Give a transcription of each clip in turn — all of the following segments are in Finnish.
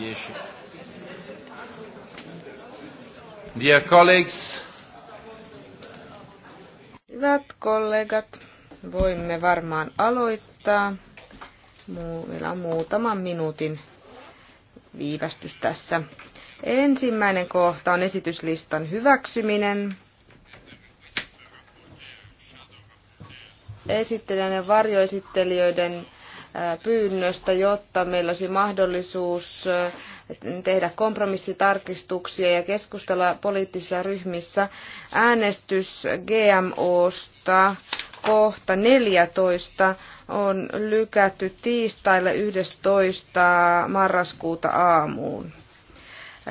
10. Dear colleagues. Hyvät kollegat, voimme varmaan aloittaa. Meillä on muutaman minuutin viivästys tässä. Ensimmäinen kohta on esityslistan hyväksyminen. Esittelijän ja varjoesittelijöiden pyynnöstä, jotta meillä olisi mahdollisuus tehdä kompromissitarkistuksia ja keskustella poliittisissa ryhmissä. Äänestys GMOsta kohta 14 on lykätty tiistaille 11. marraskuuta aamuun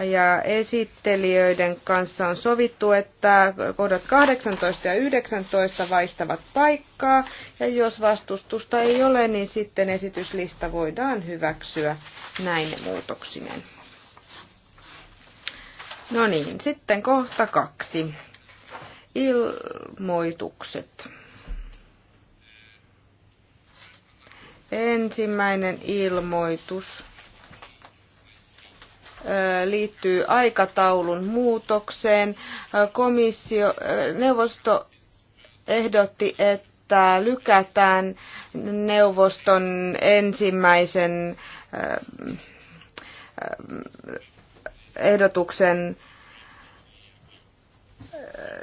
ja esittelijöiden kanssa on sovittu, että kohdat 18 ja 19 vaihtavat paikkaa, ja jos vastustusta ei ole, niin sitten esityslista voidaan hyväksyä näin muutoksinen. No niin, sitten kohta kaksi. Ilmoitukset. Ensimmäinen ilmoitus liittyy aikataulun muutokseen. Komissio, neuvosto ehdotti, että lykätään neuvoston ensimmäisen ehdotuksen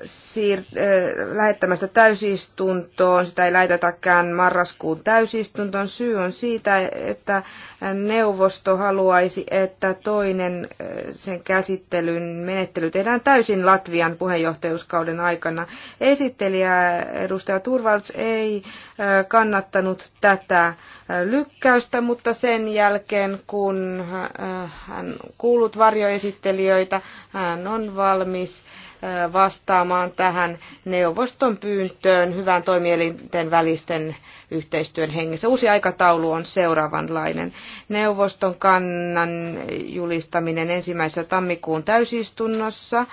siir- äh, lähettämästä täysistuntoon. Sitä ei lähetetäkään marraskuun täysistuntoon. Syy on siitä, että neuvosto haluaisi, että toinen äh, sen käsittelyn menettely tehdään täysin Latvian puheenjohtajuuskauden aikana. Esittelijä edustaja Turvalds ei äh, kannattanut tätä lykkäystä, mutta sen jälkeen kun hän kuullut varjoesittelijöitä, hän on valmis vastaamaan tähän neuvoston pyyntöön hyvän toimielinten välisten yhteistyön hengessä. Uusi aikataulu on seuraavanlainen. Neuvoston kannan julistaminen ensimmäisessä tammikuun täysistunnossa.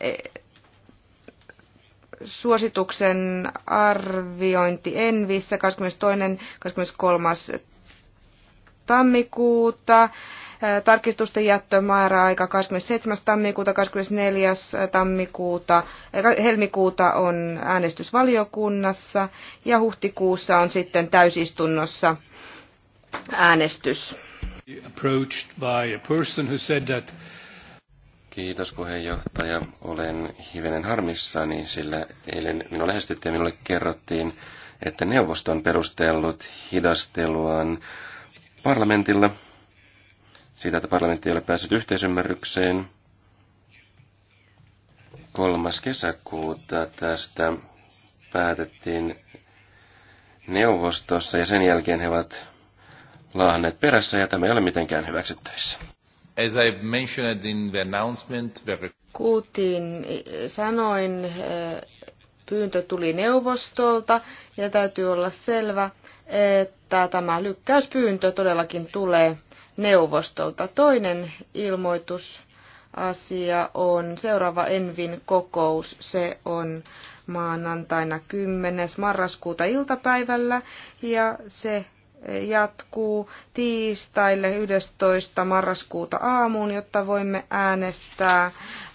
E, suosituksen arviointi Envissä 22.–23. tammikuuta Tarkistusten jättömääräaika 27. tammikuuta, 24. tammikuuta, helmikuuta on äänestysvaliokunnassa ja huhtikuussa on sitten täysistunnossa äänestys. Kiitos puheenjohtaja. Olen hivenen harmissani, sillä eilen minua lähestyttiin ja minulle kerrottiin, että neuvosto on perustellut hidasteluaan parlamentilla siitä, että parlamentti ei ole päässyt yhteisymmärrykseen. 3. kesäkuuta tästä päätettiin neuvostossa ja sen jälkeen he ovat laahanneet perässä ja tämä ei ole mitenkään hyväksyttävissä. As I mentioned in the announcement, the... Kuutin, eh, sanoin, eh, pyyntö tuli neuvostolta ja täytyy olla selvä, että tämä lykkäyspyyntö todellakin tulee neuvostolta. Toinen ilmoitus asia on seuraava Envin kokous. Se on maanantaina 10. marraskuuta iltapäivällä ja se jatkuu tiistaille 11. marraskuuta aamuun, jotta voimme äänestää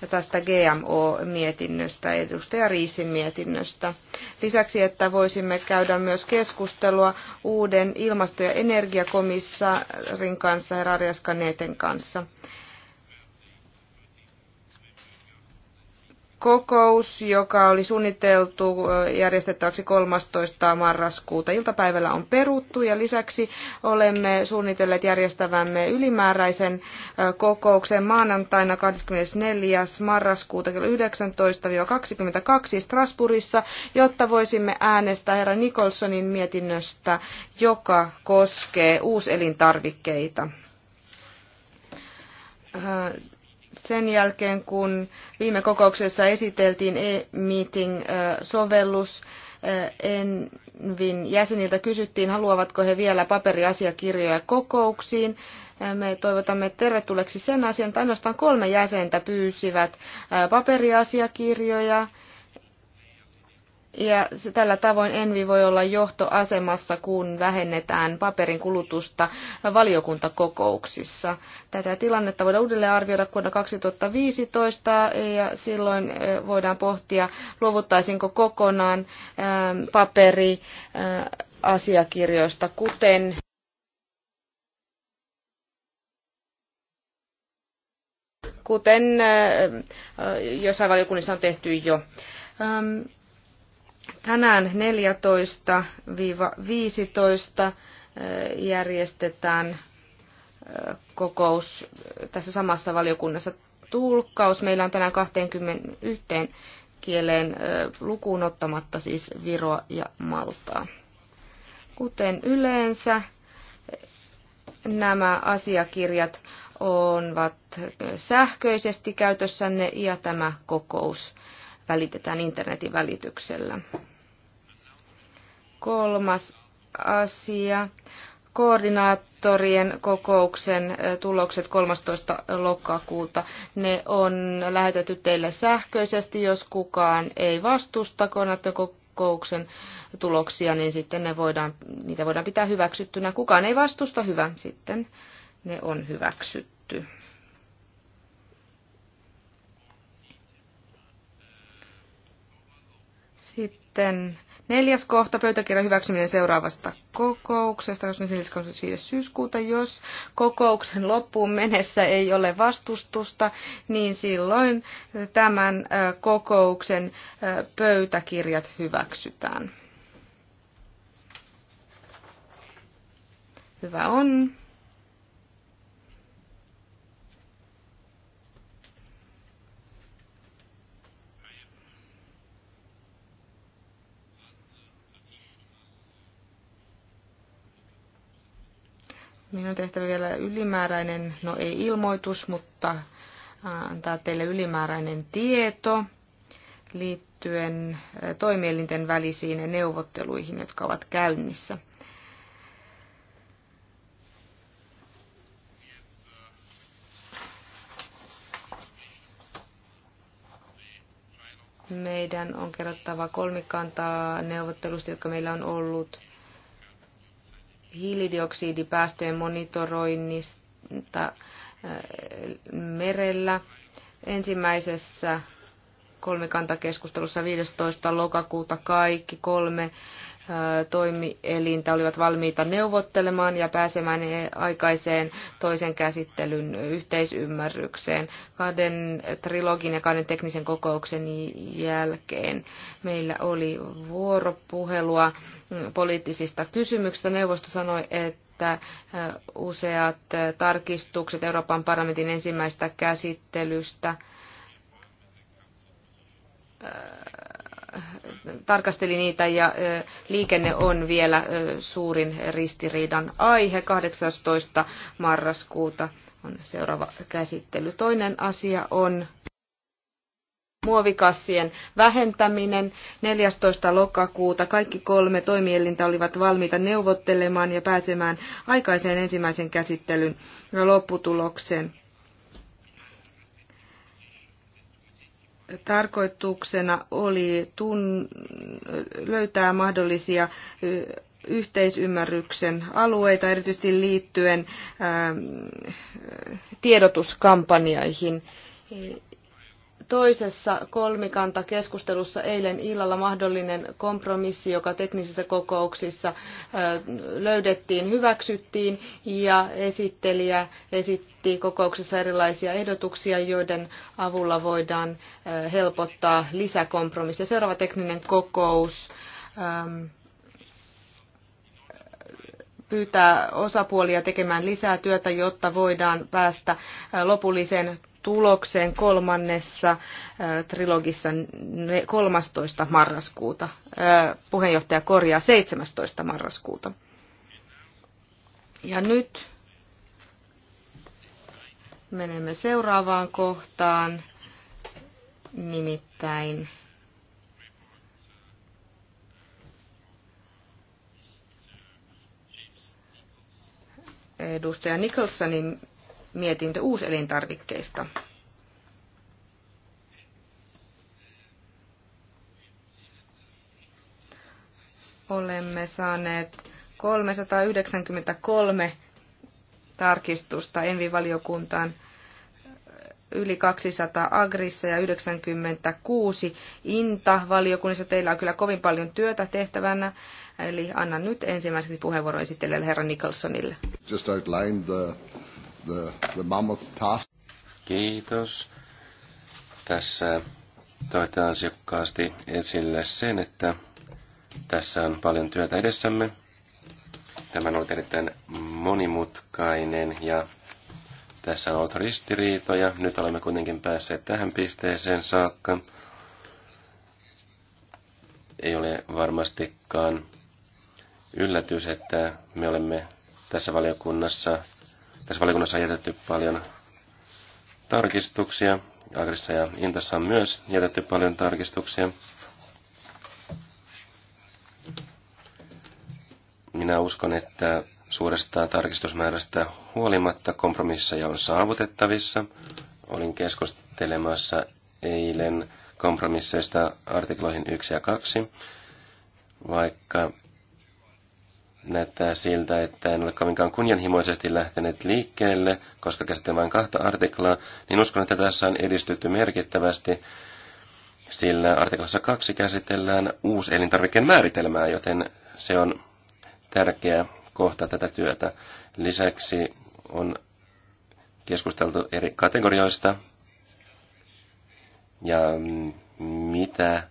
tästä GMO-mietinnöstä, edustaja Riisin mietinnöstä. Lisäksi, että voisimme käydä myös keskustelua uuden ilmasto- ja energiakomissaarin kanssa, herra Arias Kaneten kanssa. kokous, joka oli suunniteltu järjestettäväksi 13. marraskuuta iltapäivällä on peruttu ja lisäksi olemme suunnitelleet järjestävämme ylimääräisen kokouksen maanantaina 24. marraskuuta kello 19-22 Strasbourgissa, jotta voisimme äänestää herra Nicholsonin mietinnöstä, joka koskee uuselintarvikkeita sen jälkeen, kun viime kokouksessa esiteltiin e-meeting-sovellus, Envin jäseniltä kysyttiin, haluavatko he vielä paperiasiakirjoja kokouksiin. Me toivotamme tervetulleeksi sen asian, että ainoastaan kolme jäsentä pyysivät paperiasiakirjoja ja se, tällä tavoin Envi voi olla johtoasemassa, kun vähennetään paperin kulutusta valiokuntakokouksissa. Tätä tilannetta voidaan uudelleen arvioida vuonna 2015 ja silloin voidaan pohtia, luovuttaisinko kokonaan paperi äh, asiakirjoista, kuten kuten äh, jossain valiokunnissa on tehty jo. Tänään 14-15 eh, järjestetään eh, kokous tässä samassa valiokunnassa tulkkaus. Meillä on tänään 21 kieleen eh, lukuun ottamatta siis Viroa ja Maltaa. Kuten yleensä, nämä asiakirjat ovat sähköisesti käytössänne ja tämä kokous välitetään internetin välityksellä. Kolmas asia. Koordinaattorien kokouksen tulokset 13. lokakuuta. Ne on lähetetty teille sähköisesti, jos kukaan ei vastusta kokouksen tuloksia, niin sitten ne voidaan, niitä voidaan pitää hyväksyttynä. Kukaan ei vastusta, hyvä, sitten ne on hyväksytty. Sitten Neljäs kohta, pöytäkirjan hyväksyminen seuraavasta kokouksesta siis syyskuuta. Jos kokouksen loppuun mennessä ei ole vastustusta, niin silloin tämän kokouksen pöytäkirjat hyväksytään. Hyvä on. Minun on tehtävä vielä ylimääräinen, no ei ilmoitus, mutta antaa teille ylimääräinen tieto liittyen toimielinten välisiin neuvotteluihin, jotka ovat käynnissä. Meidän on kerrottava kolmikantaa neuvottelusta, jotka meillä on ollut hiilidioksidipäästöjen monitoroinnista äh, merellä. Ensimmäisessä kolmikantakeskustelussa 15. lokakuuta kaikki kolme toimielintä olivat valmiita neuvottelemaan ja pääsemään aikaiseen toisen käsittelyn yhteisymmärrykseen kahden trilogin ja kahden teknisen kokouksen jälkeen. Meillä oli vuoropuhelua poliittisista kysymyksistä. Neuvosto sanoi, että äh, useat äh, tarkistukset Euroopan parlamentin ensimmäistä käsittelystä äh, tarkasteli niitä ja liikenne on vielä suurin ristiriidan aihe. 18. marraskuuta on seuraava käsittely. Toinen asia on muovikassien vähentäminen. 14. lokakuuta kaikki kolme toimielintä olivat valmiita neuvottelemaan ja pääsemään aikaiseen ensimmäisen käsittelyn lopputulokseen. tarkoituksena oli tun, löytää mahdollisia yhteisymmärryksen alueita, erityisesti liittyen ää, tiedotuskampanjaihin toisessa kolmikantakeskustelussa eilen illalla mahdollinen kompromissi, joka teknisissä kokouksissa löydettiin, hyväksyttiin ja esittelijä esitti kokouksessa erilaisia ehdotuksia, joiden avulla voidaan helpottaa lisäkompromissia. Seuraava tekninen kokous pyytää osapuolia tekemään lisää työtä, jotta voidaan päästä lopulliseen tulokseen kolmannessa äh, trilogissa 13. marraskuuta. Äh, puheenjohtaja korjaa 17. marraskuuta. Ja nyt menemme seuraavaan kohtaan, nimittäin edustaja Nicholsonin mietintö uuselintarvikkeista. Olemme saaneet 393 tarkistusta Envivaliokuntaan yli 200 Agrissa ja 96 Inta-valiokunnissa. Teillä on kyllä kovin paljon työtä tehtävänä, eli annan nyt ensimmäiseksi puheenvuoron esittelijälle herra Nicholsonille. Just outline the the, the mammoth task. Kiitos. Tässä toitte ansiokkaasti esille sen, että tässä on paljon työtä edessämme. Tämä on ollut erittäin monimutkainen ja tässä on ollut ristiriitoja. Nyt olemme kuitenkin päässeet tähän pisteeseen saakka. Ei ole varmastikaan yllätys, että me olemme tässä valiokunnassa tässä valiokunnassa on jätetty paljon tarkistuksia. Agrissa ja Intassa on myös jätetty paljon tarkistuksia. Minä uskon, että suuresta tarkistusmäärästä huolimatta kompromisseja on saavutettavissa. Olin keskustelemassa eilen kompromisseista artikloihin 1 ja 2, vaikka näyttää siltä, että en ole kovinkaan kunnianhimoisesti lähtenyt liikkeelle, koska käsitän vain kahta artiklaa, niin uskon, että tässä on edistytty merkittävästi, sillä artiklassa kaksi käsitellään uusi elintarvikkeen määritelmää, joten se on tärkeä kohta tätä työtä. Lisäksi on keskusteltu eri kategorioista ja mitä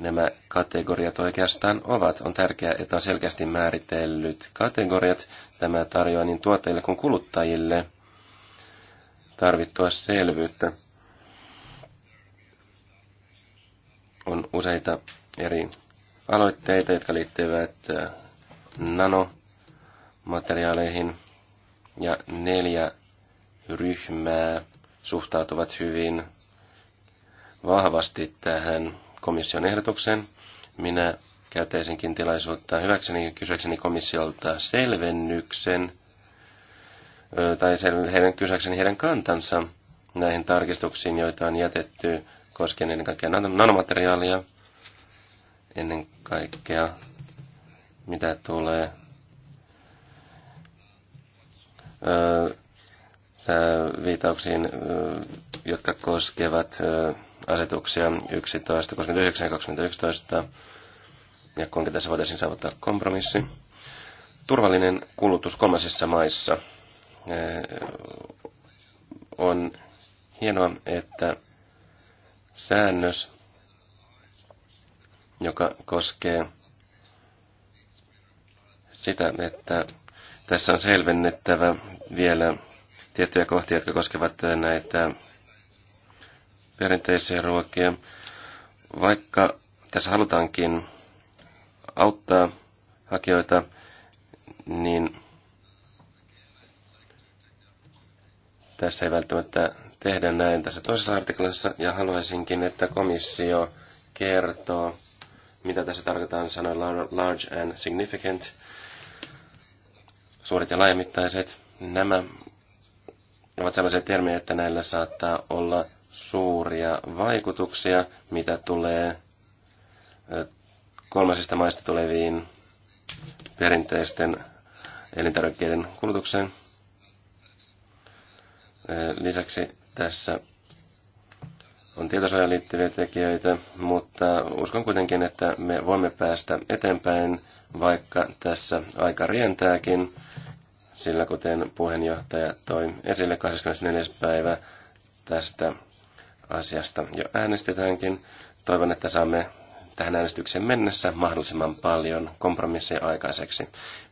nämä kategoriat oikeastaan ovat. On tärkeää, että on selkeästi määritellyt kategoriat. Tämä tarjoaa niin tuotteille kuin kuluttajille tarvittua selvyyttä. On useita eri aloitteita, jotka liittyvät äh, nanomateriaaleihin ja neljä ryhmää suhtautuvat hyvin vahvasti tähän komission ehdotuksen. Minä käyttäisinkin tilaisuutta hyväkseni kysyäkseni komissiolta selvennyksen tai heidän kysyäkseni heidän kantansa näihin tarkistuksiin, joita on jätetty koskien ennen kaikkea nanomateriaalia, ennen kaikkea mitä tulee viitauksiin, jotka koskevat asetuksia 11, 29 ja 2011, ja kuinka tässä voitaisiin saavuttaa kompromissi. Turvallinen kulutus kolmasissa maissa on hienoa, että säännös, joka koskee sitä, että tässä on selvennettävä vielä tiettyjä kohtia, jotka koskevat näitä perinteisiä ruokia. Vaikka tässä halutaankin auttaa hakijoita, niin tässä ei välttämättä tehdä näin tässä toisessa artiklassa, ja haluaisinkin, että komissio kertoo, mitä tässä tarkoitetaan sanoilla large and significant, suuret ja laajamittaiset. Nämä ovat sellaisia termejä, että näillä saattaa olla suuria vaikutuksia, mitä tulee kolmasista maista tuleviin perinteisten elintarvikkeiden kulutukseen. Lisäksi tässä on tietosuojaan liittyviä tekijöitä, mutta uskon kuitenkin, että me voimme päästä eteenpäin, vaikka tässä aika rientääkin, sillä kuten puheenjohtaja toi esille 24. päivä tästä asiasta jo äänestetäänkin. Toivon, että saamme tähän äänestykseen mennessä mahdollisimman paljon kompromisseja aikaiseksi.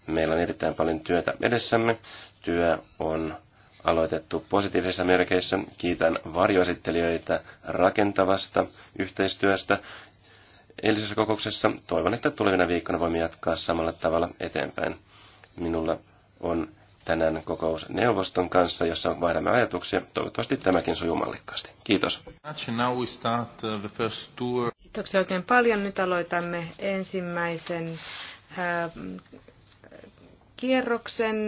Meillä on erittäin paljon työtä edessämme. Työ on aloitettu positiivisissa merkeissä. Kiitän varjoesittelijöitä rakentavasta yhteistyöstä. Eilisessä kokouksessa toivon, että tulevina viikkoina voimme jatkaa samalla tavalla eteenpäin. Minulla on tänään kokous neuvoston kanssa, jossa vaihdamme ajatuksia. Toivottavasti tämäkin sujuu mallikkaasti. Kiitos. Kiitoksia oikein paljon. Nyt aloitamme ensimmäisen kierroksen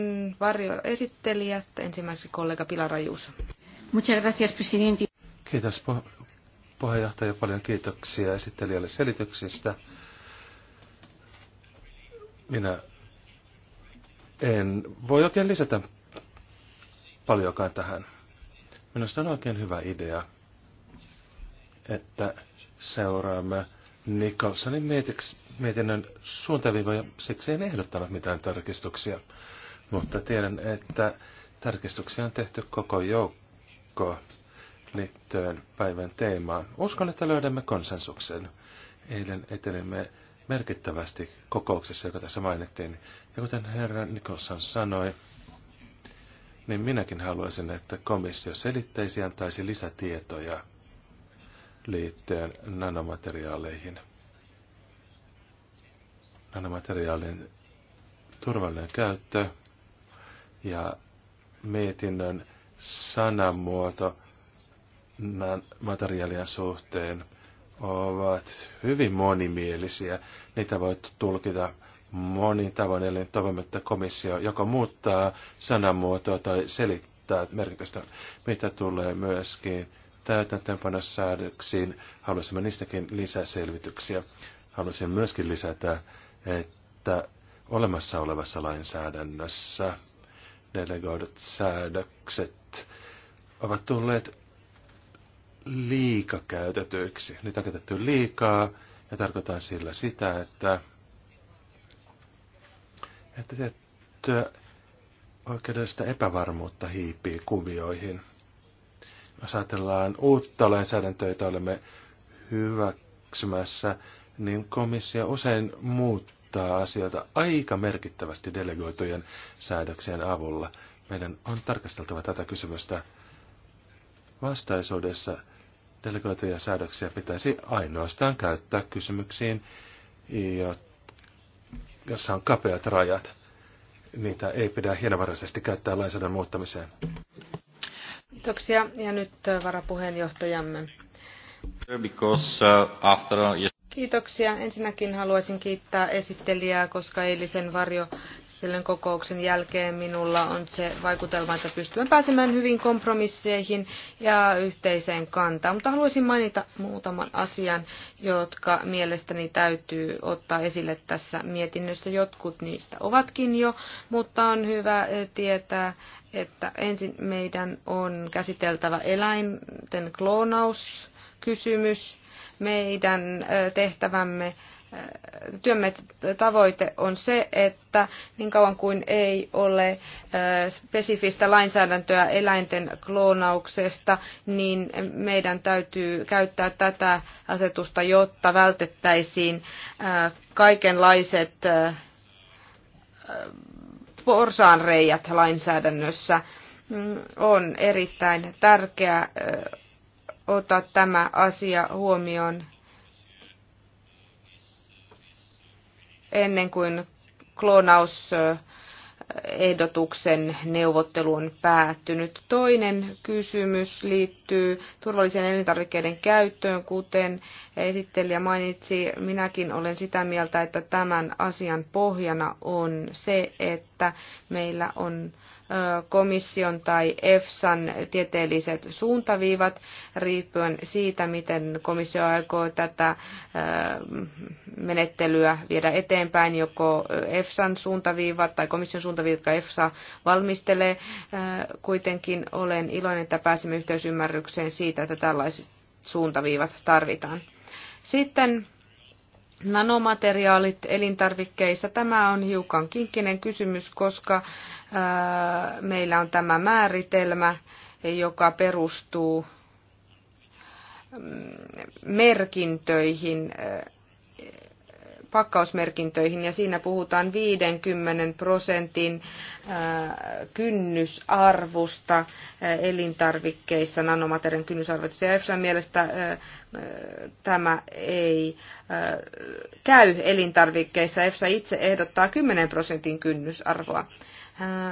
varjoesittelijät. ensimmäisessä kollega Pilar Ajuso. Kiitos puheenjohtaja. Paljon kiitoksia esittelijälle selityksistä. Minä en voi oikein lisätä paljonkaan tähän. Minusta on oikein hyvä idea, että seuraamme Nicholsonin mietinnön suuntaviivoja. Siksi en ehdottanut mitään tarkistuksia, mutta tiedän, että tarkistuksia on tehty koko joukko liittyen päivän teemaan. Uskon, että löydämme konsensuksen. Eilen etenimme merkittävästi kokouksessa, joka tässä mainittiin. Ja kuten herra Nikolson sanoi, niin minäkin haluaisin, että komissio selittäisi ja antaisi lisätietoja liittyen nanomateriaaleihin. Nanomateriaalin turvallinen käyttö ja mietinnön sanamuoto materiaalien suhteen – ovat hyvin monimielisiä. Niitä voi tulkita monin tavoin, eli toivomme, että komissio joko muuttaa sanamuotoa tai selittää merkitystä, mitä tulee myöskin täytäntöönpano säädöksiin. Haluaisimme niistäkin lisäselvityksiä. Haluaisin myöskin lisätä, että olemassa olevassa lainsäädännössä delegoidut säädökset ovat tulleet liikakäytetyiksi. Niitä on käytetty liikaa ja tarkoitan sillä sitä, että, että tiettyä oikeudellista epävarmuutta hiipii kuvioihin. Jos ajatellaan uutta lainsäädäntöä, jota olemme hyväksymässä, niin komissio usein muuttaa asioita aika merkittävästi delegoitujen säädöksien avulla. Meidän on tarkasteltava tätä kysymystä Vastaisuudessa delegoituja säädöksiä pitäisi ainoastaan käyttää kysymyksiin, joissa on kapeat rajat. Niitä ei pidä hienovaraisesti käyttää lainsäädännön muuttamiseen. Kiitoksia. Ja nyt äh, varapuheenjohtajamme. Uh, Kiitoksia. Ensinnäkin haluaisin kiittää esittelijää, koska eilisen varjo Jälleen kokouksen jälkeen minulla on se vaikutelma, että pystymme pääsemään hyvin kompromisseihin ja yhteiseen kantaan. Mutta haluaisin mainita muutaman asian, jotka mielestäni täytyy ottaa esille tässä mietinnössä. Jotkut niistä ovatkin jo, mutta on hyvä tietää, että ensin meidän on käsiteltävä eläinten kloonauskysymys. Meidän tehtävämme työmme tavoite on se, että niin kauan kuin ei ole äh, spesifistä lainsäädäntöä eläinten kloonauksesta, niin meidän täytyy käyttää tätä asetusta, jotta vältettäisiin äh, kaikenlaiset äh, porsaanreijät lainsäädännössä. Mm, on erittäin tärkeää ottaa tämä asia huomioon ennen kuin kloonausehdotuksen on päättynyt. Toinen kysymys liittyy turvallisen elintarvikkeiden käyttöön, kuten esittelijä mainitsi. Minäkin olen sitä mieltä, että tämän asian pohjana on se, että meillä on komission tai EFSAn tieteelliset suuntaviivat riippuen siitä, miten komissio aikoo tätä menettelyä viedä eteenpäin, joko EFSAn suuntaviivat tai komission suuntaviivat, jotka EFSA valmistelee. Kuitenkin olen iloinen, että pääsimme yhteisymmärrykseen siitä, että tällaiset suuntaviivat tarvitaan. Sitten Nanomateriaalit elintarvikkeissa. Tämä on hiukan kinkkinen kysymys, koska meillä on tämä määritelmä, joka perustuu mm, merkintöihin pakkausmerkintöihin ja siinä puhutaan 50 prosentin kynnysarvusta elintarvikkeissa, nanomateriaalin kynnysarvoitussa. Ja EFSAn mielestä tämä ei käy elintarvikkeissa. EFSA itse ehdottaa 10 prosentin kynnysarvoa.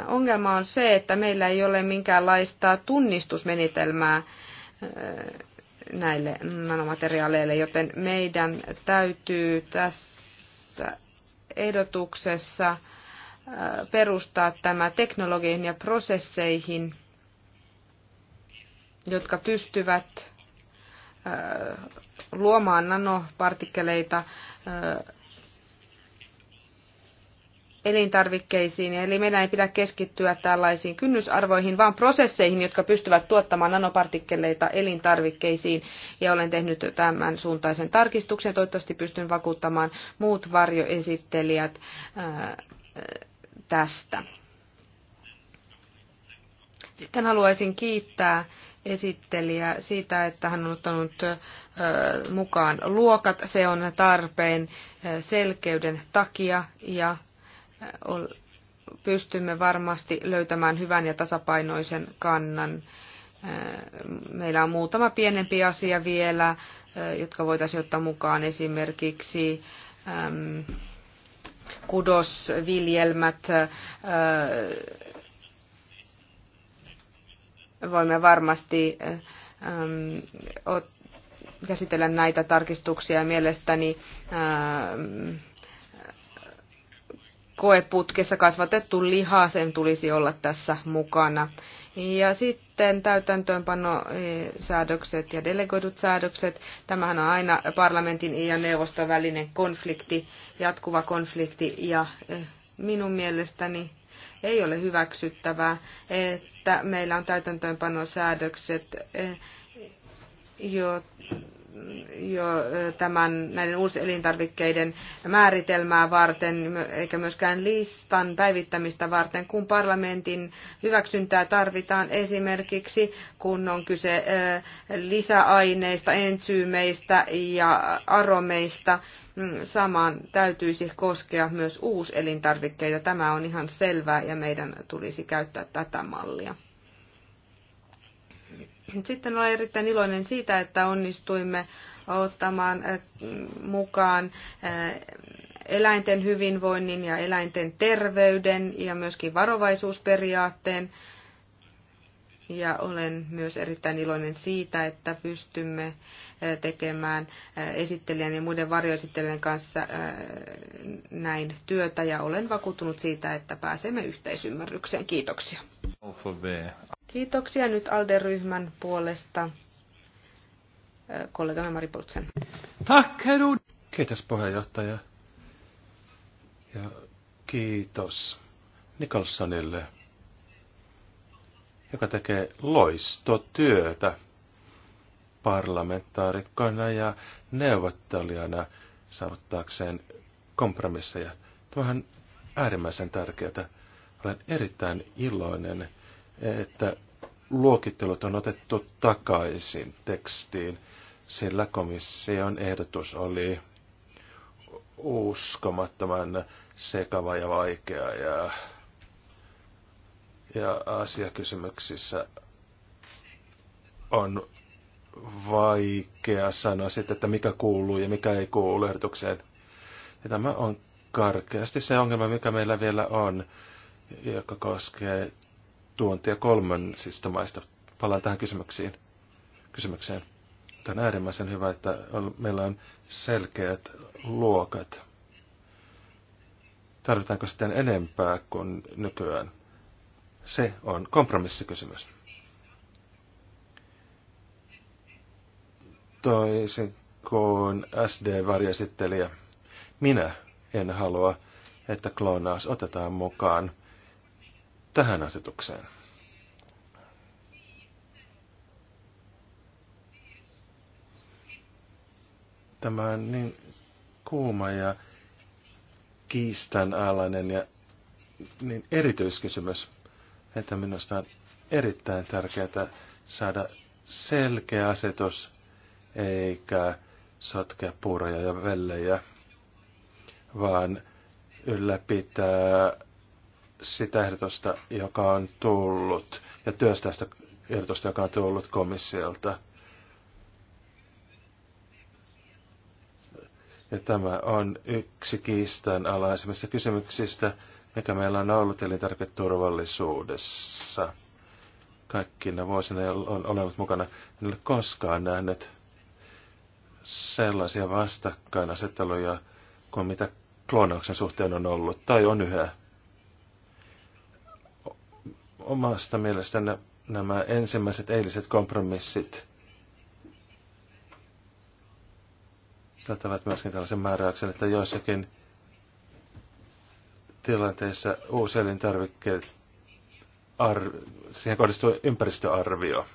Ongelma on se, että meillä ei ole minkäänlaista tunnistusmenetelmää näille nanomateriaaleille, joten meidän täytyy tässä tässä ehdotuksessa äh, perustaa tämä teknologiin ja prosesseihin, jotka pystyvät äh, luomaan nanopartikkeleita äh, elintarvikkeisiin. Eli meidän ei pidä keskittyä tällaisiin kynnysarvoihin, vaan prosesseihin, jotka pystyvät tuottamaan nanopartikkeleita elintarvikkeisiin. Ja olen tehnyt tämän suuntaisen tarkistuksen. Toivottavasti pystyn vakuuttamaan muut varjoesittelijät tästä. Sitten haluaisin kiittää esittelijä siitä, että hän on ottanut mukaan luokat. Se on tarpeen selkeyden takia ja pystymme varmasti löytämään hyvän ja tasapainoisen kannan. Äh, meillä on muutama pienempi asia vielä, äh, jotka voitaisiin ottaa mukaan esimerkiksi kudosviljelmät. Äh, voimme varmasti käsitellä näitä tarkistuksia mielestäni koeputkessa kasvatettu liha, sen tulisi olla tässä mukana. Ja sitten täytäntöönpanosäädökset eh, ja delegoidut säädökset. Tämähän on aina parlamentin ja neuvoston välinen konflikti, jatkuva konflikti ja eh, minun mielestäni ei ole hyväksyttävää, että meillä on täytäntöönpanosäädökset, eh, jo jo tämän, näiden uuselintarvikkeiden määritelmää varten, eikä myöskään listan päivittämistä varten, kun parlamentin hyväksyntää tarvitaan esimerkiksi, kun on kyse lisäaineista, ensyymeistä ja aromeista. Mm, samaan täytyisi koskea myös uuselintarvikkeita. Tämä on ihan selvää ja meidän tulisi käyttää tätä mallia. Sitten olen erittäin iloinen siitä, että onnistuimme ottamaan äh, mukaan äh, eläinten hyvinvoinnin ja eläinten terveyden ja myöskin varovaisuusperiaatteen. Ja olen myös erittäin iloinen siitä, että pystymme äh, tekemään esittelijän ja muiden varjoesittelijän kanssa näin työtä ja olen vakuuttunut siitä, että pääsemme yhteisymmärrykseen. Kiitoksia. Kiitoksia nyt ALDE-ryhmän puolesta kollegamme Mari Poltsen. Tack, Kiitos puheenjohtaja. Ja kiitos Nikolsonille, joka tekee loistotyötä parlamentaarikkoina ja neuvottelijana saavuttaakseen kompromisseja. Tuohan äärimmäisen tärkeää. Olen erittäin iloinen että luokittelut on otettu takaisin tekstiin, sillä komission ehdotus oli uskomattoman sekava ja vaikea ja, ja asiakysymyksissä on vaikea sanoa sitten, että mikä kuuluu ja mikä ei kuulu ehdotukseen. Ja tämä on karkeasti se ongelma, mikä meillä vielä on, joka koskee tuontia kolmansista maista. Palaan tähän kysymyksiin. kysymykseen. Tämä on äärimmäisen hyvä, että on, meillä on selkeät luokat. Tarvitaanko sitten enempää kuin nykyään? Se on kompromissikysymys. Toisin kuin sd varjesittelijä minä en halua, että kloonaus otetaan mukaan tähän asetukseen. Tämä on niin kuuma ja kiistanalainen ja niin erityiskysymys, että minusta on erittäin tärkeää saada selkeä asetus, eikä sotkea puuroja ja vellejä, vaan ylläpitää sitä ehdotusta, joka on tullut, ja työstää sitä ehdotusta, joka on tullut komissiolta. Ja tämä on yksi alaisemmista kysymyksistä, mikä meillä on ollut elintarviketurvallisuudessa. Kaikkina vuosina, on ollut mukana, en ole koskaan nähnyt sellaisia vastakkainasetteluja kuin mitä kloonauksen suhteen on ollut, tai on yhä omasta mielestäni nämä ensimmäiset eiliset kompromissit sisältävät myöskin tällaisen määräyksen, että joissakin tilanteissa uuselintarvikkeet, ar, siihen kohdistuu ympäristöarvio.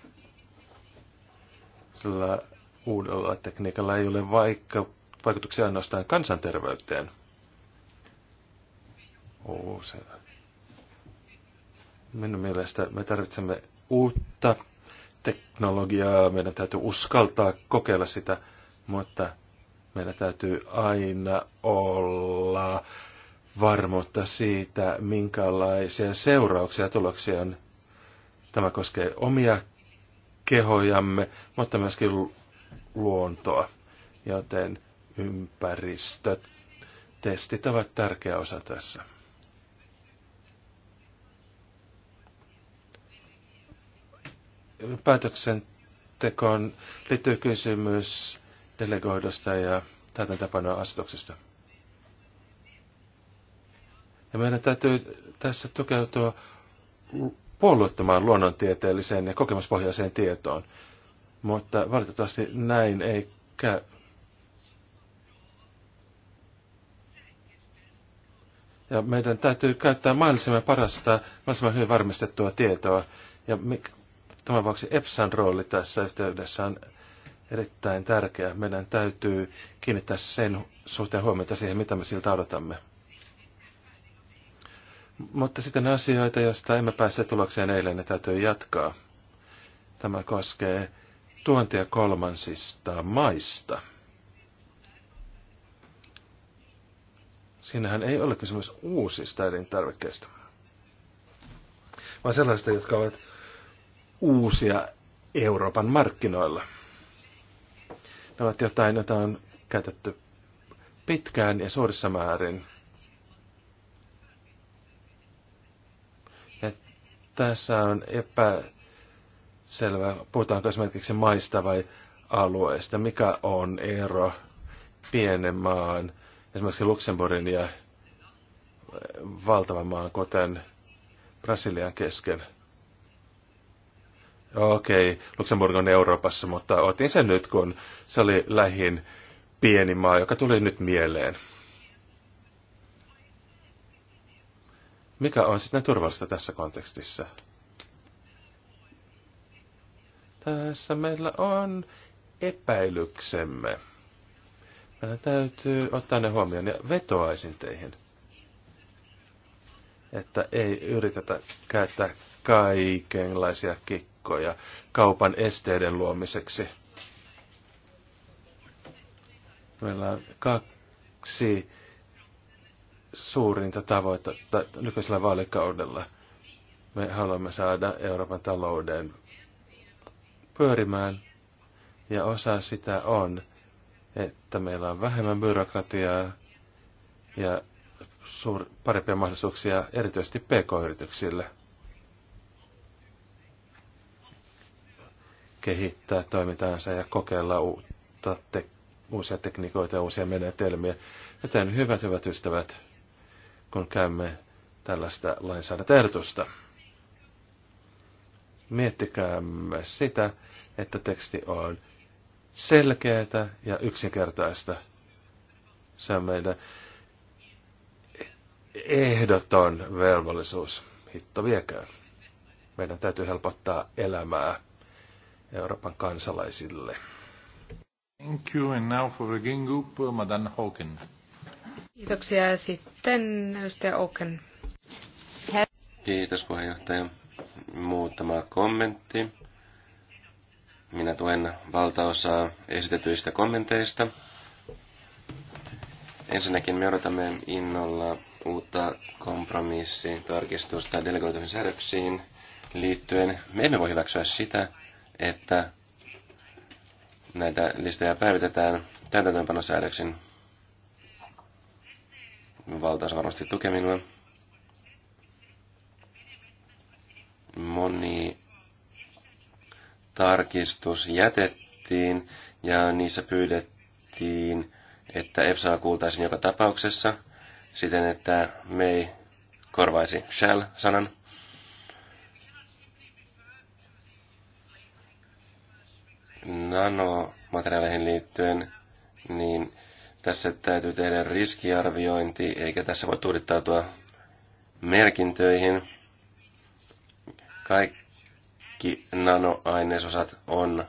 Sillä uudella tekniikalla ei ole vaikka, vaikutuksia ainoastaan kansanterveyteen. Uusella Minun mielestä me tarvitsemme uutta teknologiaa, meidän täytyy uskaltaa kokeilla sitä, mutta meidän täytyy aina olla varmuutta siitä, minkälaisia seurauksia ja tuloksia on. Tämä koskee omia kehojamme, mutta myöskin luontoa, joten ympäristöt, testit ovat tärkeä osa tässä. päätöksentekoon liittyy kysymys delegoidosta ja täytäntöpanoa asetuksesta. Ja meidän täytyy tässä tukeutua puolueettomaan luonnontieteelliseen ja kokemuspohjaiseen tietoon. Mutta valitettavasti näin ei käy. Ja meidän täytyy käyttää mahdollisimman parasta, mahdollisimman hyvin varmistettua tietoa. Ja Tämän vuoksi EPSAn rooli tässä yhteydessä on erittäin tärkeä. Meidän täytyy kiinnittää sen suhteen huomiota siihen, mitä me siltä odotamme. Mutta sitten asioita, joista emme pääse tulokseen eilen, ne täytyy jatkaa. Tämä koskee tuontia kolmansista maista. Siinähän ei ole kysymys uusista elintarvikkeista, vaan sellaista, jotka ovat uusia Euroopan markkinoilla. Ne ovat jotain, jota on käytetty pitkään ja suurissa määrin. Ja tässä on epäselvä, puhutaanko esimerkiksi maista vai alueista, mikä on ero pienen maan, esimerkiksi Luxemburgin ja valtavan maan, kuten Brasilian kesken. Okei, okay, Luxemburg on Euroopassa, mutta otin sen nyt, kun se oli lähin pieni maa, joka tuli nyt mieleen. Mikä on sitten turvallista tässä kontekstissa? Tässä meillä on epäilyksemme. Meidän täytyy ottaa ne huomioon ja vetoaisin teihin, että ei yritetä käyttää kaikenlaisia kikkoja verkkoja kaupan esteiden luomiseksi. Meillä on kaksi suurinta tavoitetta nykyisellä vaalikaudella. Me haluamme saada Euroopan talouden pyörimään, ja osa sitä on, että meillä on vähemmän byrokratiaa ja suur, parempia mahdollisuuksia erityisesti pk-yrityksille. kehittää toimintaansa ja kokeilla uutta te- uusia tekniikoita ja uusia menetelmiä. Joten hyvät, hyvät ystävät, kun käymme tällaista lainsäädäntöehdotusta, miettikäämme sitä, että teksti on selkeätä ja yksinkertaista. Se on meidän ehdoton velvollisuus. Hitto viekään. Meidän täytyy helpottaa elämää Euroopan kansalaisille. Thank you. And now for again group, Madame Hawken. Kiitoksia. Sitten edustaja Oken. Kiitos puheenjohtaja. Muutama kommentti. Minä tuen valtaosaa esitetyistä kommenteista. Ensinnäkin me odotamme innolla uutta kompromissitarkistusta delegoituihin säädöksiin liittyen. Me emme voi hyväksyä sitä, että näitä listejä päivitetään täytäntöönpanosäädöksen Valtaosa varmasti tukee minua. Moni tarkistus jätettiin ja niissä pyydettiin, että EFSAa kuultaisiin joka tapauksessa siten, että me ei korvaisi shall-sanan. nanomateriaaleihin liittyen, niin tässä täytyy tehdä riskiarviointi, eikä tässä voi tuudittautua merkintöihin. Kaikki nanoainesosat on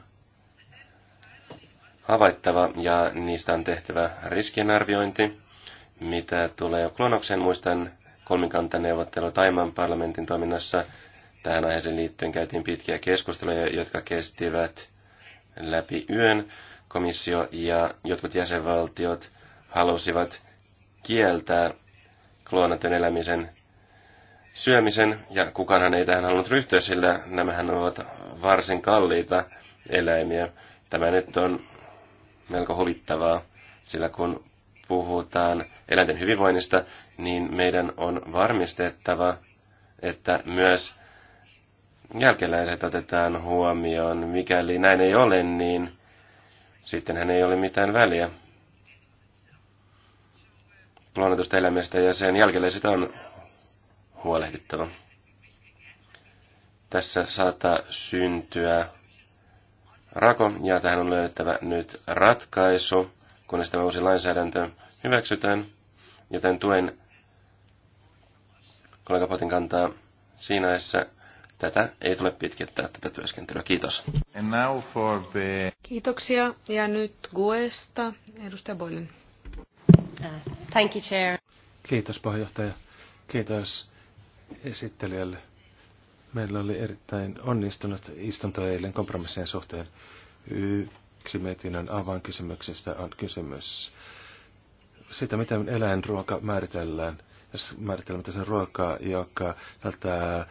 havaittava ja niistä on tehtävä riskienarviointi. Mitä tulee klonokseen, muistan kolmikantaneuvottelu Taiman parlamentin toiminnassa. Tähän aiheeseen liittyen käytiin pitkiä keskusteluja, jotka kestivät läpi yön. Komissio ja jotkut jäsenvaltiot halusivat kieltää kloonatun elämisen syömisen, ja kukaanhan ei tähän halunnut ryhtyä, sillä nämähän ovat varsin kalliita eläimiä. Tämä nyt on melko huvittavaa, sillä kun puhutaan eläinten hyvinvoinnista, niin meidän on varmistettava, että myös jälkeläiset otetaan huomioon. Mikäli näin ei ole, niin sitten hän ei ole mitään väliä. Kloonatusta elämästä ja sen jälkeläiset on huolehdittava. Tässä saattaa syntyä rako, ja tähän on löydettävä nyt ratkaisu, kunnes tämä uusi lainsäädäntö hyväksytään, joten tuen kollegapotin kantaa siinä, että Tätä ei tule pitkittää tätä työskentelyä. Kiitos. The... Kiitoksia. Ja nyt Guesta, edustaja Boylen. Uh, thank you, Chair. Kiitos puheenjohtaja. Kiitos esittelijälle. Meillä oli erittäin onnistunut istunto eilen kompromissien suhteen. Yksi mietinnön avainkysymyksestä on kysymys sitä, miten eläinruoka määritellään. Jos määritellään, mitä se ruokaa, joka tältä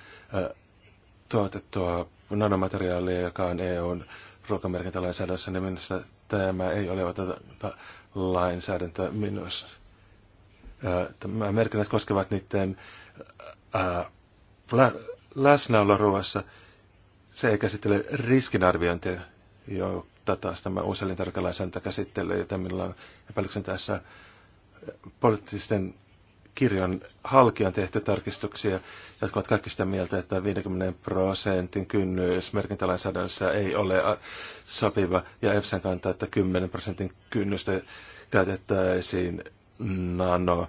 tuotettua nanomateriaalia, joka on EUn ruokamerkintälainsäädännössä, niin minusta tämä ei ole tätä lainsäädäntöä minusta. Tämä merkinnät koskevat niiden läsnäolo ruoassa. Se ei käsittele riskinarviointia, jota taas tämä uusi elintarvikelainsäädäntö käsittelee, joten minulla on epäilyksen tässä poliittisten Kirjan halki on tehty tarkistuksia, jotka ovat kaikki sitä mieltä, että 50 prosentin kynnys merkintälainsäädännössä ei ole sopiva, ja EFSAn kantaa, että 10 prosentin kynnystä käytettäisiin nano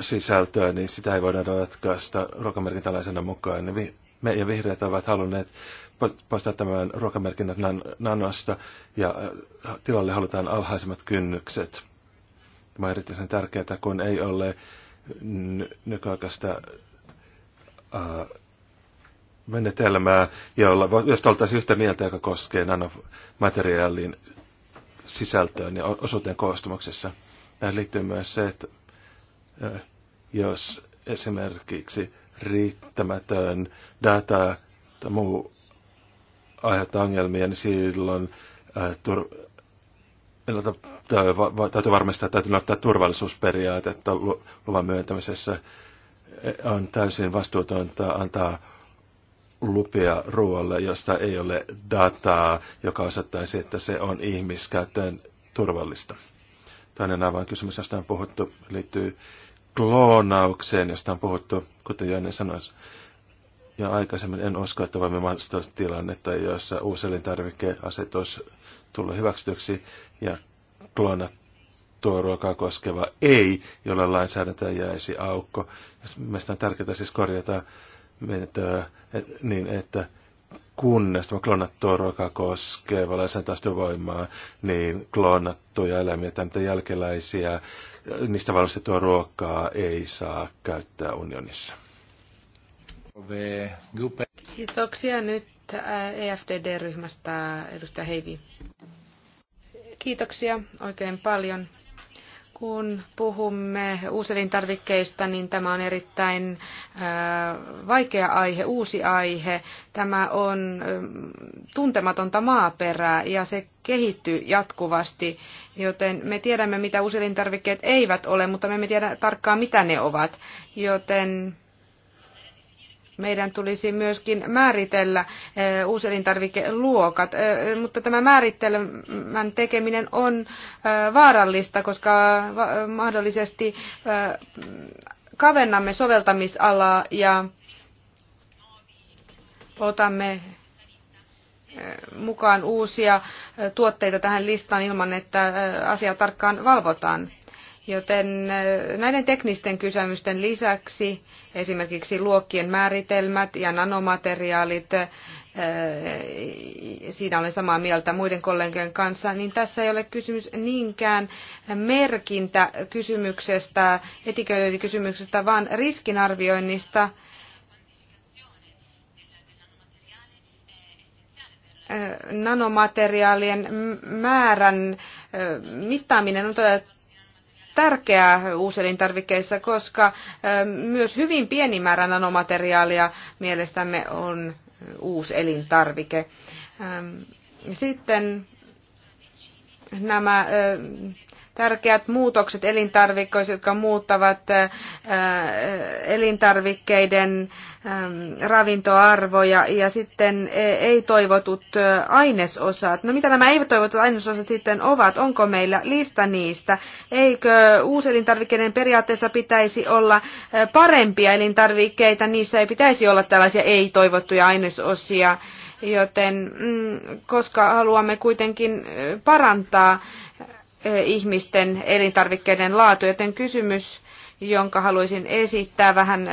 sisältöä, niin sitä ei voida ratkaista ruokamerkintälaisena mukaan. Niin me ja vihreät ovat halunneet poistaa tämän ruokamerkinnät nanosta ja äh, tilalle halutaan alhaisemmat kynnykset Tämä on erityisen tärkeää, kun ei ole nykyaikaista äh, menetelmää, jolla, josta oltaisiin yhtä mieltä, joka koskee nanomateriaalin sisältöön ja osuuteen koostumuksessa. Tähän liittyy myös se, että äh, jos esimerkiksi riittämätön data tai muu aiheuttaa ongelmia, niin silloin äh, Meillä täytyy varmistaa, että täytyy ottaa turvallisuusperiaatetta luvan myöntämisessä. E- on täysin vastuutonta antaa lupia ruoalle, josta ei ole dataa, joka osoittaisi, että se on ihmiskäyttöön turvallista. Toinen kysymys, josta on puhuttu, liittyy kloonaukseen, josta on puhuttu, kuten Janne sanoi, ja aikaisemmin en usko, että voimme mahdollistaa tilannetta, jossa uusi elintarvikeasetus tulla hyväksytyksi ja kloonattua ruokaa koskeva ei, jolle lainsäädäntö jäisi aukko. Mielestäni on tärkeää siis korjata niin, että kunnes tämä klonattua ruokaa koskeva lainsäädäntö astuu voimaan, niin klonattuja eläimiä tämmöitä jälkeläisiä, niistä valmistettua ruokaa ei saa käyttää unionissa. Kiitoksia. Nyt EFDD-ryhmästä edustaja Heivi. Kiitoksia oikein paljon. Kun puhumme tarvikkeista, niin tämä on erittäin vaikea aihe, uusi aihe. Tämä on tuntematonta maaperää ja se kehittyy jatkuvasti, joten me tiedämme, mitä tarvikkeet eivät ole, mutta me emme tiedä tarkkaan, mitä ne ovat. Joten meidän tulisi myöskin määritellä eh, uuselintarvikeluokat, eh, mutta tämä määrittelemän tekeminen on eh, vaarallista, koska mahdollisesti kavennamme soveltamisalaa ja otamme mukaan uusia tuotteita tähän listaan ilman, että asiaa tarkkaan valvotaan. Joten näiden teknisten kysymysten lisäksi esimerkiksi luokkien määritelmät ja nanomateriaalit, siinä olen samaa mieltä muiden kollegojen kanssa, niin tässä ei ole kysymys niinkään merkintäkysymyksestä, kysymyksestä vaan riskinarvioinnista. nanomateriaalien määrän mittaaminen on todella tärkeää uuselintarvikkeissa, koska myös hyvin pieni määrä nanomateriaalia mielestämme on uusi elintarvike. Sitten nämä tärkeät muutokset elintarvikkeissa, jotka muuttavat elintarvikkeiden Ähm, ravintoarvoja ja sitten e, ei-toivotut ainesosat. No mitä nämä ei-toivotut ainesosat sitten ovat? Onko meillä lista niistä? Eikö uuselintarvikkeiden periaatteessa pitäisi olla parempia elintarvikkeita? Niissä ei pitäisi olla tällaisia ei-toivottuja ainesosia, joten mm, koska haluamme kuitenkin parantaa ihmisten elintarvikkeiden laatu, joten kysymys jonka haluaisin esittää vähän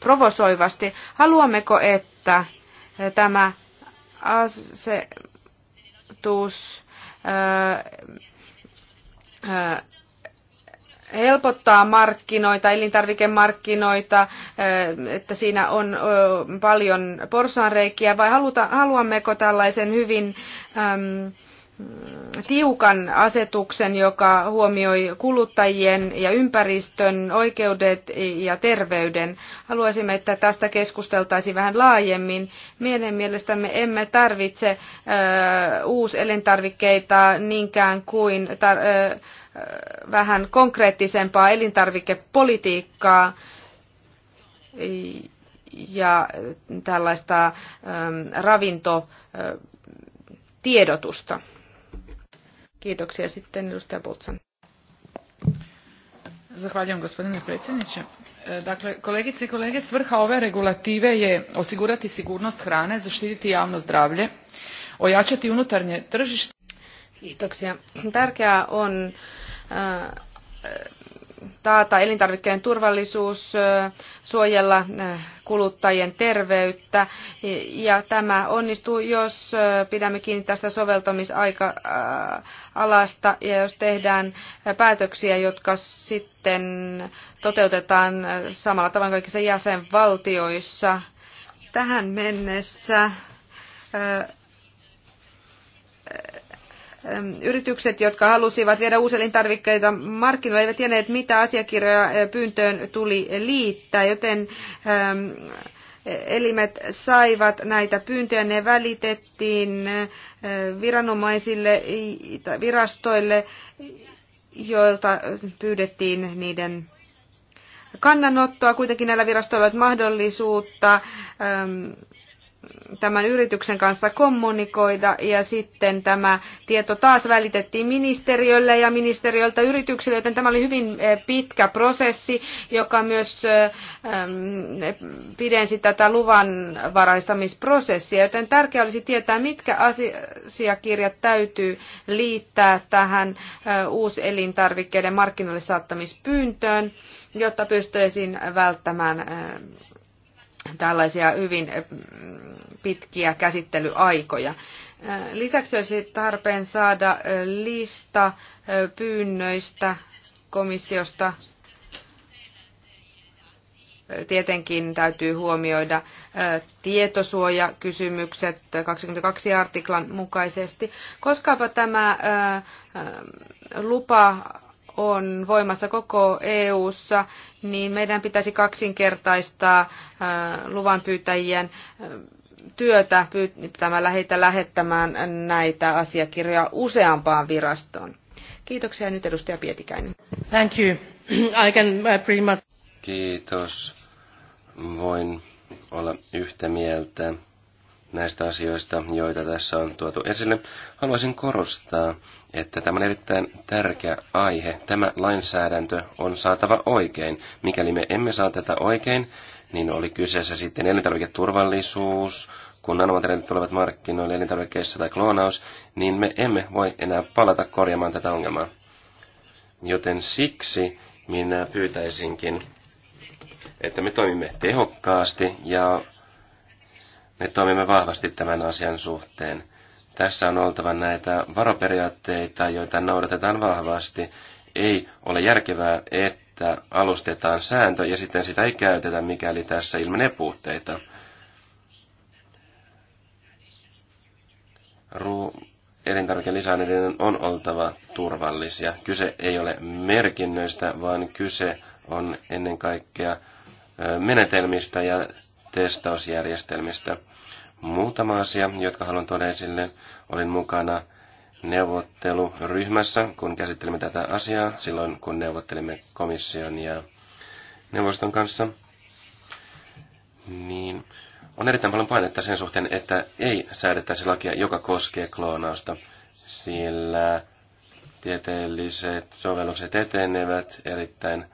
provosoivasti. Haluammeko, että tämä asetus helpottaa markkinoita, elintarvikemarkkinoita, että siinä on paljon porsaanreikiä, vai haluammeko tällaisen hyvin äm, Mm, tiukan asetuksen, joka huomioi kuluttajien ja ympäristön oikeudet ja terveyden. Haluaisimme, että tästä keskusteltaisiin vähän laajemmin. Meidän mielestämme emme tarvitse uuselintarvikkeita niinkään kuin tar, vähän konkreettisempaa elintarvikepolitiikkaa ja tällaista ö, ravintotiedotusta. Kiitoksia sitten edustaja Putsan. Zahvaljujem gospodine predsjedniče. E, dakle, kolegice i kolege, svrha ove regulative je osigurati sigurnost hrane, zaštititi javno zdravlje, ojačati unutarnje tržište. Kiitoksia. Tärkeää on taata elintarvikkeiden turvallisuus, suojella kuluttajien terveyttä. Ja tämä onnistuu, jos pidämme kiinni tästä alasta ja jos tehdään päätöksiä, jotka sitten toteutetaan samalla tavalla kaikissa jäsenvaltioissa. Tähän mennessä yritykset, jotka halusivat viedä uuselintarvikkeita markkinoille, eivät tienneet, mitä asiakirjoja pyyntöön tuli liittää, joten elimet saivat näitä pyyntöjä, ne välitettiin viranomaisille virastoille, joilta pyydettiin niiden kannanottoa. Kuitenkin näillä virastoilla oli mahdollisuutta tämän yrityksen kanssa kommunikoida ja sitten tämä tieto taas välitettiin ministeriölle ja ministeriöltä yrityksille, joten tämä oli hyvin eh, pitkä prosessi, joka myös eh, pidensi tätä luvan varaistamisprosessia, joten tärkeää olisi tietää, mitkä asiakirjat täytyy liittää tähän eh, uuselintarvikkeiden markkinoille saattamispyyntöön, jotta pystyisin välttämään tällaisia hyvin mm, pitkiä käsittelyaikoja. Äh, lisäksi olisi tarpeen saada äh, lista äh, pyynnöistä komissiosta. Tietenkin täytyy huomioida tietosuojakysymykset 22 artiklan mukaisesti. Koskaapa tämä lupa on voimassa koko EU:ssa, niin meidän pitäisi kaksinkertaistaa äh, luvan pyytäjien äh, työtä pyytämällä heitä lähettämään näitä asiakirjoja useampaan virastoon. Kiitoksia nyt edustaja Pietikäinen. Thank you. I can uh, pretty much... Kiitos. Voin olla yhtä mieltä näistä asioista, joita tässä on tuotu esille. Haluaisin korostaa, että tämä on erittäin tärkeä aihe. Tämä lainsäädäntö on saatava oikein. Mikäli me emme saa tätä oikein, niin oli kyseessä sitten elintarviketurvallisuus, kun nanomateriaalit tulevat markkinoille elintarvikkeissa tai kloonaus, niin me emme voi enää palata korjaamaan tätä ongelmaa. Joten siksi minä pyytäisinkin, että me toimimme tehokkaasti ja me toimimme vahvasti tämän asian suhteen. Tässä on oltava näitä varoperiaatteita, joita noudatetaan vahvasti. Ei ole järkevää, että alustetaan sääntö ja sitten sitä ei käytetä, mikäli tässä ilmenee puutteita. Ruu- elintarvikelisäaineiden on oltava turvallisia. Kyse ei ole merkinnöistä, vaan kyse on ennen kaikkea menetelmistä ja testausjärjestelmistä. Muutama asia, jotka haluan tuoda esille. Olin mukana neuvotteluryhmässä, kun käsittelimme tätä asiaa, silloin kun neuvottelimme komission ja neuvoston kanssa. Niin on erittäin paljon painetta sen suhteen, että ei säädettäisi lakia, joka koskee kloonausta, sillä tieteelliset sovellukset etenevät erittäin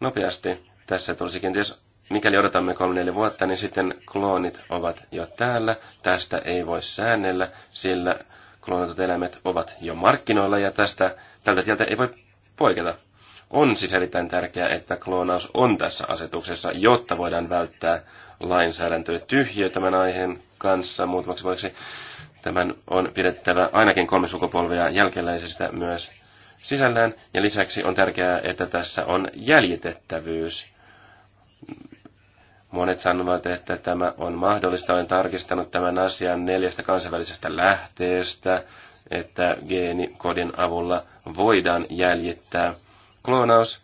nopeasti. Tässä tulisi kenties Mikäli odotamme kolme neljä vuotta, niin sitten kloonit ovat jo täällä. Tästä ei voi säännellä, sillä kloonatut eläimet ovat jo markkinoilla ja tästä, tältä tieltä ei voi poiketa. On siis erittäin tärkeää, että kloonaus on tässä asetuksessa, jotta voidaan välttää lainsäädäntöä tyhjiä tämän aiheen kanssa muutamaksi vuodeksi. Tämän on pidettävä ainakin kolme sukupolvia jälkeläisistä myös sisällään, ja lisäksi on tärkeää, että tässä on jäljitettävyys. Monet sanovat, että tämä on mahdollista. Olen tarkistanut tämän asian neljästä kansainvälisestä lähteestä, että geenikodin avulla voidaan jäljittää kloonaus.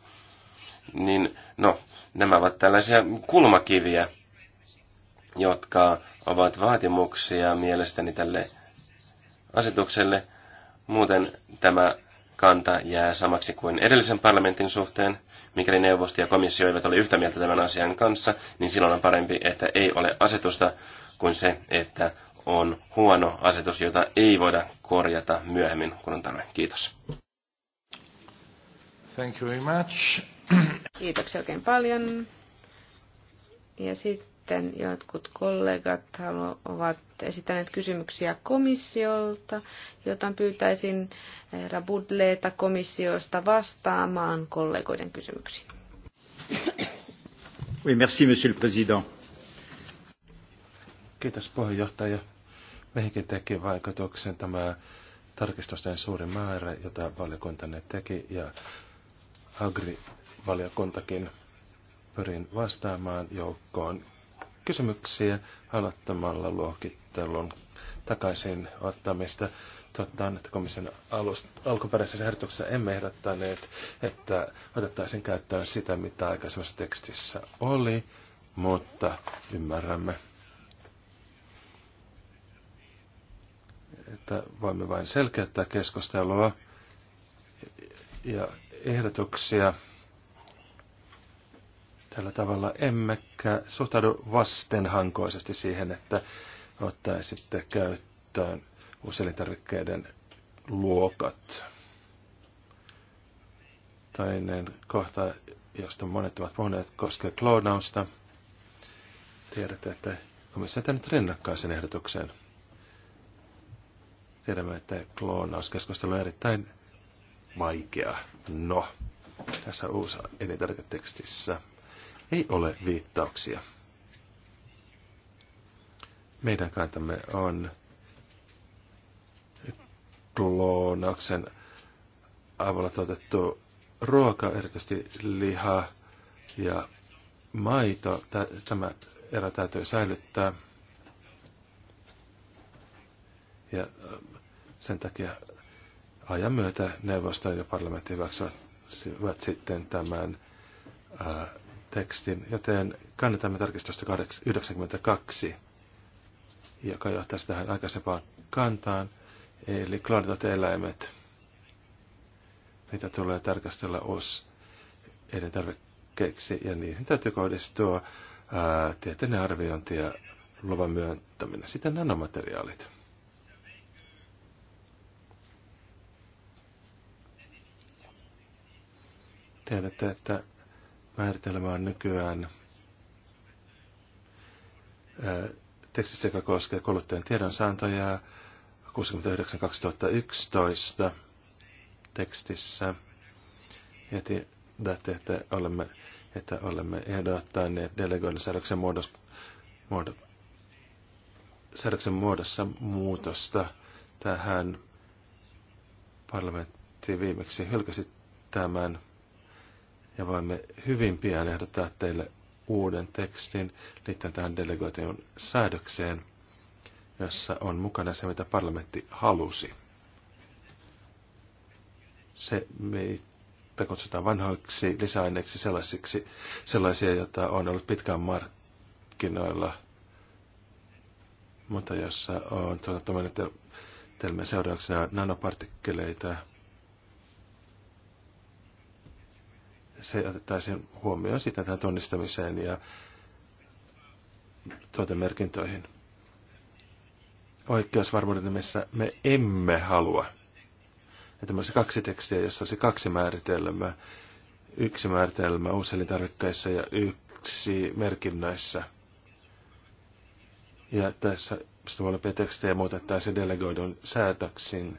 Niin, no, nämä ovat tällaisia kulmakiviä, jotka ovat vaatimuksia mielestäni tälle asetukselle. Muuten tämä kanta jää samaksi kuin edellisen parlamentin suhteen. Mikäli neuvosto ja komissio eivät ole yhtä mieltä tämän asian kanssa, niin silloin on parempi, että ei ole asetusta kuin se, että on huono asetus, jota ei voida korjata myöhemmin, kun on tarve. Kiitos. Thank you very much. Kiitoksia oikein paljon. Ja sitten sitten jotkut kollegat ovat esittäneet kysymyksiä komissiolta, jota pyytäisin herra Budleeta komissiosta vastaamaan kollegoiden kysymyksiin. Oui, merci, monsieur le président. Kiitos puheenjohtaja. Meihinkin teki vaikutuksen tämä tarkistusten suuri määrä, jota valiokunta ne teki ja agri-valiokuntakin pyrin vastaamaan joukkoon kysymyksiä aloittamalla luokittelun takaisin ottamista. Totta on, että komission alkuperäisessä ehdotuksessa emme ehdottaneet, että otettaisiin käyttöön sitä, mitä aikaisemmassa tekstissä oli, mutta ymmärrämme, että voimme vain selkeyttää keskustelua ja ehdotuksia tällä tavalla, emmekä suhtaudu vastenhankoisesti siihen, että ottaisitte käyttöön uuselintarvikkeiden luokat. Toinen kohta, josta monet ovat puhuneet, koskee kloonausta. Tiedätte, että komissio on tehnyt rinnakkaisen ehdotuksen. Tiedämme, että kloonauskeskustelu on erittäin vaikea. No, tässä uusi elintarviketekstissä ei ole viittauksia. Meidän kantamme on kloonauksen avulla tuotettu ruoka, erityisesti liha ja maito. Tämä erä täytyy säilyttää. Ja äh, sen takia ajan myötä neuvosto ja parlamentti hyväksyvät sitten tämän ää, äh, tekstin, joten kannatamme tarkistusta 92, joka johtaa tähän aikaisempaan kantaan, eli klonitot eläimet. Niitä tulee tarkastella os elintarvikkeiksi, ja niihin täytyy kohdistua ää, tieteellinen arviointi ja luvan myöntäminen. Sitten nanomateriaalit. Tiedätte, että määritelmä on nykyään tekstissä, joka koskee kuluttajan tiedonsaantoja 69-2011 tekstissä. Ja tiedätte, että olemme, että olemme ehdottaneet delegoinnin säädöksen muodossa, muodossa, muodossa muutosta tähän parlamentti viimeksi hylkäsi tämän ja voimme hyvin pian ehdottaa teille uuden tekstin liittyen tähän delegoituun säädökseen, jossa on mukana se, mitä parlamentti halusi. Se, meitä kutsutaan vanhoiksi lisäaineiksi sellaisiksi, sellaisia, joita on ollut pitkään markkinoilla, mutta jossa on tuotantomenetelmien seurauksena nanopartikkeleita, se otettaisiin huomioon sitten tähän tunnistamiseen ja tuotemerkintöihin. Oikeusvarmuuden nimessä me emme halua, että olisi kaksi tekstiä, jossa olisi kaksi määritelmää. Yksi määritelmä uuselintarvikkeissa ja yksi merkinnöissä. Ja tässä olevia tekstejä muutettaisiin delegoidun säädöksin.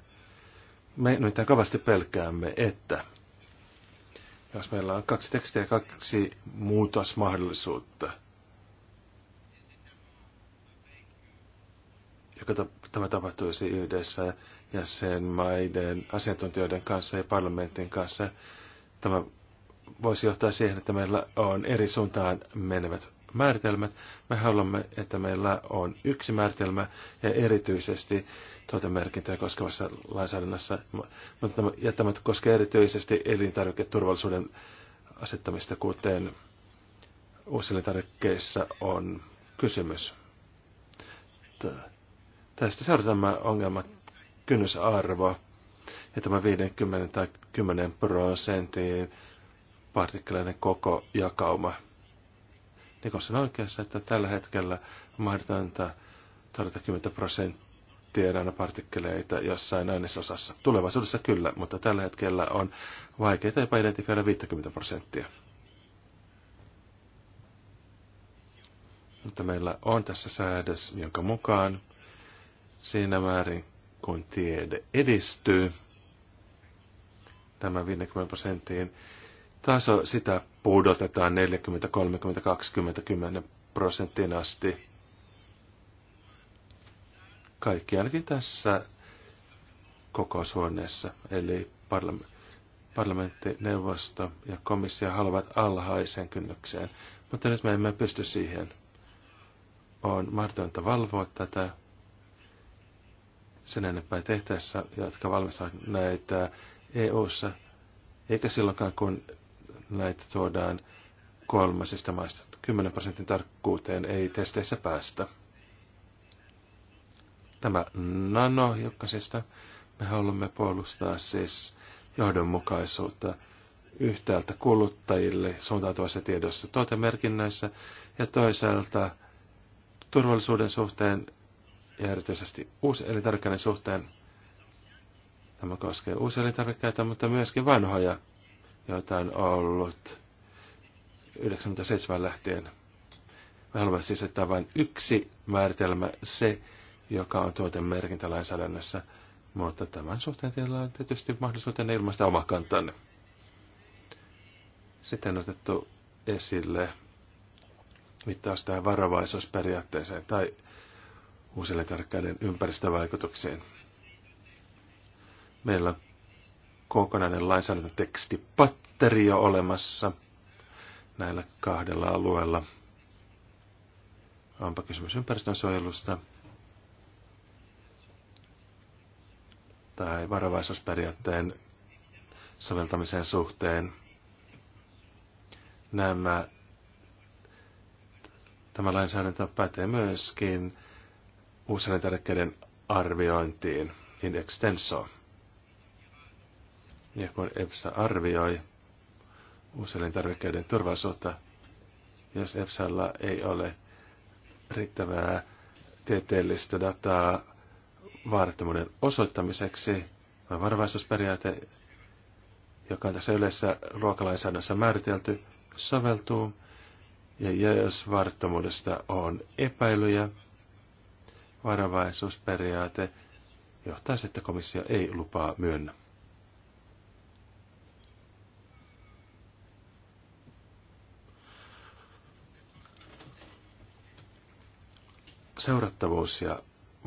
Me nyt kovasti pelkäämme, että jos meillä on kaksi tekstiä ja kaksi muutosmahdollisuutta, joka tämä tapahtuisi yhdessä jäsenmaiden asiantuntijoiden kanssa ja parlamentin kanssa, tämä voisi johtaa siihen, että meillä on eri suuntaan menevät määritelmät. Me haluamme, että meillä on yksi määritelmä ja erityisesti tuotemerkintöjä koskevassa lainsäädännössä, mutta tämä koskee erityisesti elintarviketurvallisuuden asettamista, kuten uusilintarvikkeissa on kysymys. Tästä seurataan tämä ongelma kynnysarvo ja tämä 50 tai 10 prosentin partikkeleiden koko jakauma. Nikos on oikeassa, että tällä hetkellä on mahdotonta tarjota 10 prosenttia partikkeleita jossain ainesosassa. Tulevaisuudessa kyllä, mutta tällä hetkellä on vaikeaa jopa identifioida 50 prosenttia. Mutta meillä on tässä säädös, jonka mukaan siinä määrin kun tiede edistyy, tämä 50 prosenttiin taso, sitä pudotetaan 40, 30, 20, 10 prosenttiin asti kaikki ainakin tässä kokoushuoneessa, eli parlamentti parlamenttineuvosto ja komissio haluavat alhaisen kynnykseen, mutta nyt me emme pysty siihen. On mahdotonta valvoa tätä sen enempää tehtäessä, jotka valmistavat näitä EU-ssa, eikä silloinkaan kun näitä tuodaan kolmasista maista. 10 prosentin tarkkuuteen ei testeissä päästä. Tämä nano, joka nanohiukkasista me haluamme puolustaa siis johdonmukaisuutta yhtäältä kuluttajille suuntautuvassa tiedossa tuotemerkinnöissä ja toisaalta turvallisuuden suhteen ja erityisesti uuselintarvikkeiden suhteen. Tämä koskee uuselintarvikkeita, mutta myöskin vanhoja, joita on ollut 97 lähtien. Me haluamme siis, että on vain yksi määritelmä, se, joka on lainsäädännössä, mutta tämän suhteen teillä on tietysti mahdollisuuteen ilmaista oma kantanne. Sitten on otettu esille viittaus tähän varovaisuusperiaatteeseen tai uusille tärkeiden ympäristövaikutuksiin. Meillä on kokonainen lainsäädäntöteksti patterio olemassa näillä kahdella alueella. Onpa kysymys ympäristönsuojelusta tai varovaisuusperiaatteen soveltamisen suhteen. Nämä, tämä lainsäädäntö pätee myöskin uusien tärkeiden arviointiin in extenso. Ja kun EFSA arvioi uusien tarvikkeiden turvallisuutta, jos EFSAlla ei ole riittävää tieteellistä dataa vaarattomuuden osoittamiseksi vai varovaisuusperiaate, joka on tässä yleisessä ruokalainsäädännössä määritelty, soveltuu. Ja jos vaarattomuudesta on epäilyjä, varovaisuusperiaate johtaa että komissio ei lupaa myönnä. Seurattavuus ja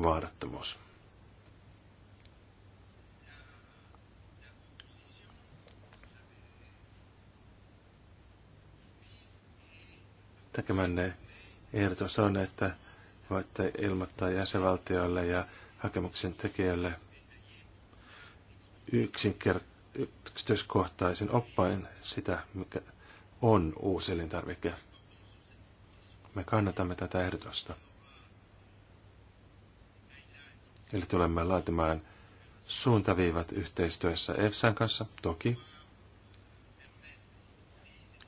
vaarattomuus. tekemänne ehdotus on, että voitte ilmoittaa jäsenvaltioille ja hakemuksen tekijöille yksityiskohtaisen oppain sitä, mikä on uusi elintarvike. Me kannatamme tätä ehdotusta. Eli tulemme laatimaan suuntaviivat yhteistyössä EFSAn kanssa, toki,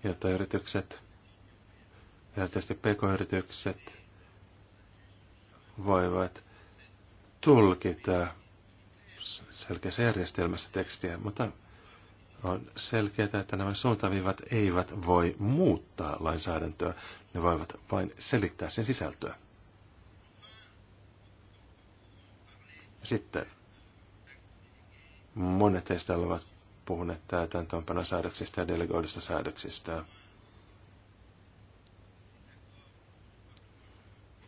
jotta yritykset ja tietysti pekoyritykset voivat tulkita selkeässä järjestelmässä tekstiä, mutta on selkeää, että nämä suuntaviivat eivät voi muuttaa lainsäädäntöä, ne voivat vain selittää sen sisältöä. Sitten monet teistä ovat puhuneet täytäntöönpana säädöksistä ja delegoidusta säädöksistä.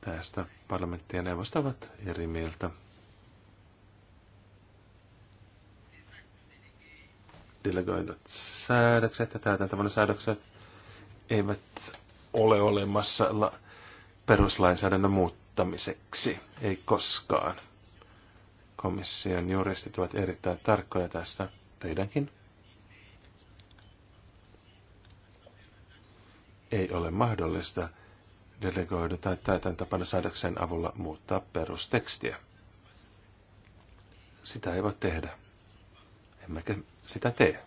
Tästä parlamentti ja neuvosto ovat eri mieltä. Delegoidut säädökset ja täytäntävänä säädökset eivät ole olemassa peruslainsäädännön muuttamiseksi. Ei koskaan. Komission juristit ovat erittäin tarkkoja tästä teidänkin. Ei ole mahdollista delegoidu tai täytäntöpano säädöksen avulla muuttaa perustekstiä. Sitä ei voi tehdä. Emmekä sitä tee.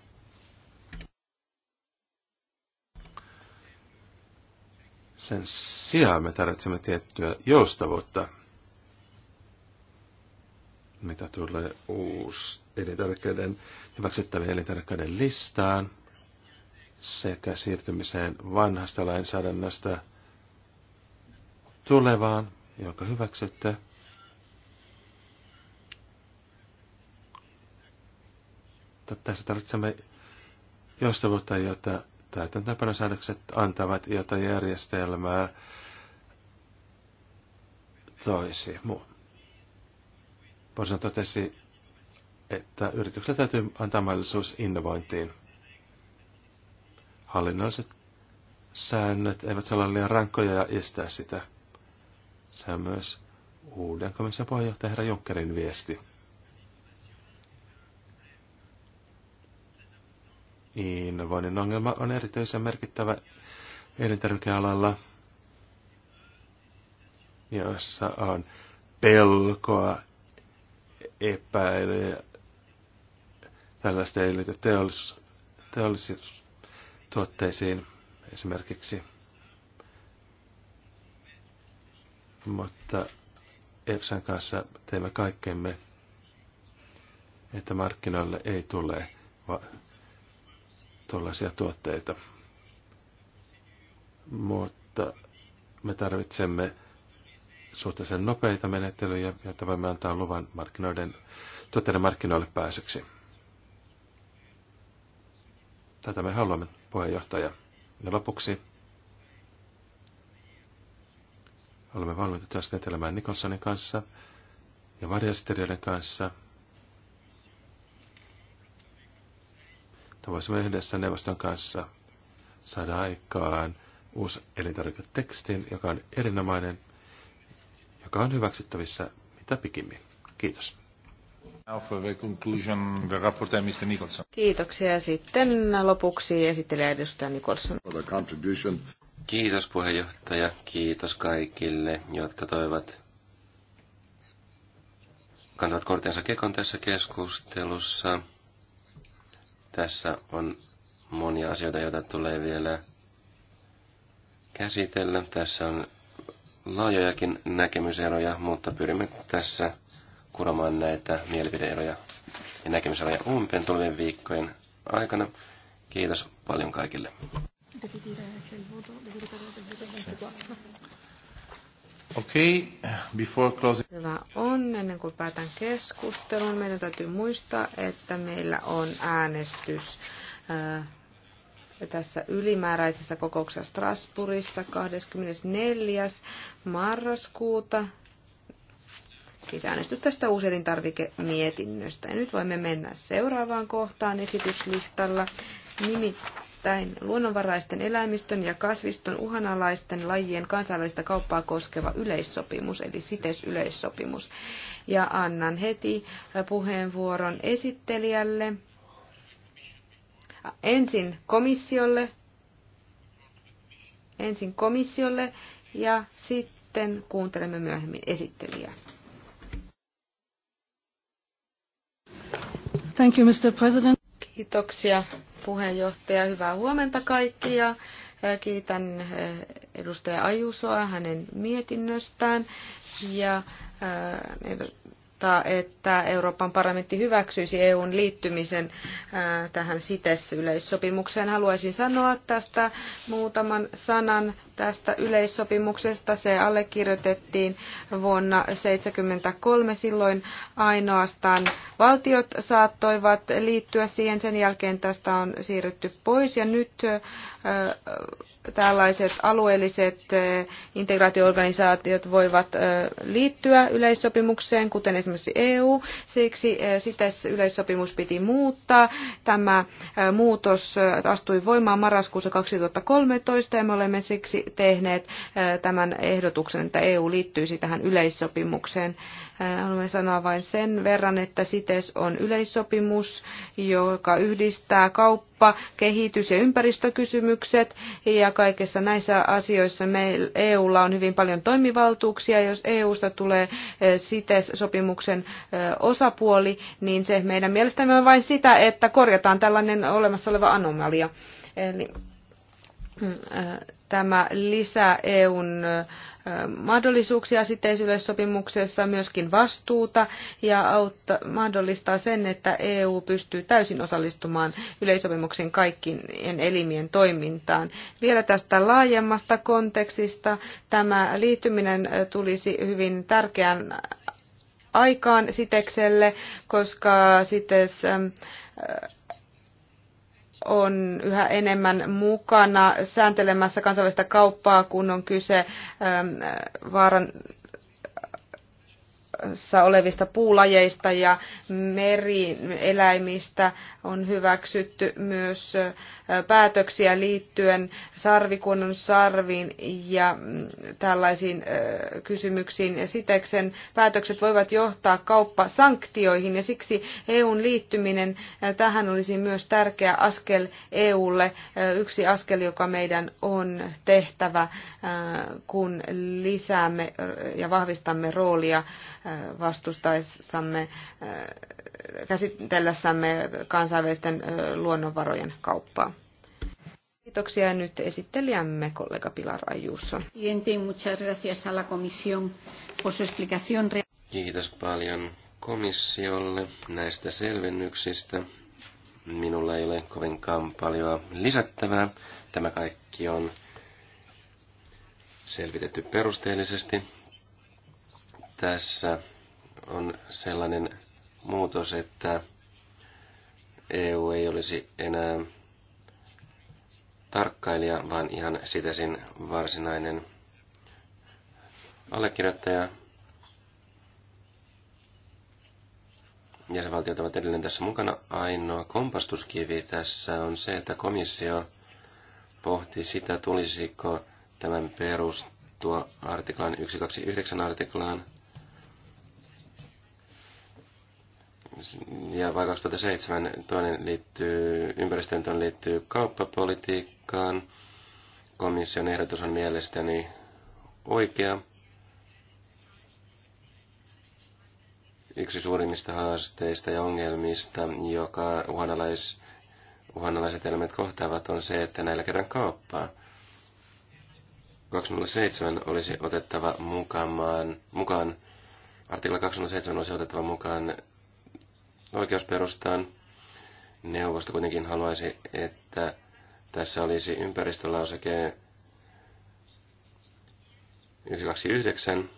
Sen sijaan me tarvitsemme tiettyä joustavuutta, mitä tulee uusi elintarvikkeiden hyväksyttävien elintarvikkeiden listaan sekä siirtymiseen vanhasta lainsäädännöstä – tulevaan, jonka hyväksytte. Tässä tarvitsemme joustavuutta, jota täytäntöönpanosäädökset antavat, jota järjestelmää toisi. Borsan totesi, että yrityksellä täytyy antaa mahdollisuus innovointiin. Hallinnolliset säännöt eivät saa olla liian rankkoja ja estää sitä. Se on myös uuden komission puheenjohtaja herra Junckerin viesti. Innovoinnin ongelma on erityisen merkittävä elintarvikealalla, jossa on pelkoa, epäilyä, tällaista ei liity teollisuustuotteisiin esimerkiksi. mutta EFSAn kanssa teemme kaikkemme, että markkinoille ei tule va- tuollaisia tuotteita. Mutta me tarvitsemme suhteellisen nopeita menettelyjä, jotta voimme antaa luvan markkinoiden, tuotteiden markkinoille pääsyksi. Tätä me haluamme, puheenjohtaja. Ja lopuksi Olemme valmiita työskentelemään Nikolsonin kanssa ja varjastelijoiden kanssa. Että voisimme yhdessä neuvoston kanssa saada aikaan uusi elintarviketekstin, joka on erinomainen, joka on hyväksyttävissä mitä pikimmin. Kiitos. Kiitoksia. Sitten lopuksi esittelijä edustaja Nicholson. Kiitos puheenjohtaja, kiitos kaikille, jotka toivat kantavat kortensa kekon tässä keskustelussa. Tässä on monia asioita, joita tulee vielä käsitellä. Tässä on laajojakin näkemyseroja, mutta pyrimme tässä kuromaan näitä mielipideeroja ja näkemyseroja umpeen tulevien viikkojen aikana. Kiitos paljon kaikille. Devi dire che il voto, voto Okay, before closing. Hyvä on. Ennen kuin päätän keskustelun, meidän täytyy muistaa, että meillä on äänestys äh, tässä ylimääräisessä kokouksessa Strasbourgissa 24. marraskuuta. Siis äänestys tästä tarvikemietinnöstä. Ja nyt voimme mennä seuraavaan kohtaan esityslistalla, nimittäin Nimittäin luonnonvaraisten eläimistön ja kasviston uhanalaisten lajien kansainvälistä kauppaa koskeva yleissopimus, eli CITES-yleissopimus. Ja annan heti puheenvuoron esittelijälle. Ensin komissiolle. Ensin komissiolle ja sitten kuuntelemme myöhemmin esittelijää. Thank you, Mr. President. Kiitoksia puheenjohtaja. Hyvää huomenta kaikki ja kiitän edustaja Ajusoa hänen mietinnöstään ja ehdottaa, että Euroopan parlamentti hyväksyisi EUn liittymisen tähän CITES-yleissopimukseen. Haluaisin sanoa tästä muutaman sanan tästä yleissopimuksesta. Se allekirjoitettiin vuonna 1973. Silloin ainoastaan valtiot saattoivat liittyä siihen. Sen jälkeen tästä on siirrytty pois ja nyt tällaiset alueelliset integraatioorganisaatiot voivat liittyä yleissopimukseen, kuten esimerkiksi esimerkiksi EU. Siksi eh, sitä yleissopimus piti muuttaa. Tämä eh, muutos eh, astui voimaan marraskuussa 2013 ja me olemme siksi tehneet tämän ehdotuksen, että EU liittyisi tähän yleissopimukseen. Äh, haluan sanoa vain sen verran, että CITES on yleissopimus, joka yhdistää kauppa, kehitys ja ympäristökysymykset. Ja kaikissa näissä asioissa meillä EUlla on hyvin paljon toimivaltuuksia. Jos EUsta tulee äh, CITES-sopimuksen äh, osapuoli, niin se meidän mielestämme on vain sitä, että korjataan tällainen olemassa oleva anomalia. Eli mm, tämä lisää EUn mahdollisuuksia siteisyleissopimuksessa, myöskin vastuuta ja autta, mahdollistaa sen, että EU pystyy täysin osallistumaan yleisopimuksen kaikkien elimien toimintaan. Vielä tästä laajemmasta kontekstista tämä liittyminen tulisi hyvin tärkeän aikaan sitekselle, koska sites on yhä enemmän mukana sääntelemässä kansainvälistä kauppaa, kun on kyse vaaran olemassa olevista puulajeista ja merieläimistä on hyväksytty myös päätöksiä liittyen sarvikunnan sarviin ja mm, tällaisiin kysymyksiin. Siteksen päätökset voivat johtaa kauppasanktioihin ja siksi EUn liittyminen tähän olisi myös tärkeä askel EUlle, yksi askel, joka meidän on tehtävä, kun lisäämme ja vahvistamme roolia vastustaessamme, äh, käsitellessämme kansainvälisten äh, luonnonvarojen kauppaa. Kiitoksia nyt esittelijämme kollega Pilar Ayuso. Kiitos paljon komissiolle näistä selvennyksistä. Minulla ei ole kovinkaan paljon lisättävää. Tämä kaikki on selvitetty perusteellisesti. Tässä on sellainen muutos, että EU ei olisi enää tarkkailija, vaan ihan sitäsin varsinainen allekirjoittaja. Jäsenvaltiot ovat edelleen tässä mukana. Ainoa kompastuskivi tässä on se, että komissio pohti sitä, tulisiko tämän perustua artiklan 129 artiklaan ja vai 2007 toinen liittyy, ympäristöön toinen liittyy kauppapolitiikkaan. Komission ehdotus on mielestäni oikea. Yksi suurimmista haasteista ja ongelmista, joka uhanalais, uhanalaiset elämät kohtaavat, on se, että näillä kerran kauppaa. 207 olisi otettava mukaan, mukaan artikla 207 olisi otettava mukaan oikeusperustaan. Neuvosto kuitenkin haluaisi, että tässä olisi ympäristölauseke 129,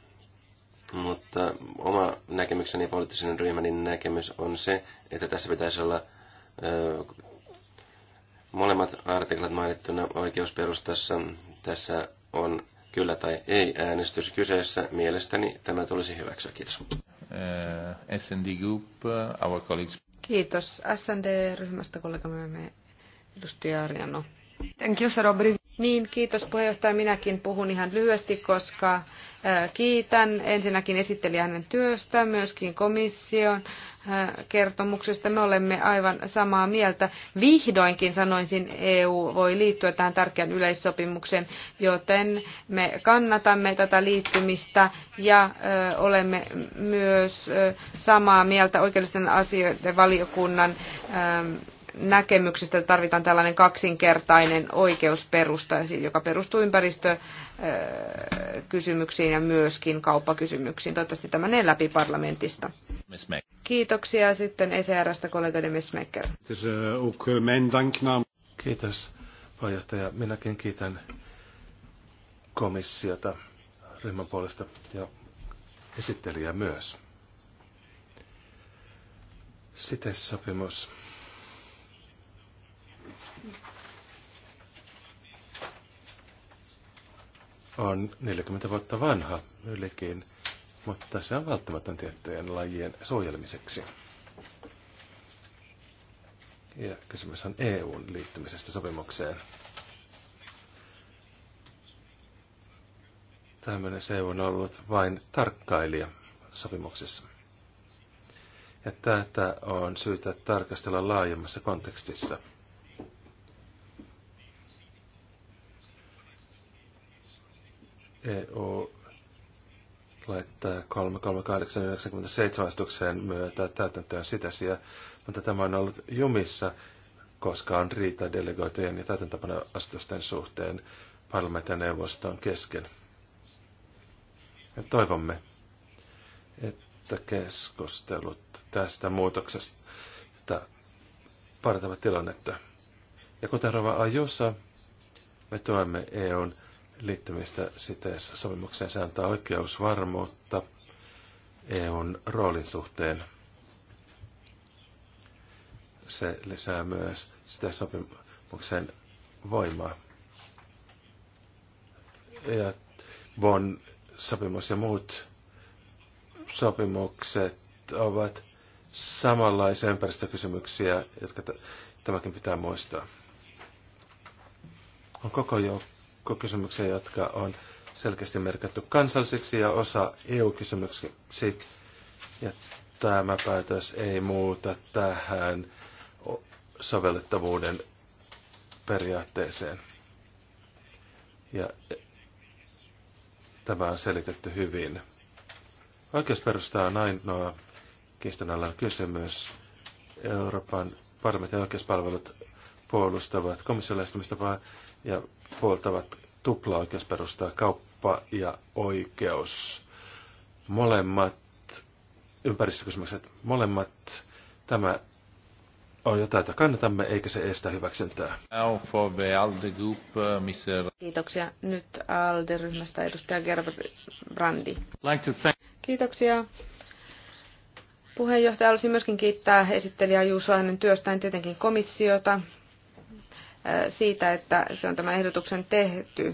mutta oma näkemykseni ja poliittisen ryhmän näkemys on se, että tässä pitäisi olla ö, molemmat artiklat mainittuna oikeusperustassa. Tässä on kyllä tai ei äänestys kyseessä. Mielestäni tämä tulisi hyväksyä. Kiitos. Eh, SND Group, eh, our colleagues. Kiitos SND-ryhmästä kollegamme edustaja Arjano. Thank you, Sir niin, kiitos puheenjohtaja. Minäkin puhun ihan lyhyesti, koska kiitän ensinnäkin esittelijä hänen työstä, myöskin komission kertomuksesta. Me olemme aivan samaa mieltä. Vihdoinkin sanoisin, EU voi liittyä tähän tärkeän yleissopimukseen, joten me kannatamme tätä liittymistä ja olemme myös samaa mieltä oikeudellisten asioiden valiokunnan näkemyksestä, että tarvitaan tällainen kaksinkertainen oikeusperusta, joka perustuu ympäristökysymyksiin ja myöskin kauppakysymyksiin. Toivottavasti tämä menee läpi parlamentista. Kiitoksia sitten ECRstä kollega Mesmecker. Kiitos puheenjohtaja. Minäkin kiitän komissiota ryhmän puolesta ja esittelijä myös. Sitten sopimus on 40 vuotta vanha ylikin, mutta se on välttämätön tiettyjen lajien suojelemiseksi. Ja kysymys on EUn liittymisestä sopimukseen. Tähän mennessä EU on ollut vain tarkkailija sopimuksessa. Ja tätä on syytä tarkastella laajemmassa kontekstissa. EU laittaa 33897 astukseen myötä täytäntöön sitä sijaan, mutta tämä on ollut jumissa, koska on riita delegoitujen ja täytäntöpano astusten suhteen parlamentin neuvoston kesken. Ja toivomme, että keskustelut tästä muutoksesta parantavat tilannetta. Ja kuten Rova Ajussa, me tuemme EUn liittymistä siteessä sopimukseen. Se antaa oikeusvarmuutta EUn roolin suhteen. Se lisää myös sitä sopimuksen voimaa. Ja Bon sopimus ja muut sopimukset ovat samanlaisia ympäristökysymyksiä, jotka tämäkin pitää muistaa. On koko joukko kysymyksiä, jotka on selkeästi merkitty kansallisiksi ja osa EU-kysymyksiksi. Ja tämä päätös ei muuta tähän sovellettavuuden periaatteeseen. Ja tämä on selitetty hyvin. Oikeusperusta on ainoa kiistanalla kysymys. Euroopan parlamentin oikeuspalvelut puolustavat komission vaan ja puoltavat tuplaoikeusperustaa kauppa ja oikeus. Molemmat ympäristökysymykset, molemmat tämä on jotain, että kannatamme, eikä se estä hyväksyntää. for the group, uh, Kiitoksia. Nyt ALDE-ryhmästä edustaja Gerber Brandi. Kiitoksia. Puheenjohtaja halusi myöskin kiittää esittelijä Juuso työstään tietenkin komissiota siitä, että se on tämän ehdotuksen tehty.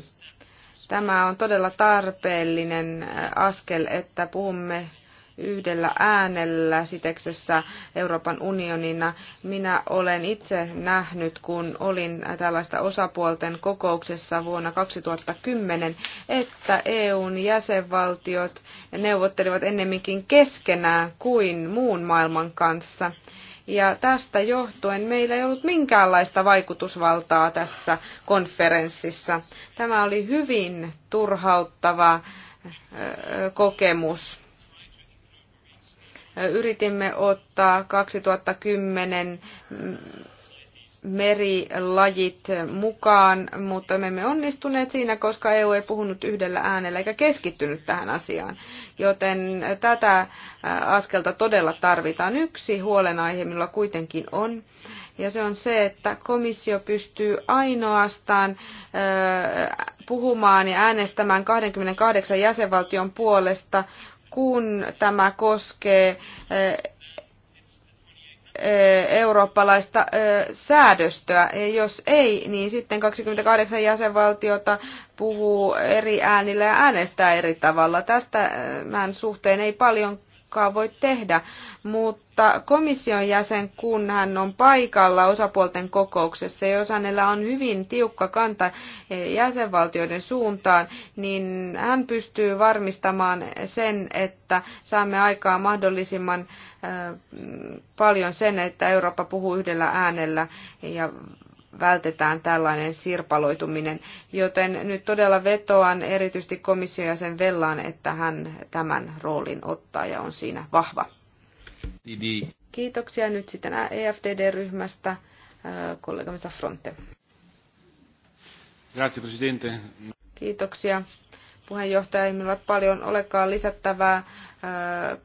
Tämä on todella tarpeellinen askel, että puhumme yhdellä äänellä siteksessä Euroopan unionina. Minä olen itse nähnyt, kun olin tällaista osapuolten kokouksessa vuonna 2010, että EUn jäsenvaltiot neuvottelivat ennemminkin keskenään kuin muun maailman kanssa. Ja tästä johtuen meillä ei ollut minkäänlaista vaikutusvaltaa tässä konferenssissa. Tämä oli hyvin turhauttava kokemus. Yritimme ottaa 2010 merilajit mukaan, mutta me emme onnistuneet siinä, koska EU ei puhunut yhdellä äänellä eikä keskittynyt tähän asiaan. Joten tätä askelta todella tarvitaan. Yksi huolenaihe millä kuitenkin on, ja se on se, että komissio pystyy ainoastaan puhumaan ja äänestämään 28 jäsenvaltion puolesta, kun tämä koskee eurooppalaista säädöstöä. Jos ei, niin sitten 28 jäsenvaltiota puhuu eri äänillä ja äänestää eri tavalla. Tästä suhteen ei paljonkaan voi tehdä mutta komission jäsen, kun hän on paikalla osapuolten kokouksessa, jos hänellä on hyvin tiukka kanta eh, jäsenvaltioiden suuntaan, niin hän pystyy varmistamaan sen, että saamme aikaa mahdollisimman eh, paljon sen, että Eurooppa puhuu yhdellä äänellä ja vältetään tällainen sirpaloituminen, joten nyt todella vetoan erityisesti komission jäsen Vellaan, että hän tämän roolin ottaa ja on siinä vahva. Kiitoksia nyt sitten EFDD-ryhmästä äh, kollegamme Fronte. Grazie, presidente. Kiitoksia puheenjohtaja, ei minulla paljon olekaan lisättävää äh,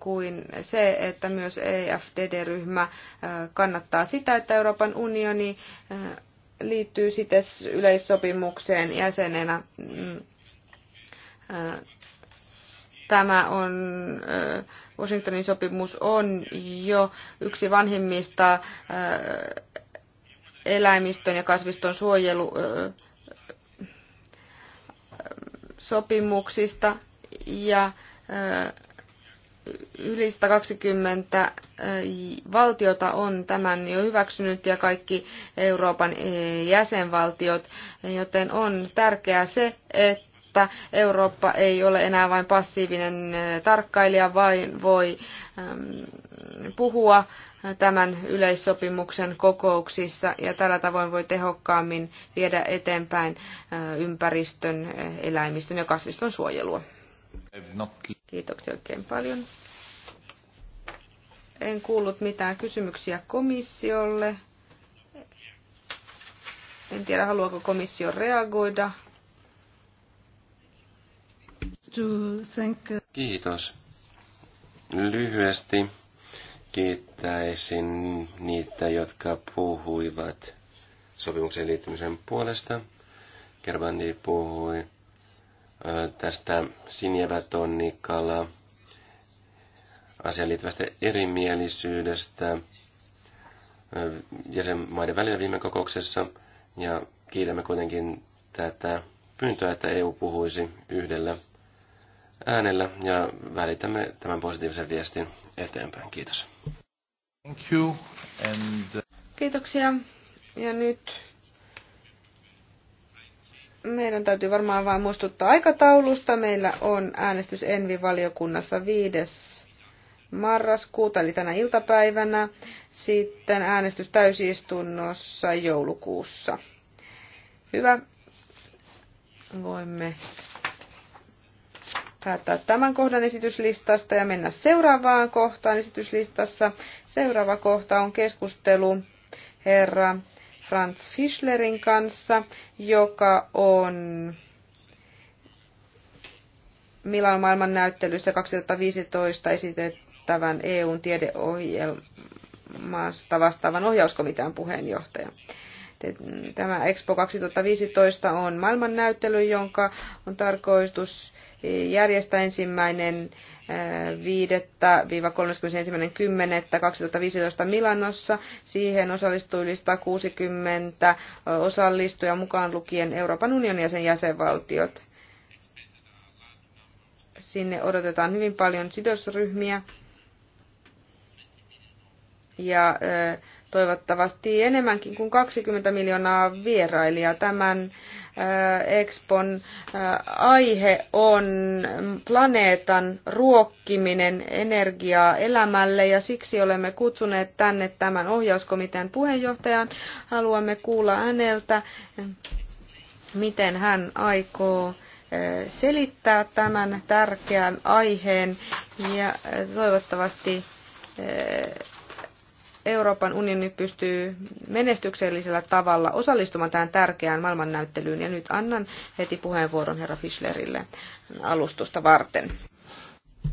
kuin se, että myös EFDD-ryhmä äh, kannattaa sitä, että Euroopan unioni liittyy sites yleissopimukseen jäsenenä mm, Tämä on, Washingtonin sopimus on jo yksi vanhimmista eläimistön ja kasviston suojelu sopimuksista ja yli 120 valtiota on tämän jo hyväksynyt ja kaikki Euroopan e, jäsenvaltiot, joten on tärkeää se, että että Eurooppa ei ole enää vain passiivinen äh, tarkkailija, vaan voi puhua tämän yleissopimuksen kokouksissa ja tällä tavoin voi tehokkaammin viedä eteenpäin äh, ympäristön, äh, eläimistön ja kasviston suojelua. Kiitoksia oikein paljon. En kuullut mitään kysymyksiä komissiolle. En tiedä, haluaako komissio reagoida. Uh, Kiitos. Lyhyesti kiittäisin niitä, jotka puhuivat sopimuksen liittymisen puolesta. Kervandi puhui tästä sinievä tonnikala asiaan liittyvästä erimielisyydestä jäsenmaiden välillä viime kokouksessa. Ja kiitämme kuitenkin tätä pyyntöä, että EU puhuisi yhdellä äänellä ja välitämme tämän positiivisen viestin eteenpäin. Kiitos. Thank you. And... Uh, Kiitoksia. Ja nyt meidän täytyy varmaan vain muistuttaa aikataulusta. Meillä on äänestys Envi-valiokunnassa 5. marraskuuta, eli tänä iltapäivänä. Sitten äänestys täysistunnossa joulukuussa. Hyvä. Voimme päättää tämän kohdan esityslistasta ja mennä seuraavaan kohtaan esityslistassa. Seuraava kohta on keskustelu herra Franz Fischlerin kanssa, joka on Milan maailman näyttelystä 2015 esitettävän EUn tiedeohjelmasta vastaavan ohjauskomitean puheenjohtaja. Tämä Expo 2015 on maailmannäyttely, jonka on tarkoitus järjestää ensimmäinen 5 äh, 31.10.2015 Milanossa. Siihen osallistui yli 160 osallistuja mukaan lukien Euroopan unionin ja sen jäsenvaltiot. Sinne odotetaan hyvin paljon sidosryhmiä ja toivottavasti enemmänkin kuin 20 miljoonaa vierailijaa. Tämän Expon aihe on planeetan ruokkiminen energiaa elämälle ja siksi olemme kutsuneet tänne tämän ohjauskomitean puheenjohtajan. Haluamme kuulla häneltä, miten hän aikoo selittää tämän tärkeän aiheen ja toivottavasti Euroopan unioni pystyy menestyksellisellä tavalla osallistumaan tähän tärkeään maailmannäyttelyyn. Ja nyt annan heti puheenvuoron herra Fischlerille alustusta varten.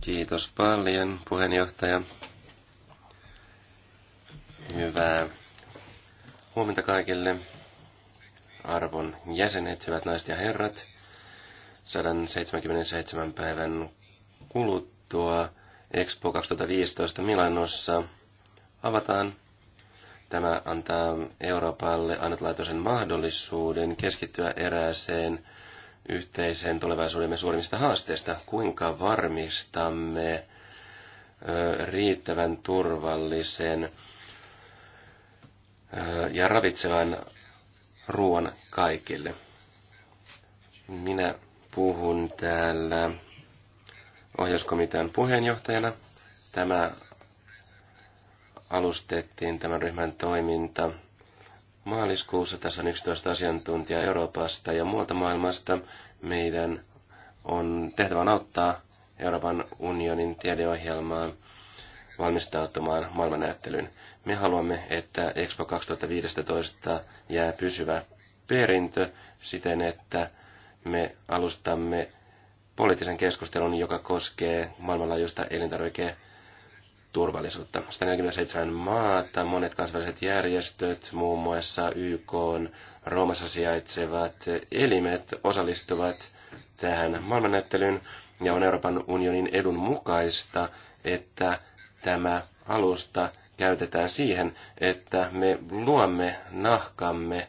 Kiitos paljon, puheenjohtaja. Hyvää huomenta kaikille arvon jäsenet, hyvät naiset ja herrat. 177 päivän kuluttua Expo 2015 Milanossa – avataan. Tämä antaa Euroopalle ainutlaatuisen mahdollisuuden keskittyä erääseen yhteiseen tulevaisuudemme suurimmista haasteista. Kuinka varmistamme riittävän turvallisen ja ravitsevan ruoan kaikille. Minä puhun täällä ohjauskomitean puheenjohtajana. Tämä alustettiin tämän ryhmän toiminta maaliskuussa. Tässä on 11 asiantuntijaa Euroopasta ja muualta maailmasta. Meidän on tehtävä auttaa Euroopan unionin tiedeohjelmaa valmistautumaan maailmanäyttelyyn. Me haluamme, että Expo 2015 jää pysyvä perintö siten, että me alustamme poliittisen keskustelun, joka koskee maailmanlaajuista elintarvike- turvallisuutta. 147 maata, monet kansainväliset järjestöt, muun muassa YK, Roomassa sijaitsevat elimet osallistuvat tähän maailmannäyttelyyn ja on Euroopan unionin edun mukaista, että tämä alusta käytetään siihen, että me luomme nahkamme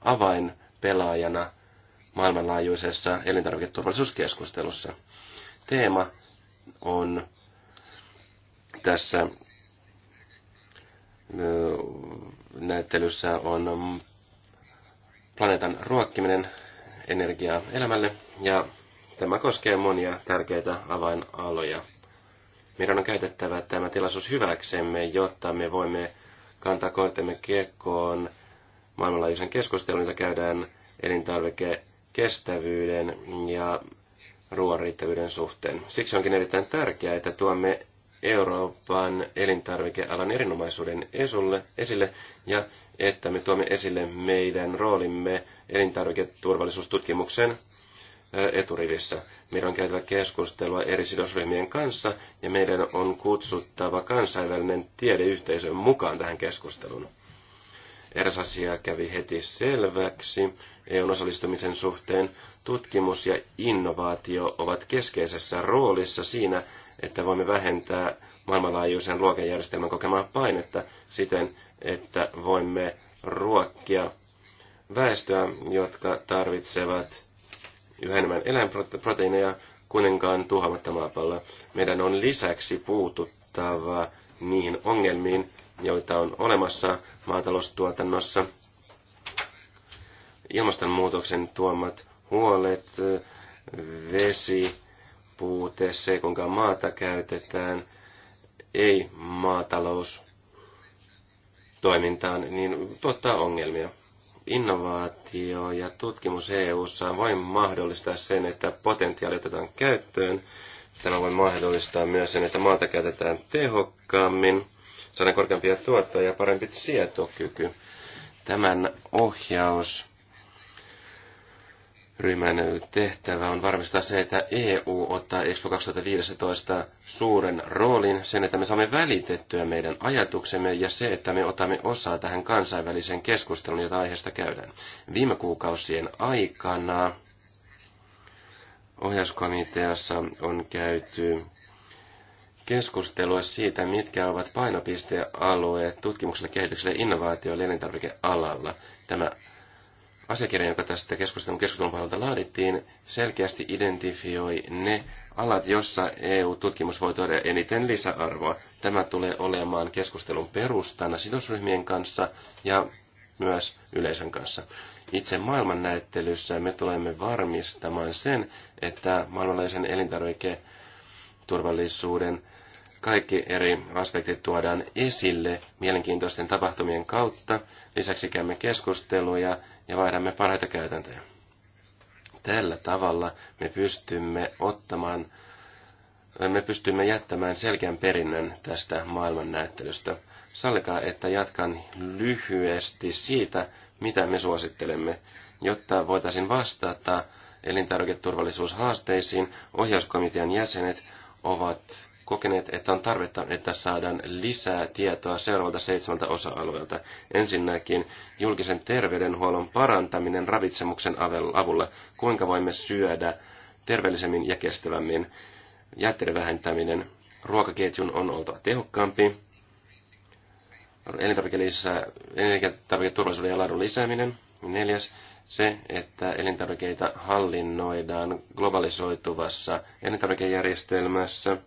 avainpelaajana maailmanlaajuisessa elintarviketurvallisuuskeskustelussa. Teema on tässä näyttelyssä on planeetan ruokkiminen energiaa elämälle ja tämä koskee monia tärkeitä avainaloja. Meidän on käytettävä tämä tilaisuus hyväksemme, jotta me voimme kantaa kortemme kiekkoon maailmanlaajuisen keskustelun, jota käydään elintarvikekestävyyden ja ruoan riittävyyden suhteen. Siksi onkin erittäin tärkeää, että tuomme Euroopan elintarvikealan erinomaisuuden esulle, esille ja että me tuomme esille meidän roolimme elintarviketurvallisuustutkimuksen äh, eturivissä. Meidän on käytävä keskustelua eri sidosryhmien kanssa ja meidän on kutsuttava kansainvälinen tiedeyhteisö mukaan tähän keskusteluun. Eräs asia kävi heti selväksi EUn osallistumisen suhteen. Tutkimus ja innovaatio ovat keskeisessä roolissa siinä, että voimme vähentää maailmanlaajuisen luokanjärjestelmän kokemaa painetta siten, että voimme ruokkia väestöä, jotka tarvitsevat yhä enemmän eläinproteiineja kuitenkaan tuhoamatta maapalloa. Meidän on lisäksi puututtava niihin ongelmiin, joita on olemassa maataloustuotannossa. Ilmastonmuutoksen tuomat huolet, vesi, puute, se kuinka maata käytetään, ei maatalous toimintaan, niin tuottaa ongelmia. Innovaatio ja tutkimus EU:ssa voi mahdollistaa sen, että potentiaali otetaan käyttöön. Tämä voi mahdollistaa myös sen, että maata käytetään tehokkaammin, saadaan korkeampia tuottoja ja parempi sietokyky. Tämän ohjaus ryhmän tehtävä on varmistaa se, että EU ottaa Expo 2015 suuren roolin, sen, että me saamme välitettyä meidän ajatuksemme ja se, että me otamme osaa tähän kansainväliseen keskusteluun, jota aiheesta käydään. Viime kuukausien aikana ohjauskomiteassa on käyty keskustelua siitä, mitkä ovat painopistealueet tutkimukselle, kehitykselle ja innovaatioille elintarvikealalla. Tämä asiakirja, joka tästä keskustelun keskustelun pohjalta laadittiin, selkeästi identifioi ne alat, jossa EU-tutkimus voi tuoda eniten lisäarvoa. Tämä tulee olemaan keskustelun perustana sidosryhmien kanssa ja myös yleisön kanssa. Itse maailmannäyttelyssä me tulemme varmistamaan sen, että maailmanlaisen elintarviketurvallisuuden turvallisuuden kaikki eri aspektit tuodaan esille mielenkiintoisten tapahtumien kautta. Lisäksi käymme keskusteluja ja vaihdamme parhaita käytäntöjä. Tällä tavalla me pystymme ottamaan me pystymme jättämään selkeän perinnön tästä maailmannäyttelystä. Sallikaa, että jatkan lyhyesti siitä, mitä me suosittelemme, jotta voitaisiin vastata elintarviketurvallisuushaasteisiin. Ohjauskomitean jäsenet ovat kokeneet, että on tarvetta, että saadaan lisää tietoa seuraavalta seitsemältä osa-alueelta. Ensinnäkin julkisen terveydenhuollon parantaminen ravitsemuksen avulla. Kuinka voimme syödä terveellisemmin ja kestävämmin. Jätteiden vähentäminen. Ruokaketjun on oltava tehokkaampi. Elintarviketurvallisuuden ja laadun lisääminen. Neljäs se, että elintarvikeita hallinnoidaan globalisoituvassa elintarvikejärjestelmässä –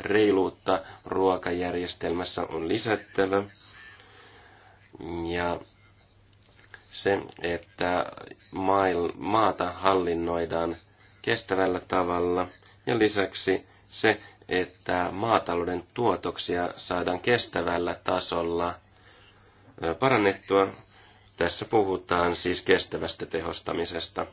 reiluutta ruokajärjestelmässä on lisättävä. Ja se, että maata hallinnoidaan kestävällä tavalla ja lisäksi se, että maatalouden tuotoksia saadaan kestävällä tasolla parannettua. Tässä puhutaan siis kestävästä tehostamisesta.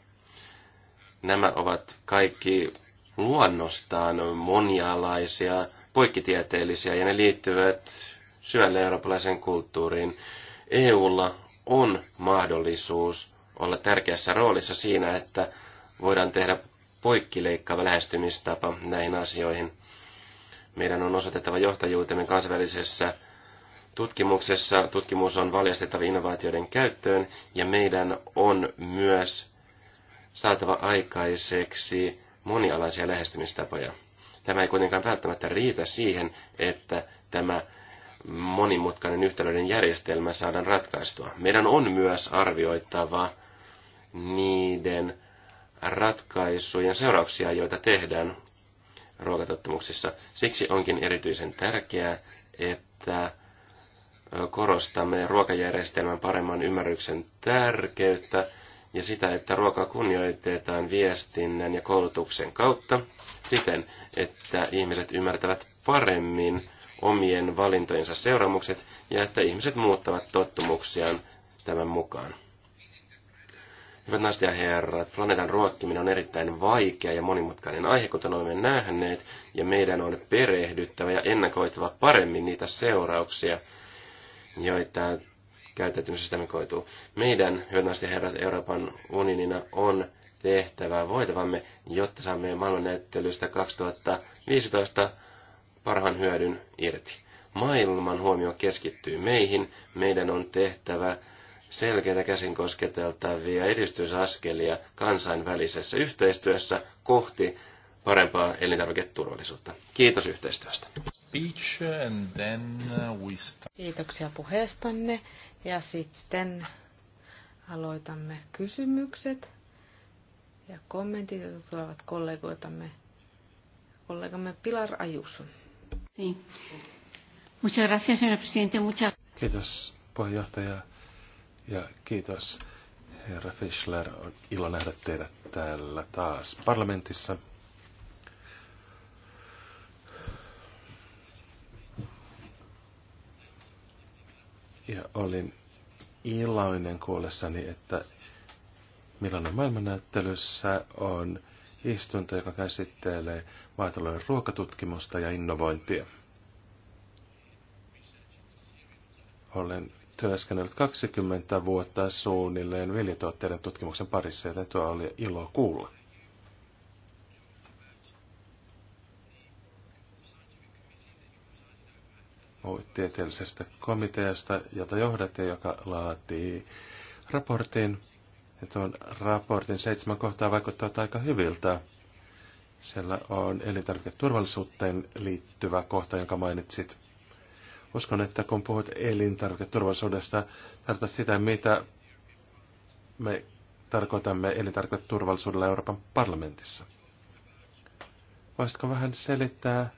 Nämä ovat kaikki luonnostaan monialaisia, poikkitieteellisiä ja ne liittyvät syvälle eurooppalaisen kulttuuriin. EUlla on mahdollisuus olla tärkeässä roolissa siinä, että voidaan tehdä poikkileikkaava lähestymistapa näihin asioihin. Meidän on osoitettava johtajuutemme kansainvälisessä tutkimuksessa. Tutkimus on valjastettava innovaatioiden käyttöön ja meidän on myös saatava aikaiseksi monialaisia lähestymistapoja. Tämä ei kuitenkaan välttämättä riitä siihen, että tämä monimutkainen yhtälöiden järjestelmä saadaan ratkaistua. Meidän on myös arvioittava niiden ratkaisujen seurauksia, joita tehdään ruokatottumuksissa. Siksi onkin erityisen tärkeää, että korostamme ruokajärjestelmän paremman ymmärryksen tärkeyttä ja sitä, että ruoka kunnioitetaan viestinnän ja koulutuksen kautta siten, että ihmiset ymmärtävät paremmin omien valintojensa seuraamukset ja että ihmiset muuttavat tottumuksiaan tämän mukaan. Hyvät naiset ja herrat, planeetan ruokkiminen on erittäin vaikea ja monimutkainen aihe, kuten olemme nähneet, ja meidän on perehdyttävä ja ennakoitava paremmin niitä seurauksia, joita käyttäytymisestämme koituu. Meidän, hyvät naiset ja herrat, Euroopan unionina on tehtävä voitavamme, jotta saamme maailmannäyttelystä 2015 parhaan hyödyn irti. Maailman huomio keskittyy meihin, meidän on tehtävä selkeitä käsin kosketeltavia edistysaskelia kansainvälisessä yhteistyössä kohti parempaa elintarviketurvallisuutta. Kiitos yhteistyöstä. Uh, Kiitoksia puheestanne. Ja sitten aloitamme kysymykset ja kommentit, jotka tulevat kollegoitamme. Kollegamme Pilar Ayuso. Sí. Kiitos puheenjohtaja ja kiitos herra Fischler. On ilo nähdä teidät täällä taas parlamentissa. Ja olin iloinen kuullessani, että Milanon maailmanäyttelyssä on istunto, joka käsittelee maatalouden ruokatutkimusta ja innovointia. Olen työskennellyt 20 vuotta suunnilleen viljatuotteiden tutkimuksen parissa, joten tuo oli ilo kuulla. tieteellisestä komiteasta, jota johdatte, joka laatii raportin. Ja tuon raportin seitsemän kohtaa vaikuttaa aika hyviltä. Siellä on elintarviketurvallisuuteen liittyvä kohta, jonka mainitsit. Uskon, että kun puhut elintarviketurvallisuudesta, tarkoitat sitä, mitä me tarkoitamme elintarviketurvallisuudella Euroopan parlamentissa. Voisitko vähän selittää,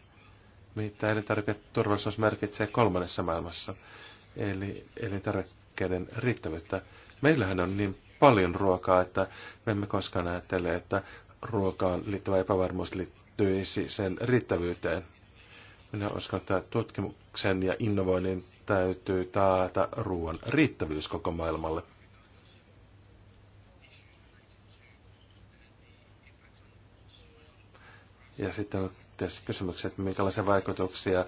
mitä elintarviketurvallisuus merkitsee kolmannessa maailmassa, eli elintarvikkeiden riittävyyttä. Meillähän on niin paljon ruokaa, että me emme koskaan ajattele, että ruokaan liittyvä epävarmuus liittyisi sen riittävyyteen. Minä uskon, että tutkimuksen ja innovoinnin täytyy taata ruoan riittävyys koko maailmalle. Ja sitten kriittiset kysymykset, minkälaisia vaikutuksia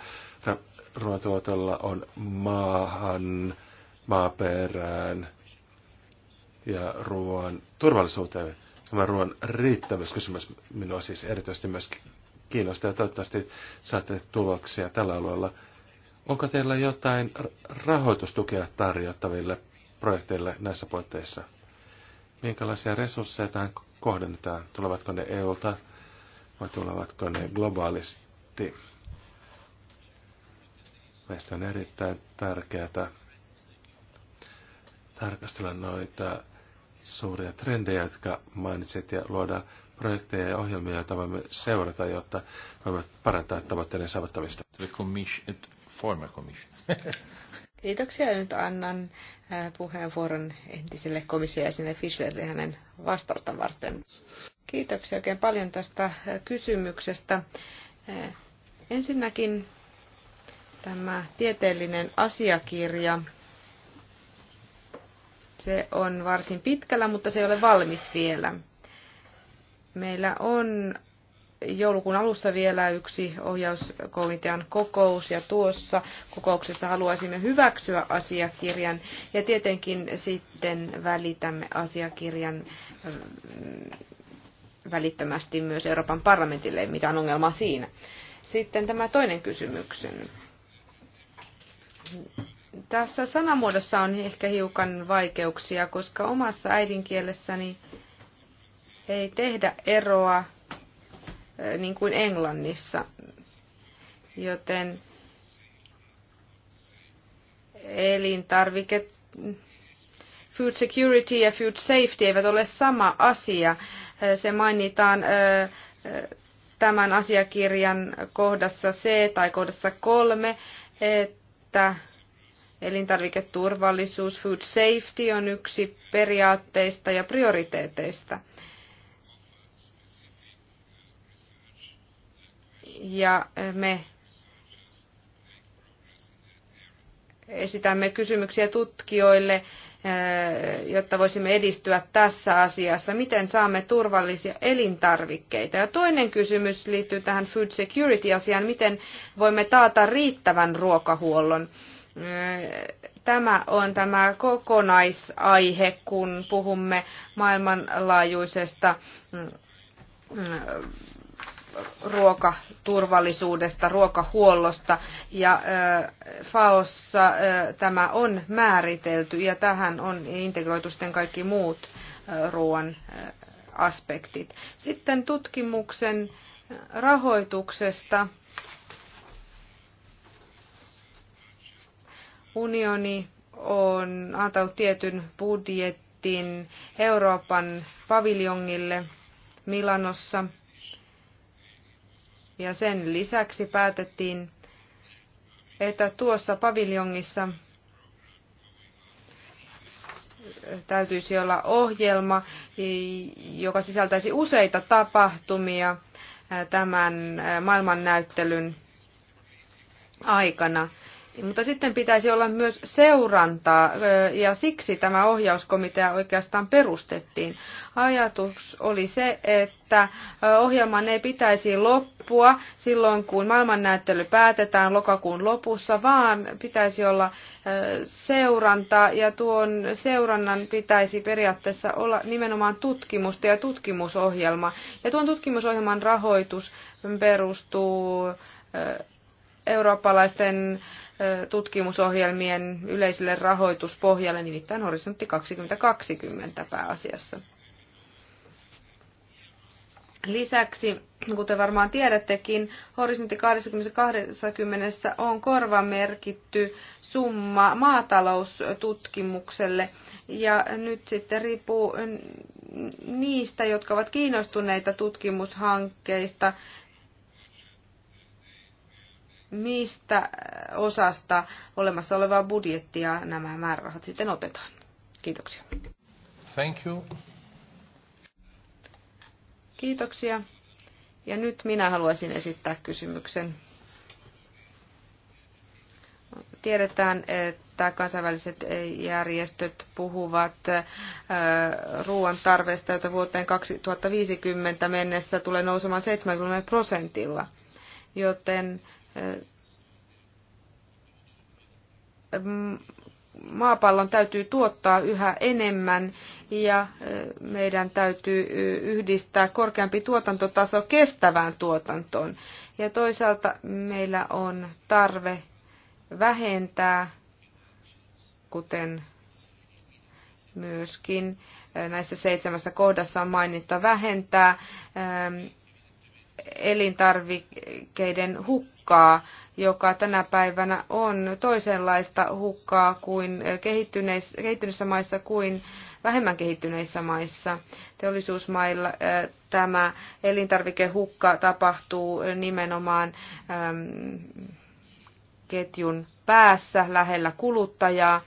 ruoantuotolla on maahan, maaperään ja ruoan turvallisuuteen. Tämä ruoan kysymys minua siis erityisesti myös kiinnostaa ja toivottavasti saatte tuloksia tällä alueella. Onko teillä jotain rahoitustukea tarjottaville projekteille näissä puitteissa? Minkälaisia resursseja tähän kohdennetaan? Tulevatko ne EU-ta vai tulevatko ne globaalisti. Meistä on erittäin tärkeää tarkastella noita suuria trendejä, jotka mainitsit, ja luoda projekteja ja ohjelmia, joita voimme seurata, jotta voimme parantaa tavoitteiden saavuttamista. Former Kiitoksia. Nyt annan äh, puheenvuoron entiselle komissiojäsenelle Fischerille hänen vastausta varten. Kiitoksia oikein paljon tästä kysymyksestä. Ensinnäkin tämä tieteellinen asiakirja. Se on varsin pitkällä, mutta se ei ole valmis vielä. Meillä on joulukuun alussa vielä yksi ohjauskomitean kokous ja tuossa kokouksessa haluaisimme hyväksyä asiakirjan ja tietenkin sitten välitämme asiakirjan välittömästi myös Euroopan parlamentille, mitä on ongelmaa siinä. Sitten tämä toinen kysymys. Tässä sanamuodossa on ehkä hiukan vaikeuksia, koska omassa äidinkielessäni ei tehdä eroa niin kuin Englannissa, joten elintarvike, food security ja food safety eivät ole sama asia. Se mainitaan tämän asiakirjan kohdassa C tai kohdassa 3, että elintarviketurvallisuus, food safety on yksi periaatteista ja prioriteeteista. Ja me esitämme kysymyksiä tutkijoille Eh, jotta voisimme edistyä tässä asiassa? Miten saamme turvallisia elintarvikkeita? Ja toinen kysymys liittyy tähän food security-asiaan. Miten voimme taata riittävän ruokahuollon? Eh, tämä on tämä kokonaisaihe, kun puhumme maailmanlaajuisesta mm, mm, ruokaturvallisuudesta, ruokahuollosta ja FAOssa tämä on määritelty ja tähän on integroitu sitten kaikki muut ruoan aspektit. Sitten tutkimuksen rahoituksesta. Unioni on antanut tietyn budjetin Euroopan paviljongille Milanossa – ja sen lisäksi päätettiin, että tuossa paviljongissa täytyisi olla ohjelma, joka sisältäisi useita tapahtumia tämän maailmannäyttelyn aikana. Mutta sitten pitäisi olla myös seurantaa ja siksi tämä ohjauskomitea oikeastaan perustettiin. Ajatus oli se, että ohjelman ei pitäisi loppua silloin, kun maailmannäyttely päätetään lokakuun lopussa, vaan pitäisi olla seurantaa ja tuon seurannan pitäisi periaatteessa olla nimenomaan tutkimusta ja tutkimusohjelma. Ja tuon tutkimusohjelman rahoitus perustuu eurooppalaisten tutkimusohjelmien yleiselle rahoituspohjalle, nimittäin Horisontti 2020 pääasiassa. Lisäksi, kuten varmaan tiedättekin, Horisontti 2020 on korvamerkitty summa maataloustutkimukselle ja nyt sitten riippuu niistä, jotka ovat kiinnostuneita tutkimushankkeista, mistä äh, osasta olemassa olevaa budjettia nämä määrärahat sitten otetaan. Kiitoksia. Thank you. Kiitoksia. Ja nyt minä haluaisin esittää kysymyksen. Tiedetään, että kansainväliset järjestöt puhuvat äh, ruoan tarveesta, jota vuoteen 2050 mennessä tulee nousemaan 70 prosentilla. Joten maapallon täytyy tuottaa yhä enemmän ja meidän täytyy yhdistää korkeampi tuotantotaso kestävään tuotantoon. Ja toisaalta meillä on tarve vähentää, kuten myöskin näissä seitsemässä kohdassa on mainittu, vähentää elintarvikkeiden hukkaa hukkaa, joka tänä päivänä on toisenlaista hukkaa kuin kehittyneissä maissa kuin vähemmän kehittyneissä maissa. Teollisuusmailla äh, tämä elintarvikehukka tapahtuu nimenomaan ähm, ketjun päässä lähellä kuluttajaa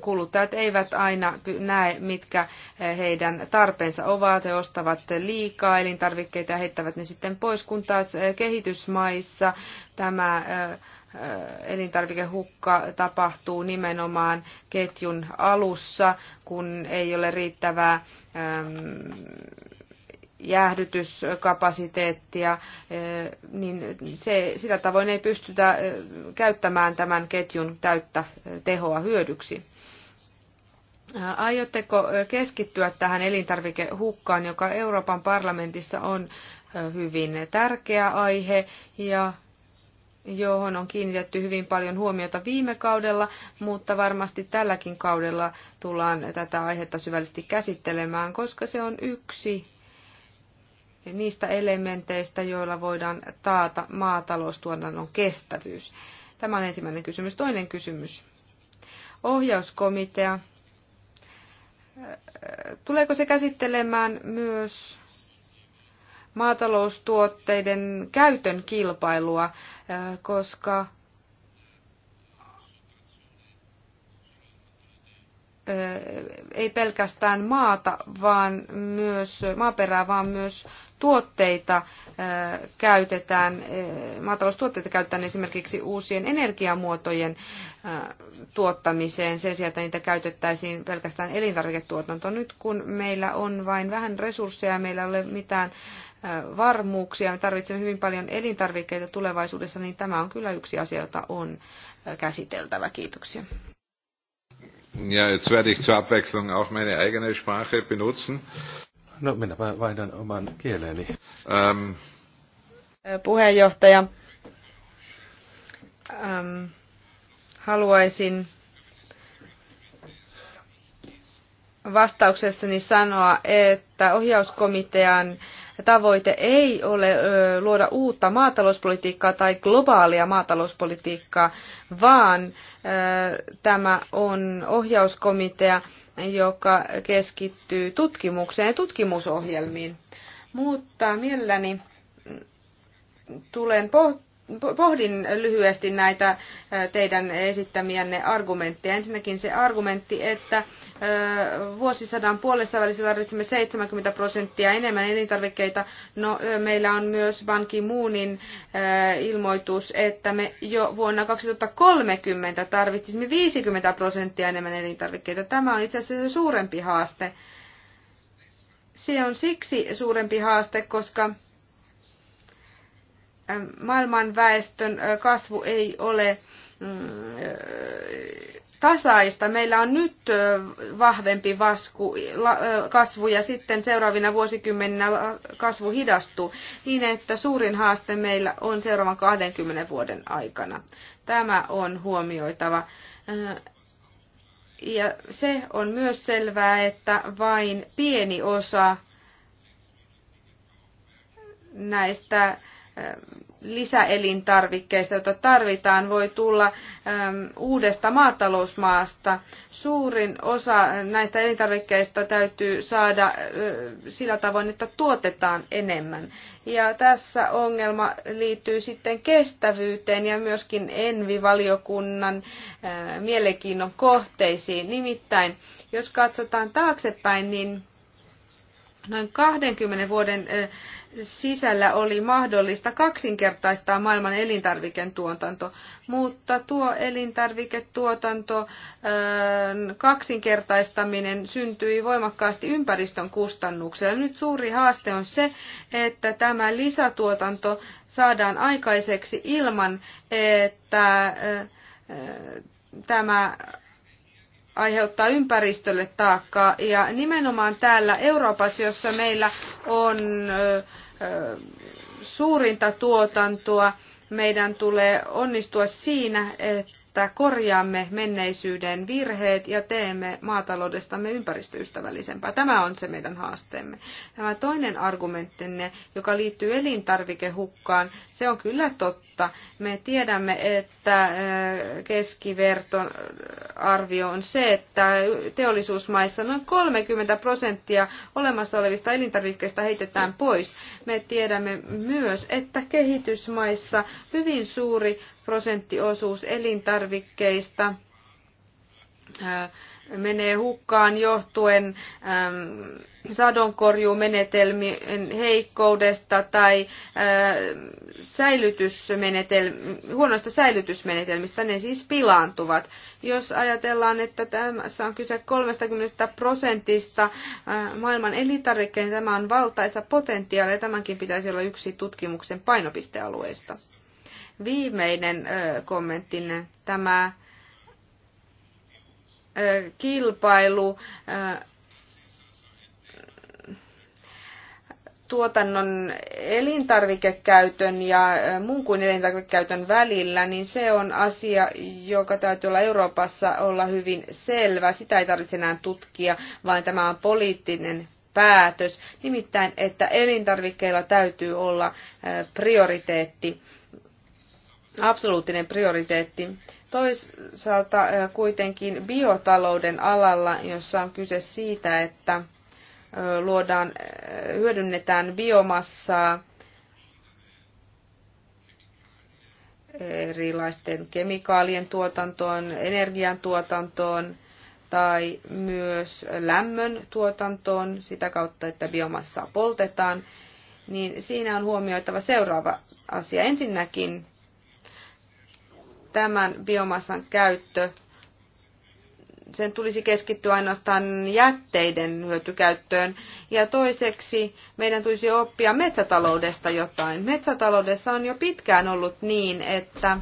kuluttajat eivät aina näe, mitkä eh, heidän tarpeensa ovat. He ostavat liikaa elintarvikkeita ja heittävät ne sitten pois, kun taas eh, kehitysmaissa tämä eh, elintarvikehukka tapahtuu nimenomaan ketjun alussa, kun ei ole riittävää ehm, jäähdytyskapasiteettia, niin se, sitä tavoin ei pystytä käyttämään tämän ketjun täyttä tehoa hyödyksi. Aiotteko keskittyä tähän elintarvikehukkaan, joka Euroopan parlamentissa on hyvin tärkeä aihe ja johon on kiinnitetty hyvin paljon huomiota viime kaudella, mutta varmasti tälläkin kaudella tullaan tätä aihetta syvällisesti käsittelemään, koska se on yksi niistä elementeistä, joilla voidaan taata maataloustuotannon kestävyys. Tämä on ensimmäinen kysymys. Toinen kysymys. Ohjauskomitea Tuleeko se käsittelemään myös maataloustuotteiden käytön kilpailua, koska ei pelkästään maata, vaan myös maaperää, vaan myös tuotteita käytetään, maataloustuotteita käytetään esimerkiksi uusien energiamuotojen tuottamiseen sen sijaan, että niitä käytettäisiin pelkästään elintarviketuotantoon. Nyt kun meillä on vain vähän resursseja, meillä ei ole mitään varmuuksia, me tarvitsemme hyvin paljon elintarvikkeita tulevaisuudessa, niin tämä on kyllä yksi asia, jota on käsiteltävä. Kiitoksia. Ja, jetzt werde ich zur Abwechslung auch meine eigene Sprache benutzen. No, minä vaihdan oman kieleni. Um, ähm, Puheenjohtaja, um, haluaisin vastauksessani sanoa, että ohjauskomitean uh, tavoite ei ole luoda uutta maatalouspolitiikkaa tai globaalia maatalouspolitiikkaa, vaan tämä on ohjauskomitea, joka keskittyy tutkimukseen ja tutkimusohjelmiin. Mutta mielelläni tulen pohtimaan, pohdin lyhyesti näitä teidän esittämiänne argumentteja. Ensinnäkin se argumentti, että vuosisadan puolessa välissä tarvitsemme 70 prosenttia enemmän elintarvikkeita. No, meillä on myös Ban Ki-moonin ilmoitus, että me jo vuonna 2030 tarvitsisimme 50 prosenttia enemmän elintarvikkeita. Tämä on itse asiassa suurempi haaste. Se on siksi suurempi haaste, koska maailman väestön kasvu ei ole mm, tasaista. Meillä on nyt vahvempi vasku, kasvu ja sitten seuraavina vuosikymmeninä kasvu hidastuu niin, että suurin haaste meillä on seuraavan 20 vuoden aikana. Tämä on huomioitava. Ja se on myös selvää, että vain pieni osa näistä lisäelintarvikkeista, joita tarvitaan, voi tulla uudesta maatalousmaasta. Suurin osa näistä elintarvikkeista täytyy saada sillä tavoin, että tuotetaan enemmän. Ja tässä ongelma liittyy sitten kestävyyteen ja myöskin Envi-valiokunnan mielenkiinnon kohteisiin. Nimittäin, jos katsotaan taaksepäin, niin noin 20 vuoden sisällä oli mahdollista kaksinkertaistaa maailman elintarviketuotanto, mutta tuo elintarviketuotanto ähm, kaksinkertaistaminen syntyi voimakkaasti ympäristön kustannuksella. Nyt suuri haaste on se, että tämä lisätuotanto saadaan aikaiseksi ilman, että äh, äh, tämä aiheuttaa ympäristölle taakkaa. Ja nimenomaan täällä Euroopassa, jossa meillä on äh, suurinta tuotantoa. Meidän tulee onnistua siinä, että että korjaamme menneisyyden virheet ja teemme maataloudestamme ympäristöystävällisempää. Tämä on se meidän haasteemme. Tämä toinen argumenttinne, joka liittyy elintarvikehukkaan, se on kyllä totta. Me tiedämme, että äh, keskiverton arvio on se, että teollisuusmaissa noin 30 prosenttia olemassa olevista elintarvikkeista heitetään pois. Me tiedämme myös, että kehitysmaissa hyvin suuri prosenttiosuus elintarvikkeista menee hukkaan johtuen sadonkorjuumenetelmien heikkoudesta tai huonoista säilytysmenetelmistä, ne siis pilaantuvat. Jos ajatellaan, että tässä on kyse 30 prosentista maailman elintarvikkeen, niin tämä on valtaisa potentiaali ja tämänkin pitäisi olla yksi tutkimuksen painopistealueista viimeinen kommenttinen, tämä kilpailu tuotannon elintarvikekäytön ja muun kuin elintarvikekäytön välillä, niin se on asia, joka täytyy olla Euroopassa olla hyvin selvä. Sitä ei tarvitse enää tutkia, vaan tämä on poliittinen päätös. Nimittäin, että elintarvikkeilla täytyy olla prioriteetti absoluuttinen prioriteetti. Toisaalta eh, kuitenkin biotalouden alalla, jossa on kyse siitä, että eh, luodaan, eh, hyödynnetään biomassaa erilaisten kemikaalien tuotantoon, energian tuotantoon tai myös lämmön tuotantoon sitä kautta, että biomassaa poltetaan, niin siinä on huomioitava seuraava asia. Ensinnäkin tämän biomassan käyttö, sen tulisi keskittyä ainoastaan jätteiden hyötykäyttöön. Ja toiseksi meidän tulisi oppia metsätaloudesta jotain. Metsätaloudessa on jo pitkään ollut niin, että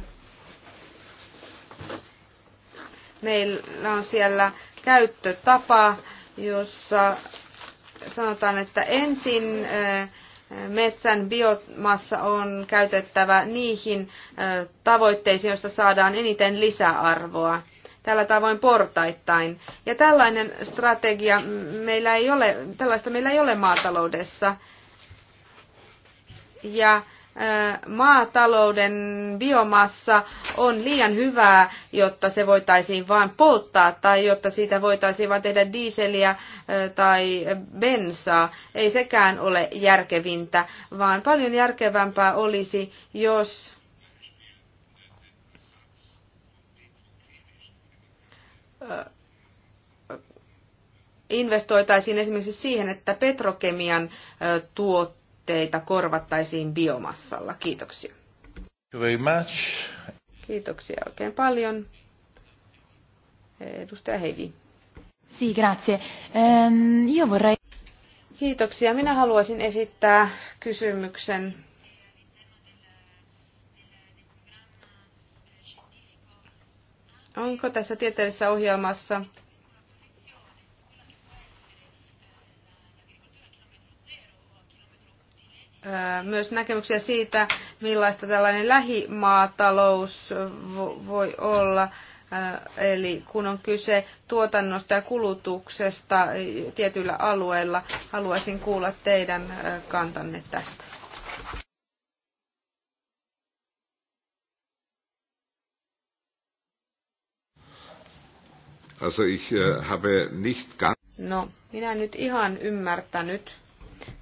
meillä on siellä käyttötapa, jossa sanotaan, että ensin äh, metsän biomassa on käytettävä niihin tavoitteisiin, joista saadaan eniten lisäarvoa. Tällä tavoin portaittain. Ja tällainen strategia meillä ei ole, tällaista meillä ei ole maataloudessa. Ja maatalouden biomassa on liian hyvää, jotta se voitaisiin vain polttaa tai jotta siitä voitaisiin vain tehdä diiseliä tai bensaa. Ei sekään ole järkevintä, vaan paljon järkevämpää olisi, jos investoitaisiin esimerkiksi siihen, että petrokemian tuot tuotteita korvattaisiin biomassalla. Kiitoksia. Very much. Kiitoksia oikein paljon. Edustaja Heivi. Si, grazie. Ehm, io vorrei... Kiitoksia. Minä haluaisin esittää kysymyksen Onko tässä tieteellisessä ohjelmassa myös näkemyksiä siitä, millaista tällainen lähimaatalous voi olla. Eli kun on kyse tuotannosta ja kulutuksesta tietyillä alueilla, haluaisin kuulla teidän kantanne tästä. Also ich äh, habe nicht ganz No, minä en nyt ihan ymmärtänyt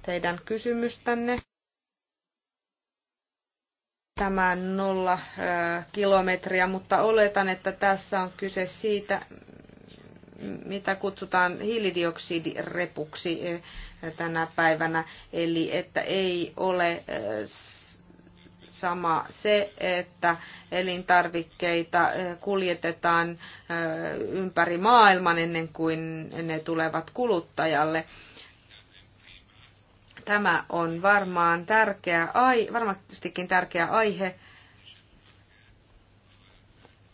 teidän kysymystänne tämän nolla kilometriä, mutta oletan, että tässä on kyse siitä, mitä kutsutaan hiilidioksidirepuksi tänä päivänä, eli että ei ole sama se, että elintarvikkeita kuljetetaan ympäri maailman ennen kuin ne tulevat kuluttajalle. Tämä on varmaan tärkeä ai, varmastikin tärkeä aihe.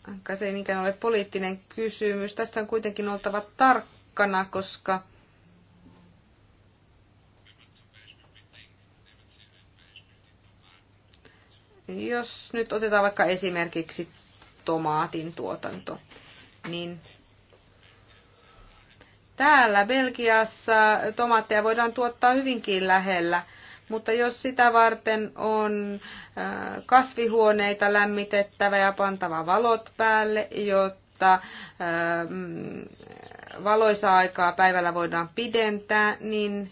Vaikka se ei niinkään ole poliittinen kysymys. Tässä on kuitenkin oltava tarkkana, koska jos nyt otetaan vaikka esimerkiksi tomaatin tuotanto, niin Täällä Belgiassa tomaatteja voidaan tuottaa hyvinkin lähellä, mutta jos sitä varten on äh, kasvihuoneita lämmitettävä ja pantava valot päälle, jotta äh, mm, valoisaa aikaa päivällä voidaan pidentää, niin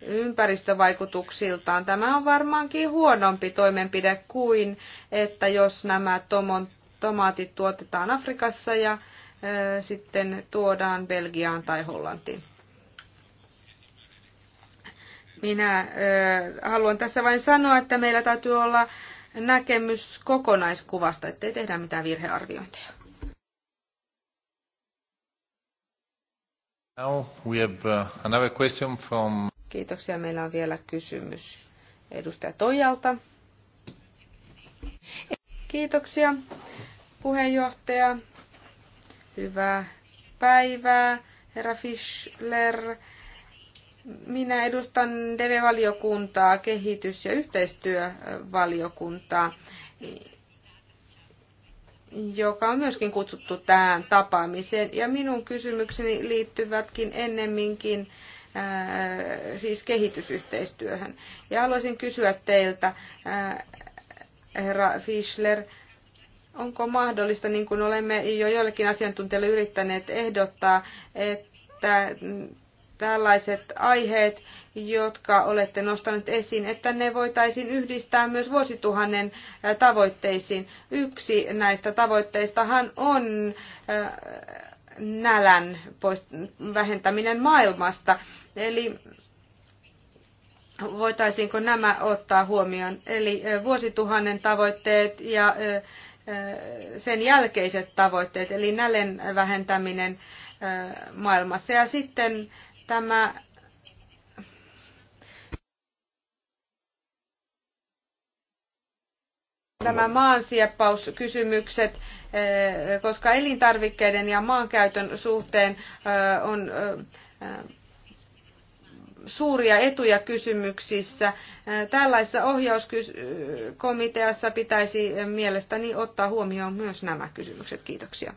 ympäristövaikutuksiltaan tämä on varmaankin huonompi toimenpide kuin, että jos nämä tomon, tomaatit tuotetaan Afrikassa ja sitten tuodaan Belgiaan tai Hollantiin. Minä haluan tässä vain sanoa, että meillä täytyy olla näkemys kokonaiskuvasta, ettei tehdä mitään virhearviointeja. Now we have uh, another question from... Kiitoksia. Meillä on vielä kysymys edustaja Toijalta. Kiitoksia puheenjohtaja. Hyvää päivää, herra Fischler. Minä edustan DV-valiokuntaa, kehitys- ja yhteistyövaliokuntaa, joka on myöskin kutsuttu tähän tapaamiseen. Ja minun kysymykseni liittyvätkin ennemminkin äh, siis kehitysyhteistyöhön. Ja haluaisin kysyä teiltä, äh, herra Fischler, Onko mahdollista, niin kuin olemme jo joillekin asiantuntijoille yrittäneet ehdottaa, että tällaiset aiheet, jotka olette nostaneet esiin, että ne voitaisiin yhdistää myös vuosituhannen tavoitteisiin. Yksi näistä tavoitteistahan on nälän vähentäminen maailmasta. Eli voitaisiinko nämä ottaa huomioon? Eli vuosituhannen tavoitteet ja sen jälkeiset tavoitteet, eli nälän vähentäminen maailmassa. Ja sitten tämä tämä maansieppauskysymykset, koska elintarvikkeiden ja maankäytön suhteen on suuria etuja kysymyksissä. Tällaisessa ohjauskomiteassa pitäisi mielestäni ottaa huomioon myös nämä kysymykset. Kiitoksia.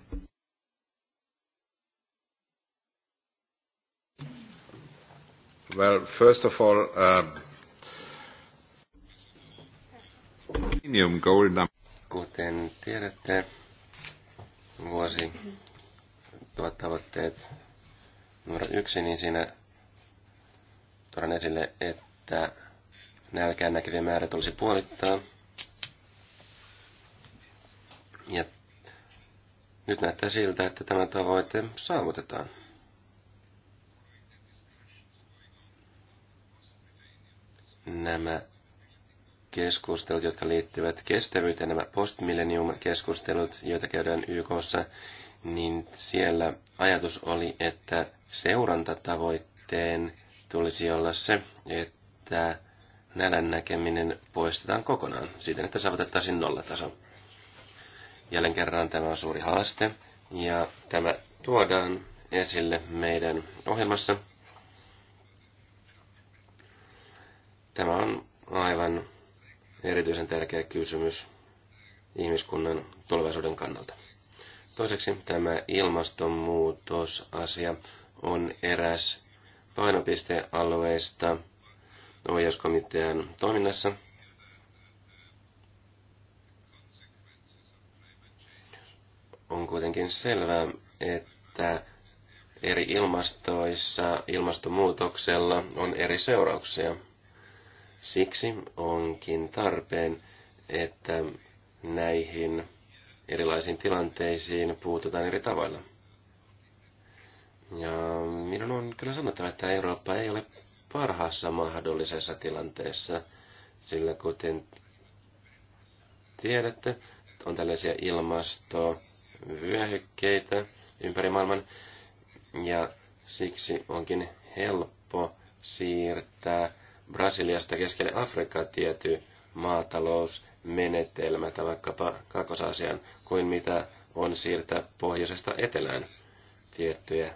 Well, first of all, uh, Kuten tiedätte, vuosi tuot tavoitteet numero yksi, niin siinä suoraan esille, että nälkään näkevien määrät olisi puolittaa. Ja nyt näyttää siltä, että tämä tavoite saavutetaan. Nämä keskustelut, jotka liittyvät kestävyyteen, nämä postmillennium-keskustelut, joita käydään YKssa, niin siellä ajatus oli, että seurantatavoitteen tulisi olla se, että nälän näkeminen poistetaan kokonaan siten, että saavutettaisiin nollataso. Jälleen kerran tämä on suuri haaste ja tämä tuodaan esille meidän ohjelmassa. Tämä on aivan erityisen tärkeä kysymys ihmiskunnan tulevaisuuden kannalta. Toiseksi tämä ilmastonmuutosasia on eräs painopistealueista ohjauskomitean toiminnassa. On kuitenkin selvää, että eri ilmastoissa ilmastonmuutoksella on eri seurauksia. Siksi onkin tarpeen, että näihin erilaisiin tilanteisiin puututaan eri tavalla. Ja minun on kyllä sanottava, että Eurooppa ei ole parhaassa mahdollisessa tilanteessa, sillä kuten tiedätte, on tällaisia ilmastovyöhykkeitä ympäri maailman, ja siksi onkin helppo siirtää Brasiliasta keskelle Afrikkaa tietty maatalousmenetelmä tai vaikkapa kakosasian kuin mitä on siirtää pohjoisesta etelään tiettyjä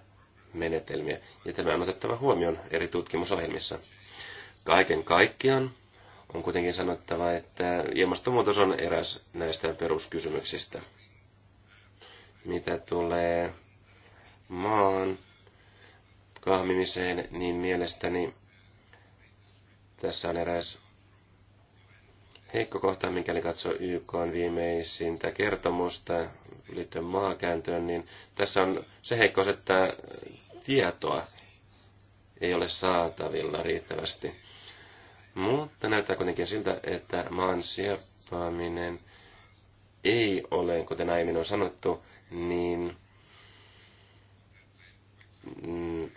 menetelmiä, ja tämä on otettava huomioon eri tutkimusohjelmissa. Kaiken kaikkiaan on kuitenkin sanottava, että ilmastonmuutos on eräs näistä peruskysymyksistä. Mitä tulee maan kahmimiseen, niin mielestäni tässä on eräs heikko kohta, mikäli katsoo YK viimeisintä kertomusta liittyen maakääntöön, niin tässä on se heikkous, että tietoa ei ole saatavilla riittävästi. Mutta näyttää kuitenkin siltä, että maan sieppaaminen ei ole, kuten aiemmin on sanottu, niin mm,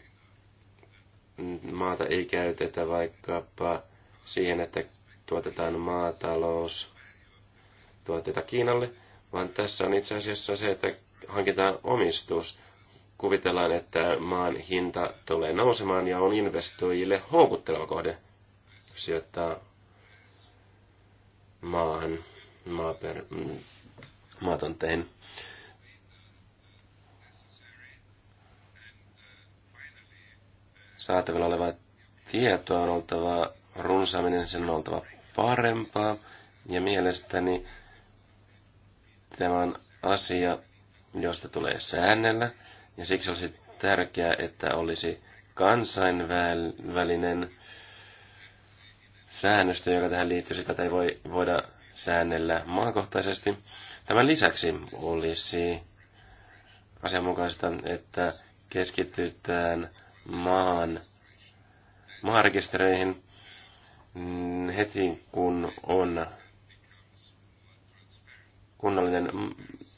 maata ei käytetä vaikkapa siihen, että tuotetaan maatalous tuotteita Kiinalle, vaan tässä on itse asiassa se, että hankitaan omistus. Kuvitellaan, että maan hinta tulee nousemaan ja on investoijille houkutteleva kohde sijoittaa maahan, maaper, mm, maatonteihin. Saatavilla olevaa tietoa on oltava runsaaminen, sen on oltava parempaa. Ja mielestäni tämä on asia, josta tulee säännellä. Ja siksi olisi tärkeää, että olisi kansainvälinen säännöstö, joka tähän liittyy. Sitä ei voi, voida säännellä maakohtaisesti. Tämän lisäksi olisi asianmukaista, että keskitytään maan maarekistereihin Mm, heti kun on kunnollinen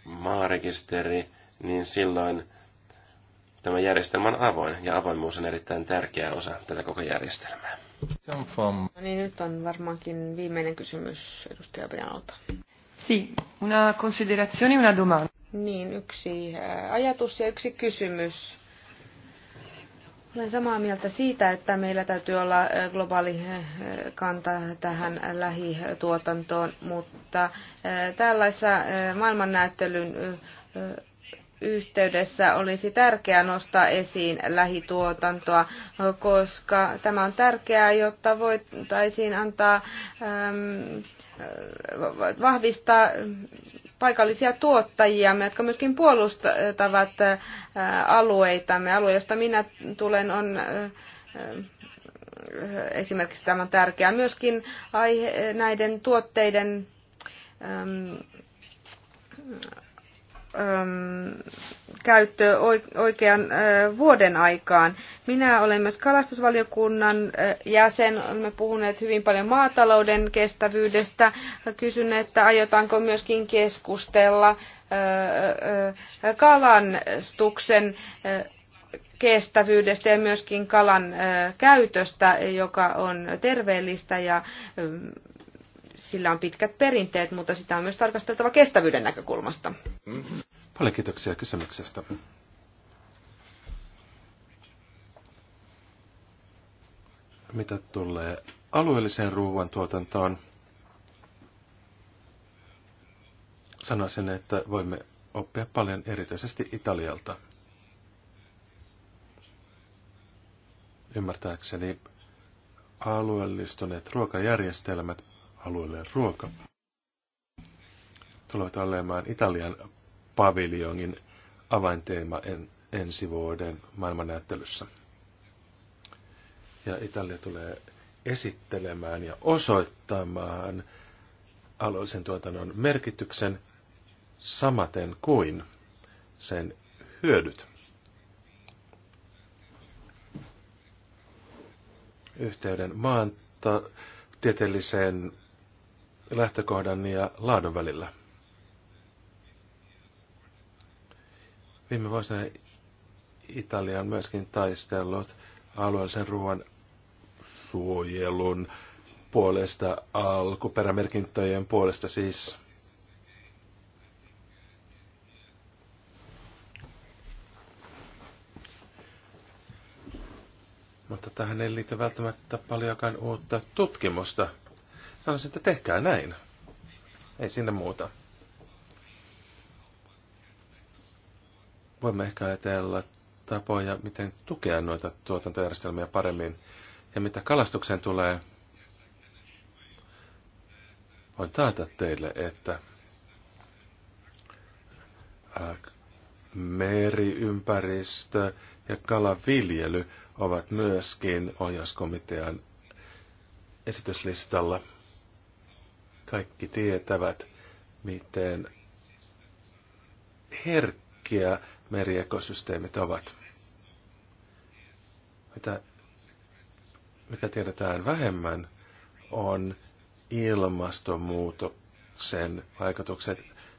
maarekisteri, niin silloin tämä järjestelmä on avoin, ja avoimuus on erittäin tärkeä osa tätä koko järjestelmää. No niin, nyt on varmaankin viimeinen kysymys edustaja Pianolta. Si, una considerazione, una domanda. Niin, yksi äh, ajatus ja yksi kysymys. Olen samaa mieltä siitä, että meillä täytyy olla globaali kanta tähän lähituotantoon, mutta tällaisessa maailmannäyttelyn yhteydessä olisi tärkeää nostaa esiin lähituotantoa, koska tämä on tärkeää, jotta voitaisiin antaa vahvistaa paikallisia tuottajia, jotka myöskin puolustavat äh, alueitamme. Alue, josta minä tulen, on äh, äh, esimerkiksi tämä on tärkeää. Myöskin näiden tuotteiden Ähm, käyttö oikean äh, vuoden aikaan. Minä olen myös kalastusvaliokunnan äh, jäsen. Olemme puhuneet hyvin paljon maatalouden kestävyydestä. Kysyn, että aiotaanko myöskin keskustella äh, kalastuksen kestävyydestä ja myöskin kalan käytöstä, joka on terveellistä ja ähm, sillä on pitkät perinteet, mutta sitä on myös tarkasteltava kestävyyden näkökulmasta. Paljon kiitoksia kysymyksestä. Mitä tulee alueelliseen ruoantuotantoon, sanoisin, että voimme oppia paljon erityisesti Italialta. Ymmärtääkseni alueellistuneet ruokajärjestelmät alueelle ruoka tulevat olemaan Italian paviljongin avainteema en, ensi vuoden maailmannäyttelyssä. Ja Italia tulee esittelemään ja osoittamaan alueellisen tuotannon merkityksen samaten kuin sen hyödyt. Yhteyden maantieteelliseen lähtökohdan ja laadun välillä. Viime vuosina Italia on myöskin taistellut alueellisen ruoan suojelun puolesta, alkuperämerkintöjen puolesta siis. Mutta tähän ei liity välttämättä paljonkaan uutta tutkimusta. Sanoisin, että tehkää näin. Ei sinne muuta. Voimme ehkä ajatella tapoja, miten tukea noita tuotantojärjestelmiä paremmin. Ja mitä kalastukseen tulee, voin taata teille, että meriympäristö ja kalaviljely ovat myöskin ohjauskomitean esityslistalla. Kaikki tietävät, miten herkkiä meriekosysteemit ovat. Mitä, mitä tiedetään vähemmän, on ilmastonmuutoksen vaikutukset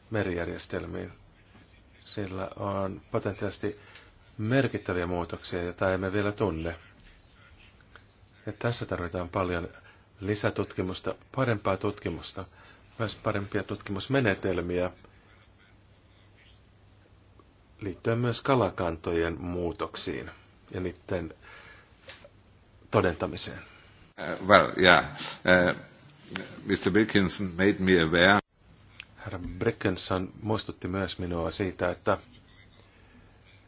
merijärjestelmiin. Sillä on potentiaalisesti merkittäviä muutoksia, joita emme vielä tunne. Ja tässä tarvitaan paljon lisätutkimusta, parempaa tutkimusta, myös parempia tutkimusmenetelmiä liittyen myös kalakantojen muutoksiin ja niiden todentamiseen. Uh, well, yeah. Uh, Mr. Brickinson made me aware. Herra Brickinson muistutti myös minua siitä, että,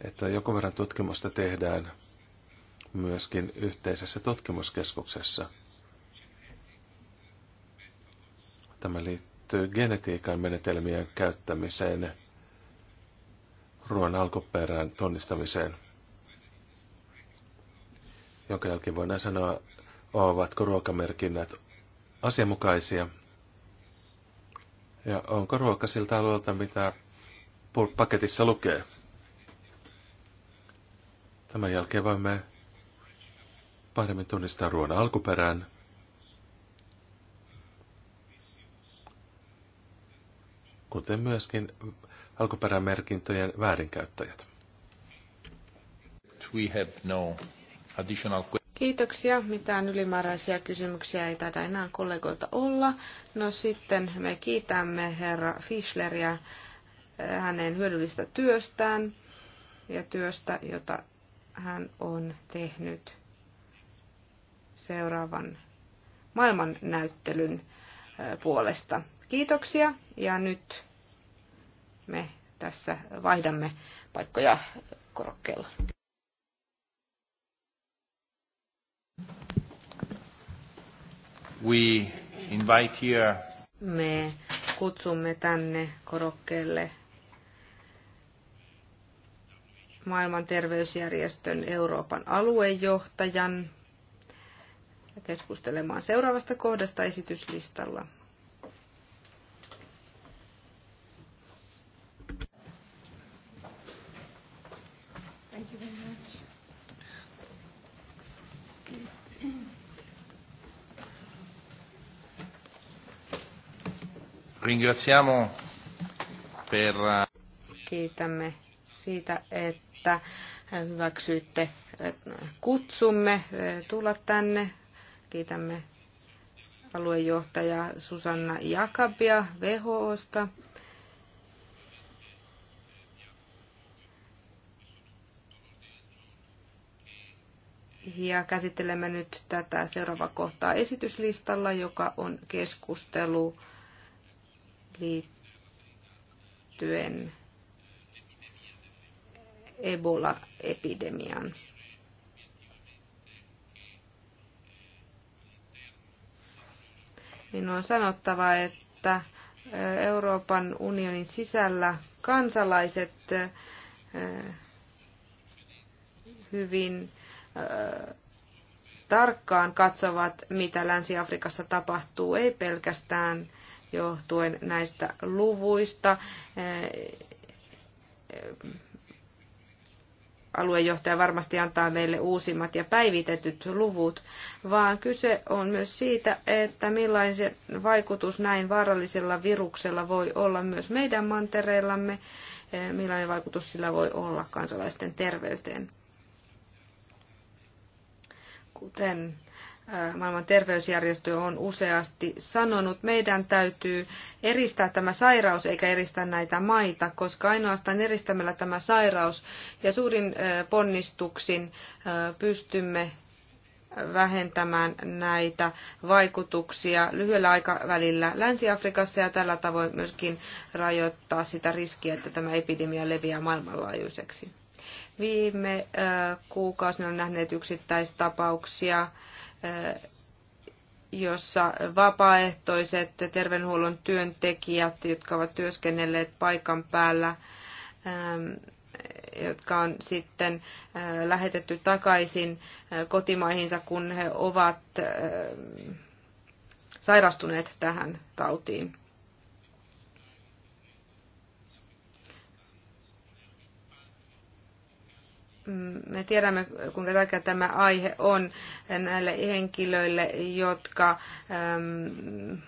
että jonkun verran tutkimusta tehdään myöskin yhteisessä tutkimuskeskuksessa – Tämä liittyy genetiikan menetelmien käyttämiseen, ruoan alkuperään tunnistamiseen, jonka jälkeen voidaan sanoa, ovatko ruokamerkinnät asianmukaisia ja onko ruoka siltä alueelta, mitä paketissa lukee. Tämän jälkeen voimme paremmin tunnistaa ruoan alkuperään. kuten myöskin alkuperämerkintöjen väärinkäyttäjät. No Kiitoksia. Mitään ylimääräisiä kysymyksiä ei taida enää kollegoilta olla. No sitten me kiitämme herra Fischleriä eh, hänen hyödyllistä työstään ja työstä, jota hän on tehnyt seuraavan maailmannäyttelyn eh, puolesta. Kiitoksia ja nyt me tässä vaihdamme paikkoja korokkeella. We invite here. Me kutsumme tänne korokkeelle maailman terveysjärjestön Euroopan aluejohtajan keskustelemaan seuraavasta kohdasta esityslistalla. Ringraziamo per... Kiitämme siitä, että hyväksyitte kutsumme eh, tulla tänne. Kiitämme aluejohtaja Susanna Jakabia VHOsta. Ja käsittelemme nyt tätä seuraavaa kohtaa esityslistalla, joka on keskustelu liittyen Ebola-epidemiaan. Minun on sanottava, että Euroopan unionin sisällä kansalaiset hyvin tarkkaan katsovat, mitä Länsi-Afrikassa tapahtuu, ei pelkästään johtuen näistä luvuista. Aluejohtaja varmasti antaa meille uusimmat ja päivitetyt luvut, vaan kyse on myös siitä, että millainen vaikutus näin vaarallisella viruksella voi olla myös meidän mantereillamme, millainen vaikutus sillä voi olla kansalaisten terveyteen. Kuten maailman terveysjärjestö on useasti sanonut, meidän täytyy eristää tämä sairaus eikä eristää näitä maita, koska ainoastaan eristämällä tämä sairaus ja suurin ponnistuksin pystymme vähentämään näitä vaikutuksia lyhyellä aikavälillä Länsi-Afrikassa ja tällä tavoin myöskin rajoittaa sitä riskiä, että tämä epidemia leviää maailmanlaajuiseksi. Viime kuukausina on nähneet yksittäistapauksia tapauksia jossa vapaaehtoiset terveydenhuollon työntekijät, jotka ovat työskennelleet paikan päällä, ähm, jotka on sitten äh, lähetetty takaisin äh, kotimaihinsa, kun he ovat äh, sairastuneet tähän tautiin. me tiedämme, kuinka tärkeä tämä aihe on näille henkilöille, jotka ähm,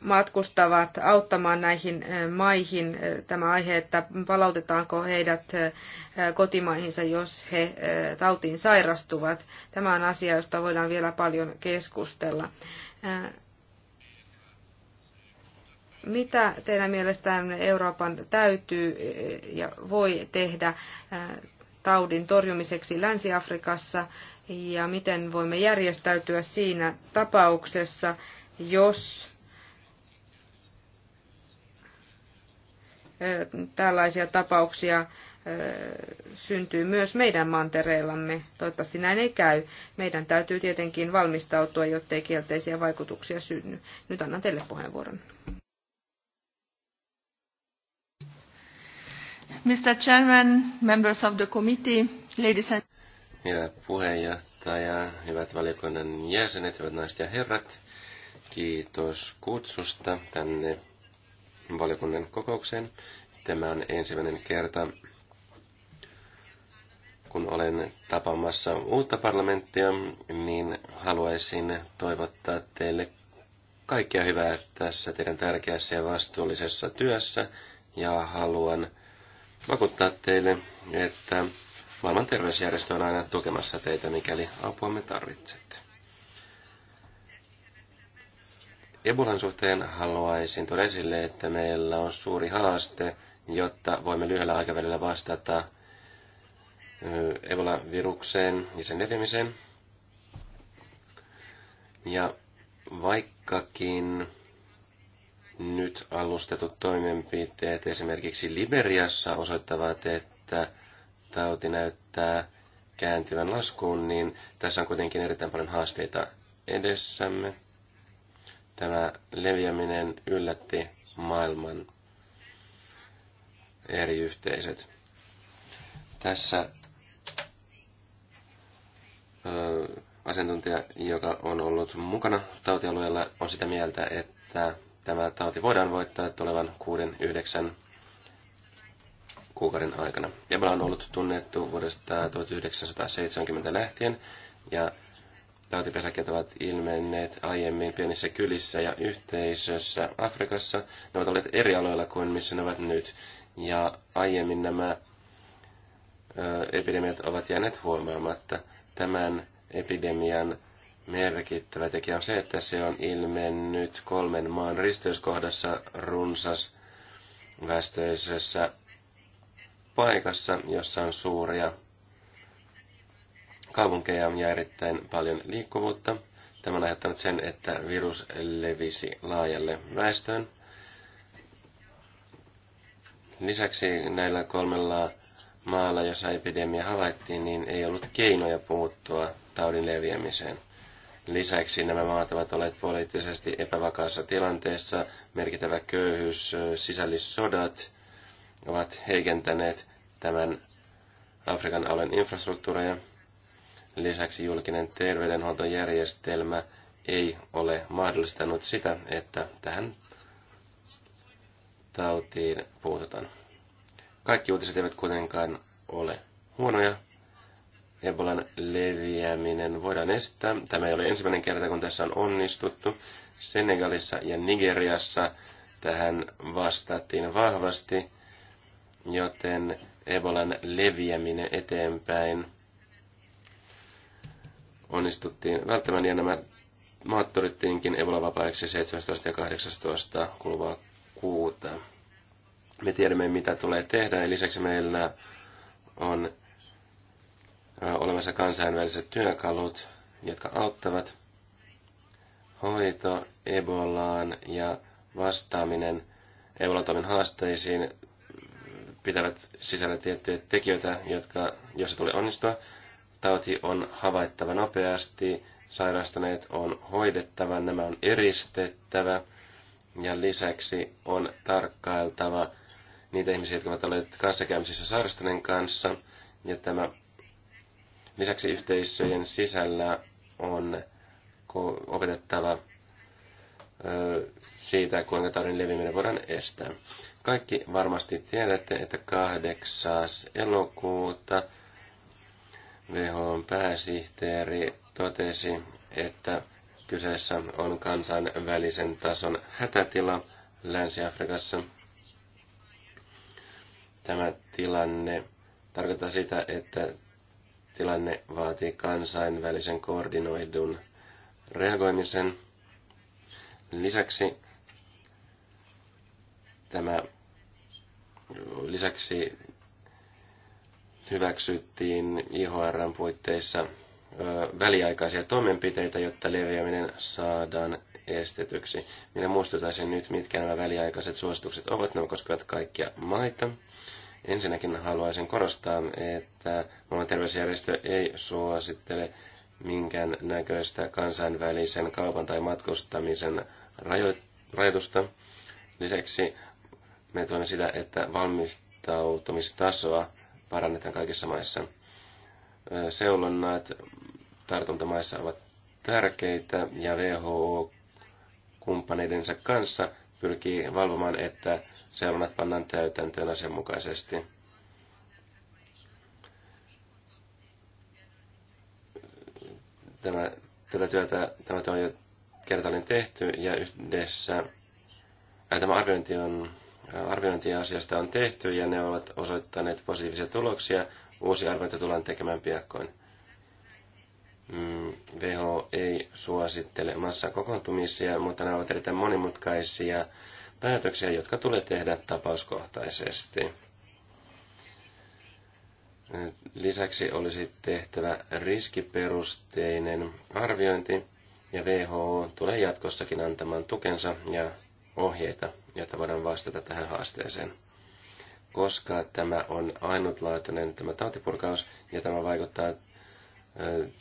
matkustavat auttamaan näihin äh, maihin tämä aihe, että palautetaanko heidät äh, kotimaihinsa, jos he äh, tautiin sairastuvat. Tämä on asia, josta voidaan vielä paljon keskustella. Mitä teidän mielestänne Euroopan täytyy e, ja voi tehdä e, taudin torjumiseksi Länsi-Afrikassa ja miten voimme järjestäytyä siinä tapauksessa, jos e, tällaisia tapauksia syntyy myös meidän mantereillamme. Toivottavasti näin ei käy. Meidän täytyy tietenkin valmistautua, jottei kielteisiä vaikutuksia synny. Nyt annan teille puheenvuoron. Mr. Chairman, members of the committee, ladies and... Hyvä puheenjohtaja, hyvät valiokunnan jäsenet, hyvät naiset ja herrat. Kiitos kutsusta tänne valiokunnan kokoukseen. Tämä on ensimmäinen kerta, kun olen tapaamassa uutta parlamenttia, niin haluaisin toivottaa teille kaikkea hyvää tässä teidän tärkeässä ja vastuullisessa työssä. Ja haluan vakuuttaa teille, että maailman terveysjärjestö on aina tukemassa teitä, mikäli apua me tarvitsette. Ebolan suhteen haluaisin tuoda esille, että meillä on suuri haaste, jotta voimme lyhyellä aikavälillä vastata Ebola-virukseen ja sen leviämiseen. Ja vaikkakin nyt alustetut toimenpiteet esimerkiksi Liberiassa osoittavat, että tauti näyttää kääntyvän laskuun, niin tässä on kuitenkin erittäin paljon haasteita edessämme. Tämä leviäminen yllätti maailman eri yhteisöt. Tässä ö, asiantuntija, joka on ollut mukana tautialueella, on sitä mieltä, että tämä tauti voidaan voittaa tulevan kuuden yhdeksän kuukauden aikana. Ebola on ollut tunnettu vuodesta 1970 lähtien ja tautipesäkkeet ovat ilmenneet aiemmin pienissä kylissä ja yhteisössä Afrikassa. Ne ovat olleet eri aloilla kuin missä ne ovat nyt. Ja aiemmin nämä epidemiat ovat jääneet huomaamatta. Tämän epidemian merkittävä tekijä on se, että se on ilmennyt kolmen maan risteyskohdassa runsas väestöisessä paikassa, jossa on suuria kaupunkeja ja erittäin paljon liikkuvuutta. Tämä on aiheuttanut sen, että virus levisi laajalle väestöön. Lisäksi näillä kolmella maalla, jossa epidemia havaittiin, niin ei ollut keinoja puuttua taudin leviämiseen. Lisäksi nämä maat ovat olleet poliittisesti epävakaassa tilanteessa. Merkittävä köyhyys, sisällissodat ovat heikentäneet tämän Afrikan alueen infrastruktuuria. Lisäksi julkinen terveydenhuoltojärjestelmä ei ole mahdollistanut sitä, että tähän tautiin puututaan. Kaikki uutiset eivät kuitenkaan ole huonoja. Ebolan leviäminen voidaan estää. Tämä ei ole ensimmäinen kerta, kun tässä on onnistuttu. Senegalissa ja Nigeriassa tähän vastattiin vahvasti, joten Ebolan leviäminen eteenpäin onnistuttiin välttämään ja nämä maat todettiinkin ebola vapaaksi 17. ja 18. kuluvaa kuuta. Me tiedämme, mitä tulee tehdä, ja lisäksi meillä on olemassa kansainväliset työkalut, jotka auttavat hoito Ebolaan ja vastaaminen Ebolatomin haasteisiin pitävät sisällä tiettyjä tekijöitä, jotka, jos se tulee onnistua, tauti on havaittava nopeasti, sairastaneet on hoidettava, nämä on eristettävä ja lisäksi on tarkkailtava niitä ihmisiä, jotka ovat olleet kanssakäymisissä sairastaneen kanssa ja tämä Lisäksi yhteisöjen sisällä on opetettava siitä, kuinka taudin leviminen voidaan estää. Kaikki varmasti tiedätte, että 8. elokuuta WHOn pääsihteeri totesi, että kyseessä on kansainvälisen tason hätätila Länsi-Afrikassa. Tämä tilanne tarkoittaa sitä, että Tilanne vaatii kansainvälisen koordinoidun reagoimisen. Lisäksi tämä lisäksi hyväksyttiin IHRn puitteissa väliaikaisia toimenpiteitä, jotta leviäminen saadaan estetyksi. Minä muistutaisin nyt, mitkä nämä väliaikaiset suositukset ovat. Ne koskevat kaikkia maita. Ensinnäkin haluaisin korostaa, että maailman terveysjärjestö ei suosittele minkään näköistä kansainvälisen kaupan tai matkustamisen rajoitusta. Lisäksi me tuemme sitä, että valmistautumistasoa parannetaan kaikissa maissa. Seulonnat tartuntamaissa ovat tärkeitä ja WHO kumppaneidensa kanssa pyrkii valvomaan, että seurannat pannaan täytäntöön asianmukaisesti. Tämä, tätä työtä, tämä työ on jo kertainen tehty ja yhdessä äh, tämä arviointi on äh, arviointia asiasta on tehty ja ne ovat osoittaneet positiivisia tuloksia. Uusi arviointi tullaan tekemään piakkoin. Mm, WHO ei suosittele massakokoontumisia, mutta nämä ovat erittäin monimutkaisia päätöksiä, jotka tulee tehdä tapauskohtaisesti. Lisäksi olisi tehtävä riskiperusteinen arviointi, ja WHO tulee jatkossakin antamaan tukensa ja ohjeita, jotta voidaan vastata tähän haasteeseen. Koska tämä on ainutlaatuinen tämä tautipurkaus ja tämä vaikuttaa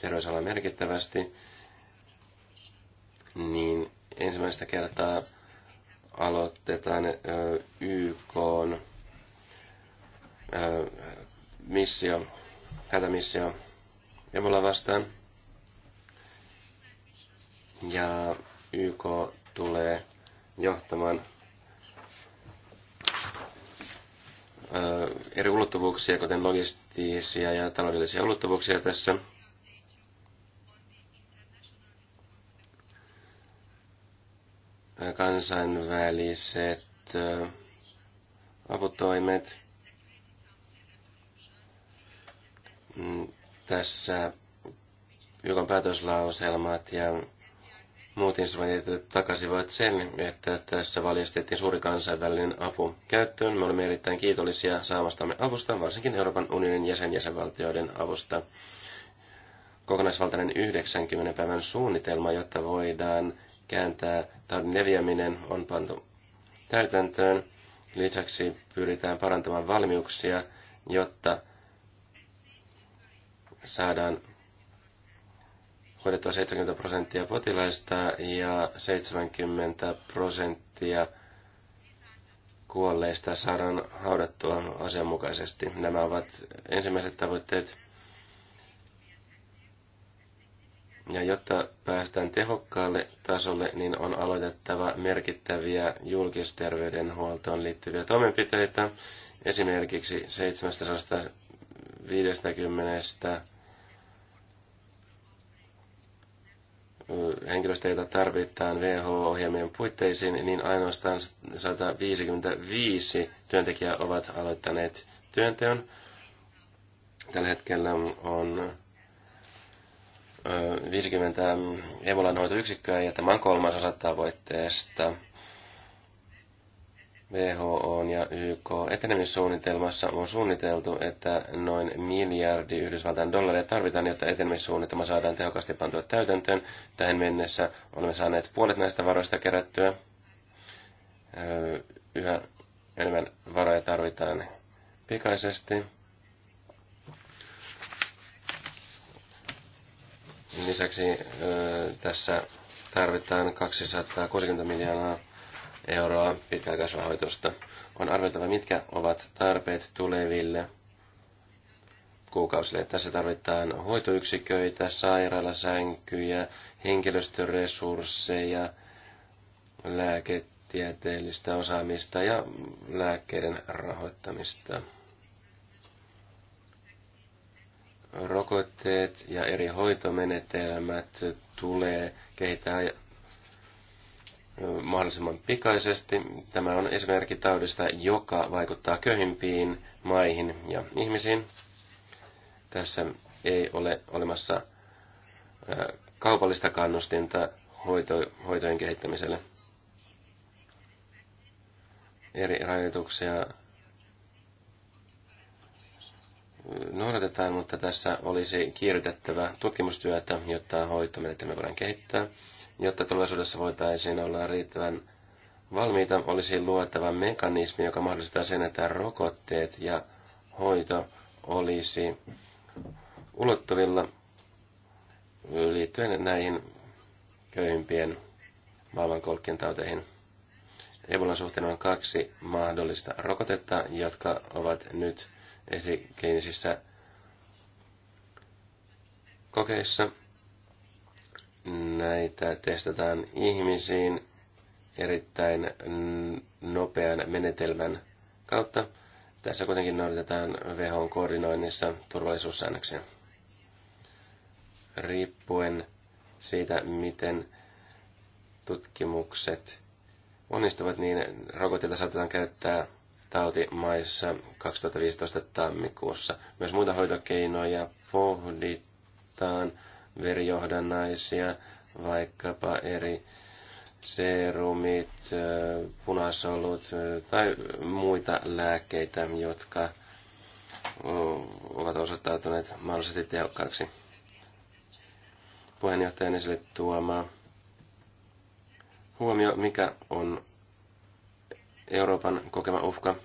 terveysalalla merkittävästi, niin ensimmäistä kertaa aloitetaan YK missio, hätämissio Ebola vastaan. Ja YK tulee johtamaan eri ulottuvuuksia, kuten logistisia ja taloudellisia ulottuvuuksia tässä – kansainväliset aputoimet. Mm, tässä jokon päätöslauselmat ja muut instrumentit takasivat sen, että tässä valjastettiin suuri kansainvälinen apu käyttöön. Me olemme erittäin kiitollisia saamastamme avusta, varsinkin Euroopan unionin jäsenjäsenvaltioiden avusta. Kokonaisvaltainen 90 päivän suunnitelma, jotta voidaan kääntää tai leviäminen on pantu täytäntöön. Lisäksi pyritään parantamaan valmiuksia, jotta saadaan hoidettua 70 prosenttia potilaista ja 70 prosenttia kuolleista saadaan haudattua asianmukaisesti. Nämä ovat ensimmäiset tavoitteet Ja jotta päästään tehokkaalle tasolle, niin on aloitettava merkittäviä julkisterveydenhuoltoon liittyviä toimenpiteitä. Esimerkiksi 750 henkilöstä, joita tarvitaan WHO-ohjelmien puitteisiin, niin ainoastaan 155 työntekijää ovat aloittaneet työnteon. Tällä hetkellä on 50 Ebolan hoitoyksikköä ja tämä on kolmasosa tavoitteesta. WHO ja YK etenemissuunnitelmassa on suunniteltu, että noin miljardi Yhdysvaltain dollaria tarvitaan, jotta etenemissuunnitelma saadaan tehokkaasti pantua täytäntöön. Tähän mennessä olemme saaneet puolet näistä varoista kerättyä. Yhä enemmän varoja tarvitaan pikaisesti. Lisäksi tässä tarvitaan 260 miljoonaa euroa pitkäaikaisrahoitusta. On arvioitava, mitkä ovat tarpeet tuleville kuukausille. Tässä tarvitaan hoitoyksiköitä, sairaalasänkyjä, henkilöstöresursseja, lääketieteellistä osaamista ja lääkkeiden rahoittamista. rokotteet ja eri hoitomenetelmät tulee kehittää mahdollisimman pikaisesti. Tämä on esimerkki taudista, joka vaikuttaa köyhimpiin maihin ja ihmisiin. Tässä ei ole olemassa kaupallista kannustinta hoito, hoitojen kehittämiselle. Eri rajoituksia noudatetaan, mutta tässä olisi kiirrytettävä tutkimustyötä, jotta hoitomenetelmä voidaan kehittää. Jotta tulevaisuudessa voitaisiin olla riittävän valmiita, olisi luotava mekanismi, joka mahdollistaa sen, että rokotteet ja hoito olisi ulottuvilla liittyen näihin köyhimpien maailmankolkkien tauteihin. Ebolan suhteen on kaksi mahdollista rokotetta, jotka ovat nyt esikliinisissä kokeissa. Näitä testataan ihmisiin erittäin nopean menetelmän kautta. Tässä kuitenkin noudatetaan WHOn koordinoinnissa turvallisuussäännöksiä. Riippuen siitä, miten tutkimukset onnistuvat, niin rokotilta saatetaan käyttää tautimaissa 2015 tammikuussa. Myös muita hoitokeinoja pohditaan, verijohdannaisia, vaikkapa eri serumit, punasolut tai muita lääkkeitä, jotka ovat osoittautuneet mahdollisesti tehokkaaksi. Puheenjohtajan esille tuoma huomio, mikä on Euroopan kokema uhka.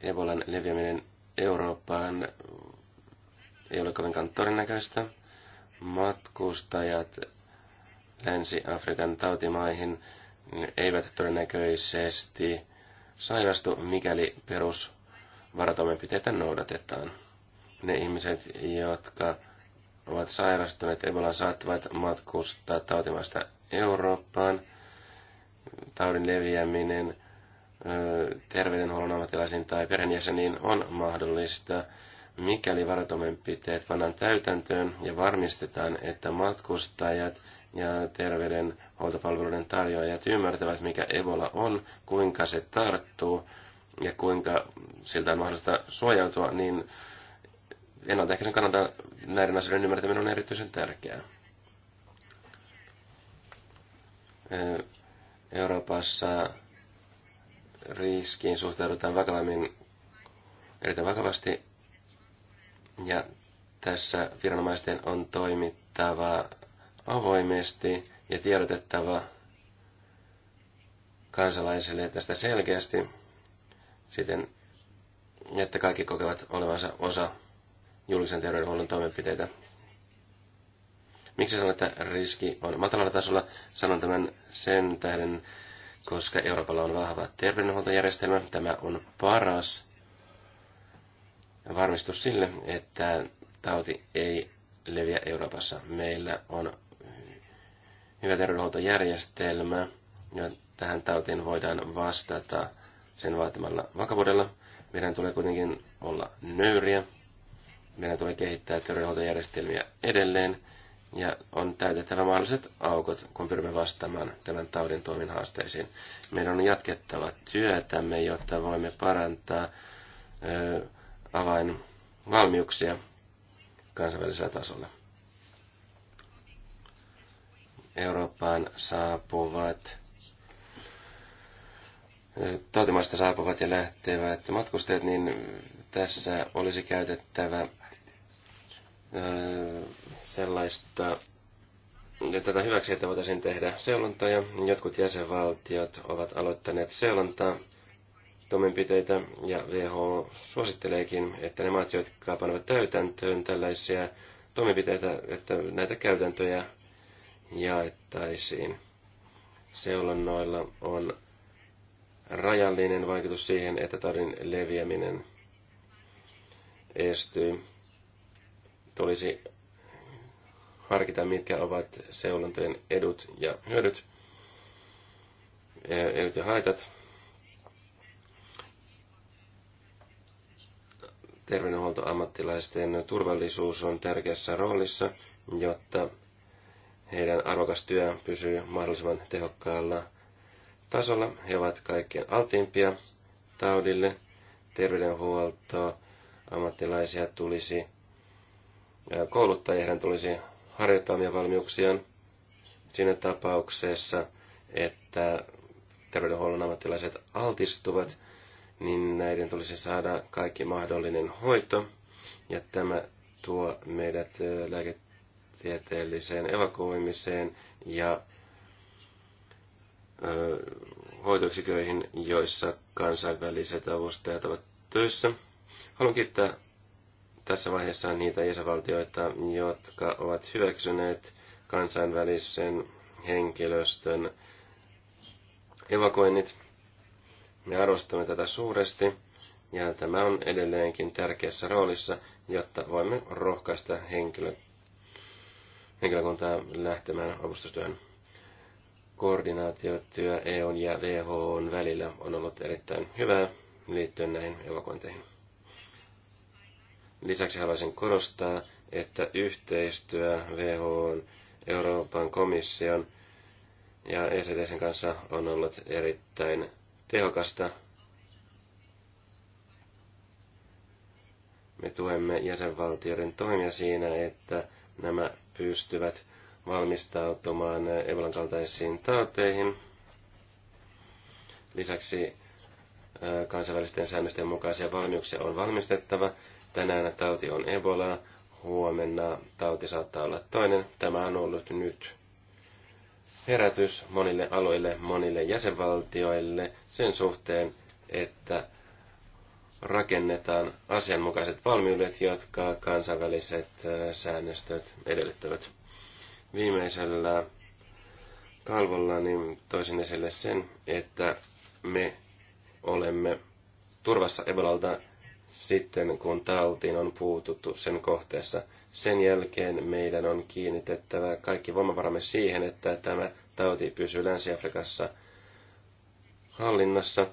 Ebolan leviäminen Eurooppaan ei ole kovinkaan todennäköistä. Matkustajat Länsi-Afrikan tautimaihin eivät todennäköisesti sairastu, mikäli perusvaratoimenpiteitä noudatetaan. Ne ihmiset, jotka ovat sairastuneet ebola saattavat matkustaa tautimasta Eurooppaan. Taudin leviäminen terveydenhuollon ammattilaisiin tai perheenjäseniin on mahdollista, mikäli varatoimenpiteet pannaan täytäntöön ja varmistetaan, että matkustajat ja terveydenhuoltopalveluiden tarjoajat ymmärtävät, mikä Ebola on, kuinka se tarttuu ja kuinka siltä on mahdollista suojautua, niin ennaltaehkäisen kannalta näiden asioiden ymmärtäminen on erityisen tärkeää. Euroopassa riskiin suhtaudutaan vakavammin, erittäin vakavasti, ja tässä viranomaisten on toimittava avoimesti ja tiedotettava kansalaisille tästä selkeästi siten, että kaikki kokevat olevansa osa julkisen terveydenhuollon toimenpiteitä. Miksi sanon, että riski on matalalla tasolla? Sanon tämän sen tähden, koska Euroopalla on vahva terveydenhuoltojärjestelmä. Tämä on paras varmistus sille, että tauti ei leviä Euroopassa. Meillä on hyvä terveydenhuoltojärjestelmä, ja tähän tautiin voidaan vastata sen vaatimalla vakavuudella. Meidän tulee kuitenkin olla nöyriä meidän tulee kehittää terveydenhuoltojärjestelmiä edelleen ja on täytettävä mahdolliset aukot, kun pyrimme vastaamaan tämän taudin tuomin haasteisiin. Meidän on jatkettava työtämme, jotta voimme parantaa ö, avainvalmiuksia kansainvälisellä tasolla. Eurooppaan saapuvat tautimaista saapuvat ja lähtevät matkustajat, niin tässä olisi käytettävä sellaista tätä hyväksi, että voitaisiin tehdä seulontoja. Jotkut jäsenvaltiot ovat aloittaneet seulontaa toimenpiteitä ja WHO suositteleekin, että ne maat, jotka panevat täytäntöön tällaisia toimenpiteitä, että näitä käytäntöjä jaettaisiin. Seulonnoilla on rajallinen vaikutus siihen, että taudin leviäminen estyy tulisi harkita, mitkä ovat seulontojen edut ja hyödyt, eh, edut ja haitat. Terveydenhuoltoammattilaisten turvallisuus on tärkeässä roolissa, jotta heidän arvokas työ pysyy mahdollisimman tehokkaalla tasolla. He ovat kaikkien altimpia taudille. Terveydenhuoltoammattilaisia tulisi kouluttaa ja heidän tulisi harjoittaa omia valmiuksiaan siinä tapauksessa, että terveydenhuollon ammattilaiset altistuvat, niin näiden tulisi saada kaikki mahdollinen hoito. Ja tämä tuo meidät lääketieteelliseen evakuoimiseen ja hoitoyksiköihin, joissa kansainväliset avustajat ovat töissä. Haluan kiittää tässä vaiheessa on niitä jäsenvaltioita, jotka ovat hyväksyneet kansainvälisen henkilöstön evakuoinnit. Me arvostamme tätä suuresti ja tämä on edelleenkin tärkeässä roolissa, jotta voimme rohkaista henkilö, henkilökuntaa lähtemään avustustyöhön. Koordinaatiotyö EUn ja WHOn välillä on ollut erittäin hyvää liittyen näihin evakuointeihin. Lisäksi haluaisin korostaa, että yhteistyö n, Euroopan komission ja ECDCn kanssa on ollut erittäin tehokasta. Me tuemme jäsenvaltioiden toimia siinä, että nämä pystyvät valmistautumaan Ebolan kaltaisiin tauteihin. Lisäksi kansainvälisten säännösten mukaisia valmiuksia on valmistettava. Tänään tauti on Ebola, huomenna tauti saattaa olla toinen. Tämä on ollut nyt herätys monille aloille, monille jäsenvaltioille sen suhteen, että rakennetaan asianmukaiset valmiudet, jotka kansainväliset säännöstöt edellyttävät. Viimeisellä niin toisin esille sen, että me olemme turvassa Ebolalta sitten, kun tautiin on puututtu sen kohteessa. Sen jälkeen meidän on kiinnitettävä kaikki voimavaramme siihen, että tämä tauti pysyy Länsi-Afrikassa hallinnassa.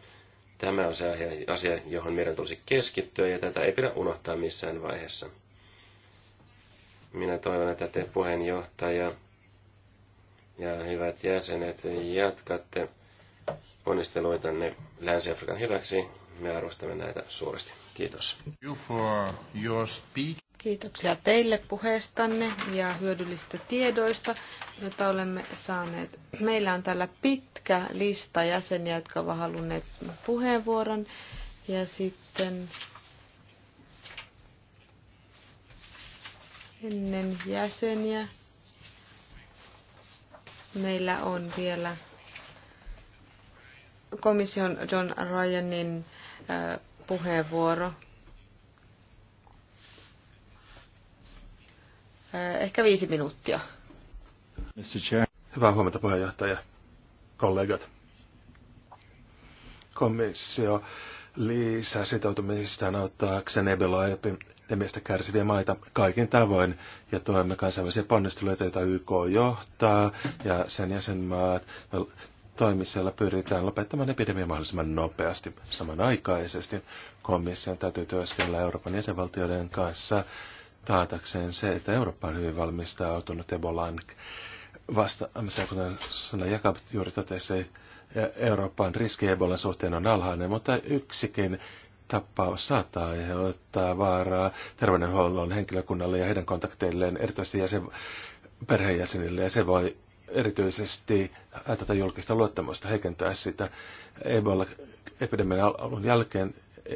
Tämä on se asia, johon meidän tulisi keskittyä ja tätä ei pidä unohtaa missään vaiheessa. Minä toivon, että te puheenjohtaja ja hyvät jäsenet jatkatte ponnisteluitanne Länsi-Afrikan hyväksi. Me arvostamme näitä suuresti. Kiitos. Kiitoksia teille puheestanne ja hyödyllisistä tiedoista, joita olemme saaneet. Meillä on täällä pitkä lista jäseniä, jotka ovat halunneet puheenvuoron. Ja sitten ennen jäseniä meillä on vielä komission John Ryanin puheenvuoro. Ehkä viisi minuuttia. Mr. Chair. Hyvää huomenta puheenjohtaja, kollegat. Komissio lisää sitoutumistaan auttaa Xenebeloepin epidemiasta kärsiviä maita kaikin tavoin ja toimme kansainvälisiä ponnisteluita, joita YK johtaa ja sen jäsenmaat toimisella pyritään lopettamaan epidemia mahdollisimman nopeasti. Samanaikaisesti komission täytyy työskennellä Euroopan jäsenvaltioiden kanssa taatakseen se, että Eurooppa on hyvin valmistautunut Ebolaan vastaamiseen, kuten sana Jakab juuri totesi, Euroopan riski Ebolan suhteen on alhainen, mutta yksikin tapaus saattaa aiheuttaa vaaraa terveydenhuollon henkilökunnalle ja heidän kontakteilleen, erityisesti jäsen, perheenjäsenille, ja se voi erityisesti äh, tätä julkista luottamusta heikentää sitä. Ebola-epidemian alun jälkeen e,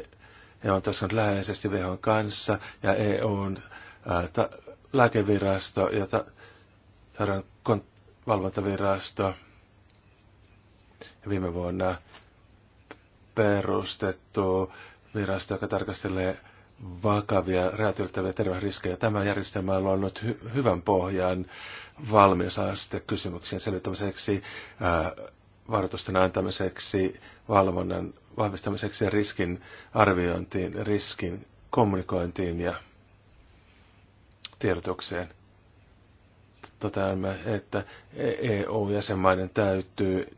he on tässä läheisesti VHn kanssa ja EUn ää, äh, ta, lääkevirasto ja ta, valvontavirasto ja viime vuonna perustettu virasto, joka tarkastelee vakavia räätyltäviä terveysriskejä. Tämä järjestelmä on ollut hy- hyvän pohjan valmis aste kysymyksien selvittämiseksi, äh, varoitusten antamiseksi, valvonnan vahvistamiseksi ja riskin arviointiin, riskin kommunikointiin ja tiedotukseen. Toteamme, että EU-jäsenmaiden täytyy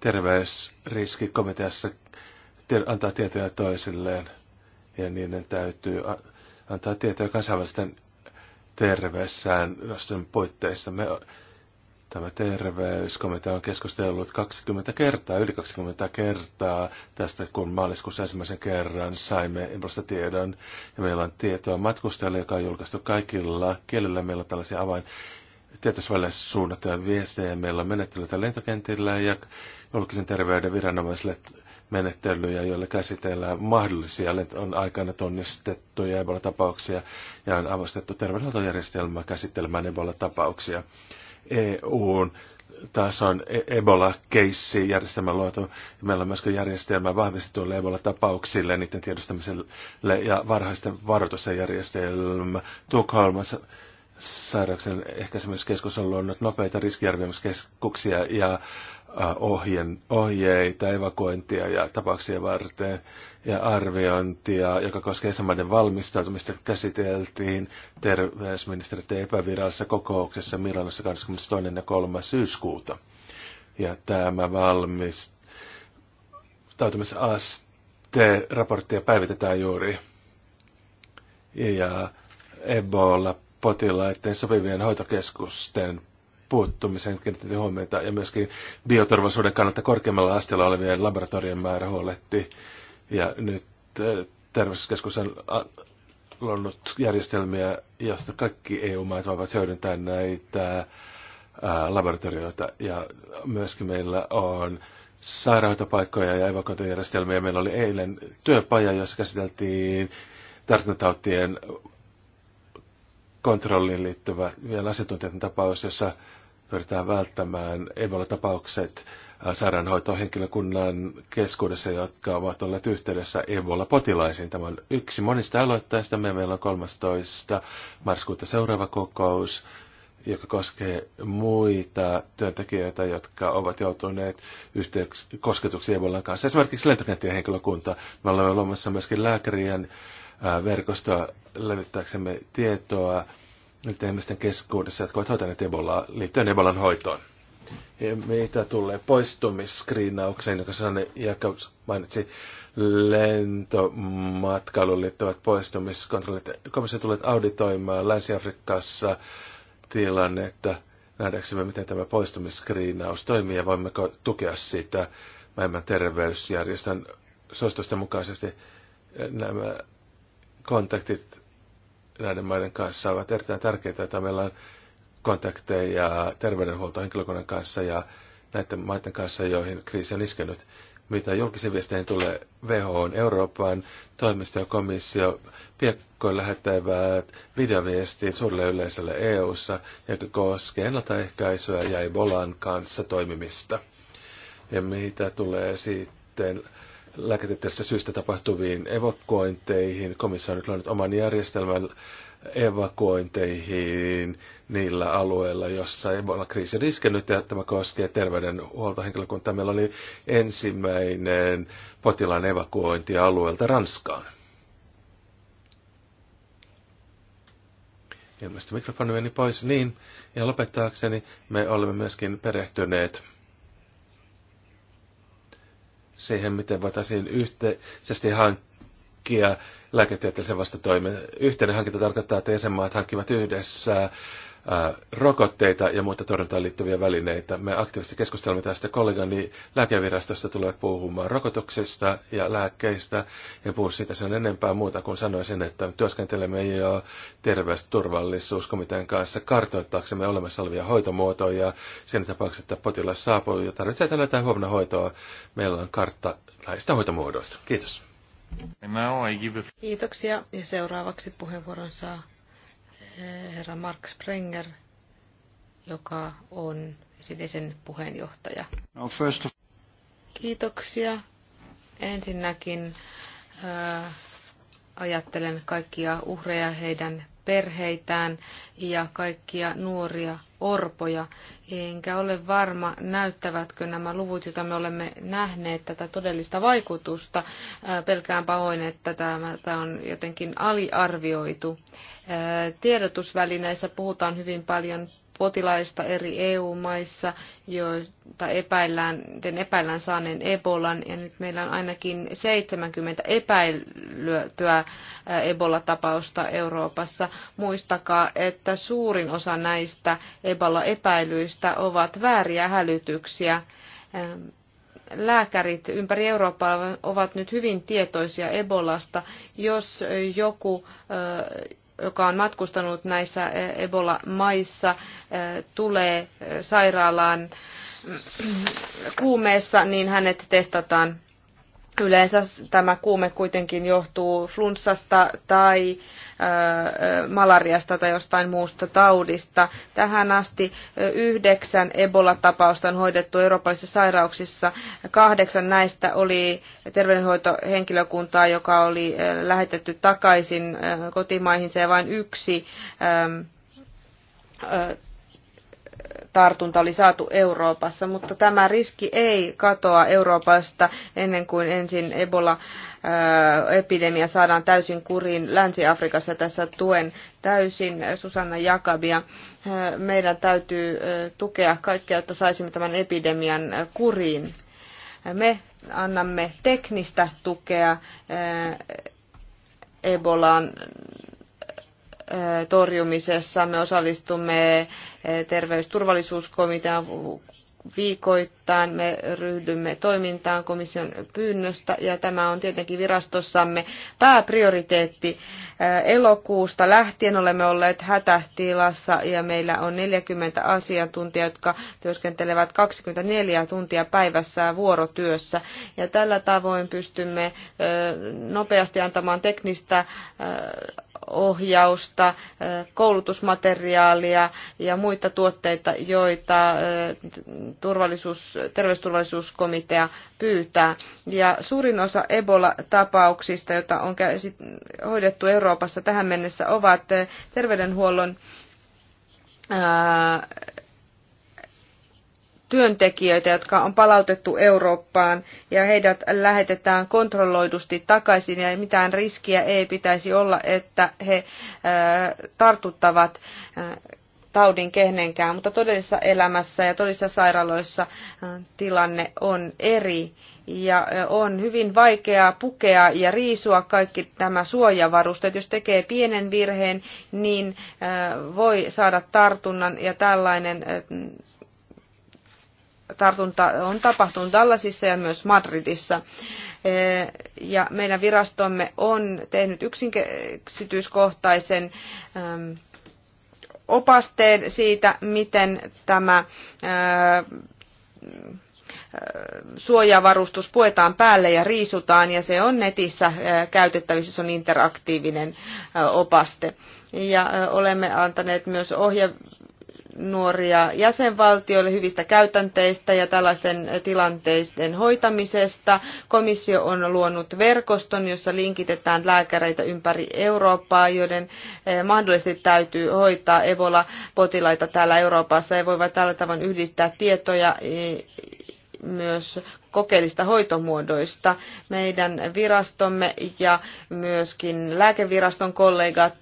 terveysriskikomiteassa antaa tietoja toisilleen – ja niiden täytyy antaa tietoja kansainvälisten terveyssäännösten puitteissa. Me, tämä terveyskomitea on keskustellut 20 kertaa, yli 20 kertaa tästä, kun maaliskuussa ensimmäisen kerran saimme Embrasta tiedon. Ja meillä on tietoa matkustajille, joka on julkaistu kaikilla kielillä. Meillä on tällaisia avain tietosvälineille suunnattuja viestejä. Meillä on menettelytä lentokentillä ja julkisen terveyden viranomaisille menettelyjä, joilla käsitellään mahdollisia on aikana tunnistettuja Ebola-tapauksia ja on avustettu terveydenhuoltojärjestelmää käsittelemään Ebola-tapauksia. EUn on e- Ebola-keissi järjestelmä luotu. Meillä on myös järjestelmä vahvistetuille Ebola-tapauksille, niiden tiedostamiselle ja varhaisten varoitusten järjestelmä. Tukholmassa sairauksen ehkäisemiskeskus on luonut nopeita riskiarvioimiskeskuksia ja Äh, ohjen, ohjeita, evakuointia ja tapauksia varten ja arviointia, joka koskee samaiden valmistautumista, käsiteltiin terveysministeriöiden epävirallisessa kokouksessa Milanossa 22. ja 3. syyskuuta. Ja tämä valmistautumisaste raporttia päivitetään juuri. Ja Ebola-potilaiden sopivien hoitokeskusten puuttumiseen kiinnitettiin huomiota ja myöskin bioturvallisuuden kannalta korkeammalla asteella olevien laboratorion määrä huoletti. Ja nyt äh, terveyskeskus on äh, luonut järjestelmiä, joista kaikki EU-maat voivat hyödyntää näitä äh, laboratorioita. Ja myöskin meillä on sairaanhoitopaikkoja ja evakuointijärjestelmiä. Meillä oli eilen työpaja, jossa käsiteltiin tartuntatautien kontrolliin liittyvä vielä asiantuntijan tapaus, jossa pyritään välttämään Ebola-tapaukset sairaanhoitohenkilökunnan keskuudessa, jotka ovat olleet yhteydessä Ebola-potilaisiin. Tämä on yksi monista aloittajista Meillä on 13. marskuuta seuraava kokous, joka koskee muita työntekijöitä, jotka ovat joutuneet kosketuksi Ebolan kanssa. Esimerkiksi lentokenttien henkilökunta. Me olemme luomassa myöskin lääkärien verkostoa levittääksemme tietoa niiden ihmisten keskuudessa, jotka ovat hoitaneet Ebolaa liittyen Ebolan hoitoon. Ja mitä tulee poistumiskriinaukseen, joka Sanne Jakobs mainitsi, lentomatkailuun liittyvät poistumiskontrollit. Komissio tulee auditoimaan Länsi-Afrikassa tilannetta, nähdäksemme miten tämä poistumiskriinaus toimii ja voimmeko tukea sitä maailman terveysjärjestön suositusten mukaisesti. Nämä kontaktit näiden maiden kanssa ovat erittäin tärkeitä, että meillä on kontakteja terveydenhuoltohenkilökunnan kanssa ja näiden maiden kanssa, joihin kriisi on iskenyt. Mitä julkisen viesteihin tulee WHO on Euroopan toimisto ja komissio piekkoin lähettävät videoviestiin suurelle yleisölle EU-ssa, joka koskee ennaltaehkäisyä ja Ebolan kanssa toimimista. Ja mitä tulee sitten lääketieteellisistä syistä tapahtuviin evakuointeihin. Komissio on nyt luonut oman järjestelmän evakuointeihin niillä alueilla, jossa Ebola-kriisi on iskenyt, ja tämä koskee terveydenhuoltohenkilökuntaa. Meillä oli ensimmäinen potilaan evakuointi alueelta Ranskaan. Ilmeisesti mikrofoni meni pois. Niin, ja lopettaakseni me olemme myöskin perehtyneet siihen, miten voitaisiin yhteisesti hankkia lääketieteellisen vastatoimen. Yhteinen hankinta tarkoittaa, että jäsenmaat hankkivat yhdessä rokotteita ja muita torjuntaan liittyviä välineitä. Me aktiivisesti keskustelemme tästä kollegani lääkevirastosta tulevat puhumaan rokotuksista ja lääkkeistä. ja puhu siitä sen enempää muuta kuin sanoisin, että työskentelemme jo terveysturvallisuuskomitean kanssa kartoittaaksemme olemassa olevia hoitomuotoja siinä tapauksessa, että potilas saapuu ja tarvitsee tänään tai huomenna hoitoa. Meillä on kartta näistä hoitomuodoista. Kiitos. Kiitoksia ja seuraavaksi puheenvuoron saa herra Mark Sprenger, joka on esitisen puheenjohtaja. No, first of... Kiitoksia. Ensinnäkin ää, äh, ajattelen kaikkia uhreja heidän perheitään ja kaikkia nuoria orpoja. Enkä ole varma, näyttävätkö nämä luvut, joita me olemme nähneet, tätä todellista vaikutusta. Pelkään pahoin, että tämä on jotenkin aliarvioitu. Tiedotusvälineissä puhutaan hyvin paljon potilaista eri EU-maissa, joita epäillään, epäillään saaneen Ebolan. Ja nyt meillä on ainakin 70 epäilyä Ebola-tapausta Euroopassa. Muistakaa, että suurin osa näistä Ebola-epäilyistä ovat vääriä hälytyksiä lääkärit ympäri Eurooppaa ovat nyt hyvin tietoisia Ebolasta. Jos joku joka on matkustanut näissä eh, Ebola-maissa, eh, tulee eh, sairaalaan mm, kuumeessa, niin hänet testataan Yleensä tämä kuume kuitenkin johtuu flunssasta tai malariasta tai jostain muusta taudista. Tähän asti yhdeksän Ebola-tapausta on hoidettu eurooppalaisissa sairauksissa. Kahdeksan näistä oli terveydenhoitohenkilökuntaa, joka oli lähetetty takaisin kotimaihinsa ja vain yksi tartunta oli saatu Euroopassa, mutta tämä riski ei katoa Euroopasta ennen kuin ensin Ebola-epidemia saadaan täysin kuriin Länsi-Afrikassa. Tässä tuen täysin Susanna Jakabia. Meidän täytyy tukea kaikkea, jotta saisimme tämän epidemian kuriin. Me annamme teknistä tukea Ebolaan torjumisessa. Me osallistumme terveysturvallisuuskomitean viikoittain me ryhdymme toimintaan komission pyynnöstä ja tämä on tietenkin virastossamme pääprioriteetti. Elokuusta lähtien olemme olleet hätätilassa ja meillä on 40 asiantuntijaa, jotka työskentelevät 24 tuntia päivässä vuorotyössä. Ja tällä tavoin pystymme nopeasti antamaan teknistä ohjausta, koulutusmateriaalia ja muita tuotteita, joita turvallisuus, terveysturvallisuuskomitea pyytää. Ja suurin osa Ebola-tapauksista, joita on hoidettu Euroopassa tähän mennessä, ovat terveydenhuollon työntekijöitä, jotka on palautettu Eurooppaan ja heidät lähetetään kontrolloidusti takaisin ja mitään riskiä ei pitäisi olla, että he äh, tartuttavat äh, taudin kehnenkään, mutta todellisessa elämässä ja todellisissa sairaaloissa äh, tilanne on eri ja on hyvin vaikeaa pukea ja riisua kaikki tämä suojavarusteet. Jos tekee pienen virheen, niin voi saada tartunnan ja tällainen tartunta on tapahtunut Dallasissa ja myös Madridissa. E, ja meidän virastomme on tehnyt yksityiskohtaisen ähm, opasteen siitä, miten tämä äh, äh, suojavarustus puetaan päälle ja riisutaan ja se on netissä äh, käytettävissä, se on interaktiivinen opaste. Ja olemme antaneet myös ohje nuoria jäsenvaltioille hyvistä käytänteistä ja tällaisen tilanteiden hoitamisesta. Komissio on luonut verkoston, jossa linkitetään lääkäreitä ympäri Eurooppaa, joiden eh, mahdollisesti täytyy hoitaa Ebola-potilaita täällä Euroopassa ja voivat tällä tavoin yhdistää tietoja eh, myös kokeellista hoitomuodoista. Meidän virastomme ja myöskin lääkeviraston kollegat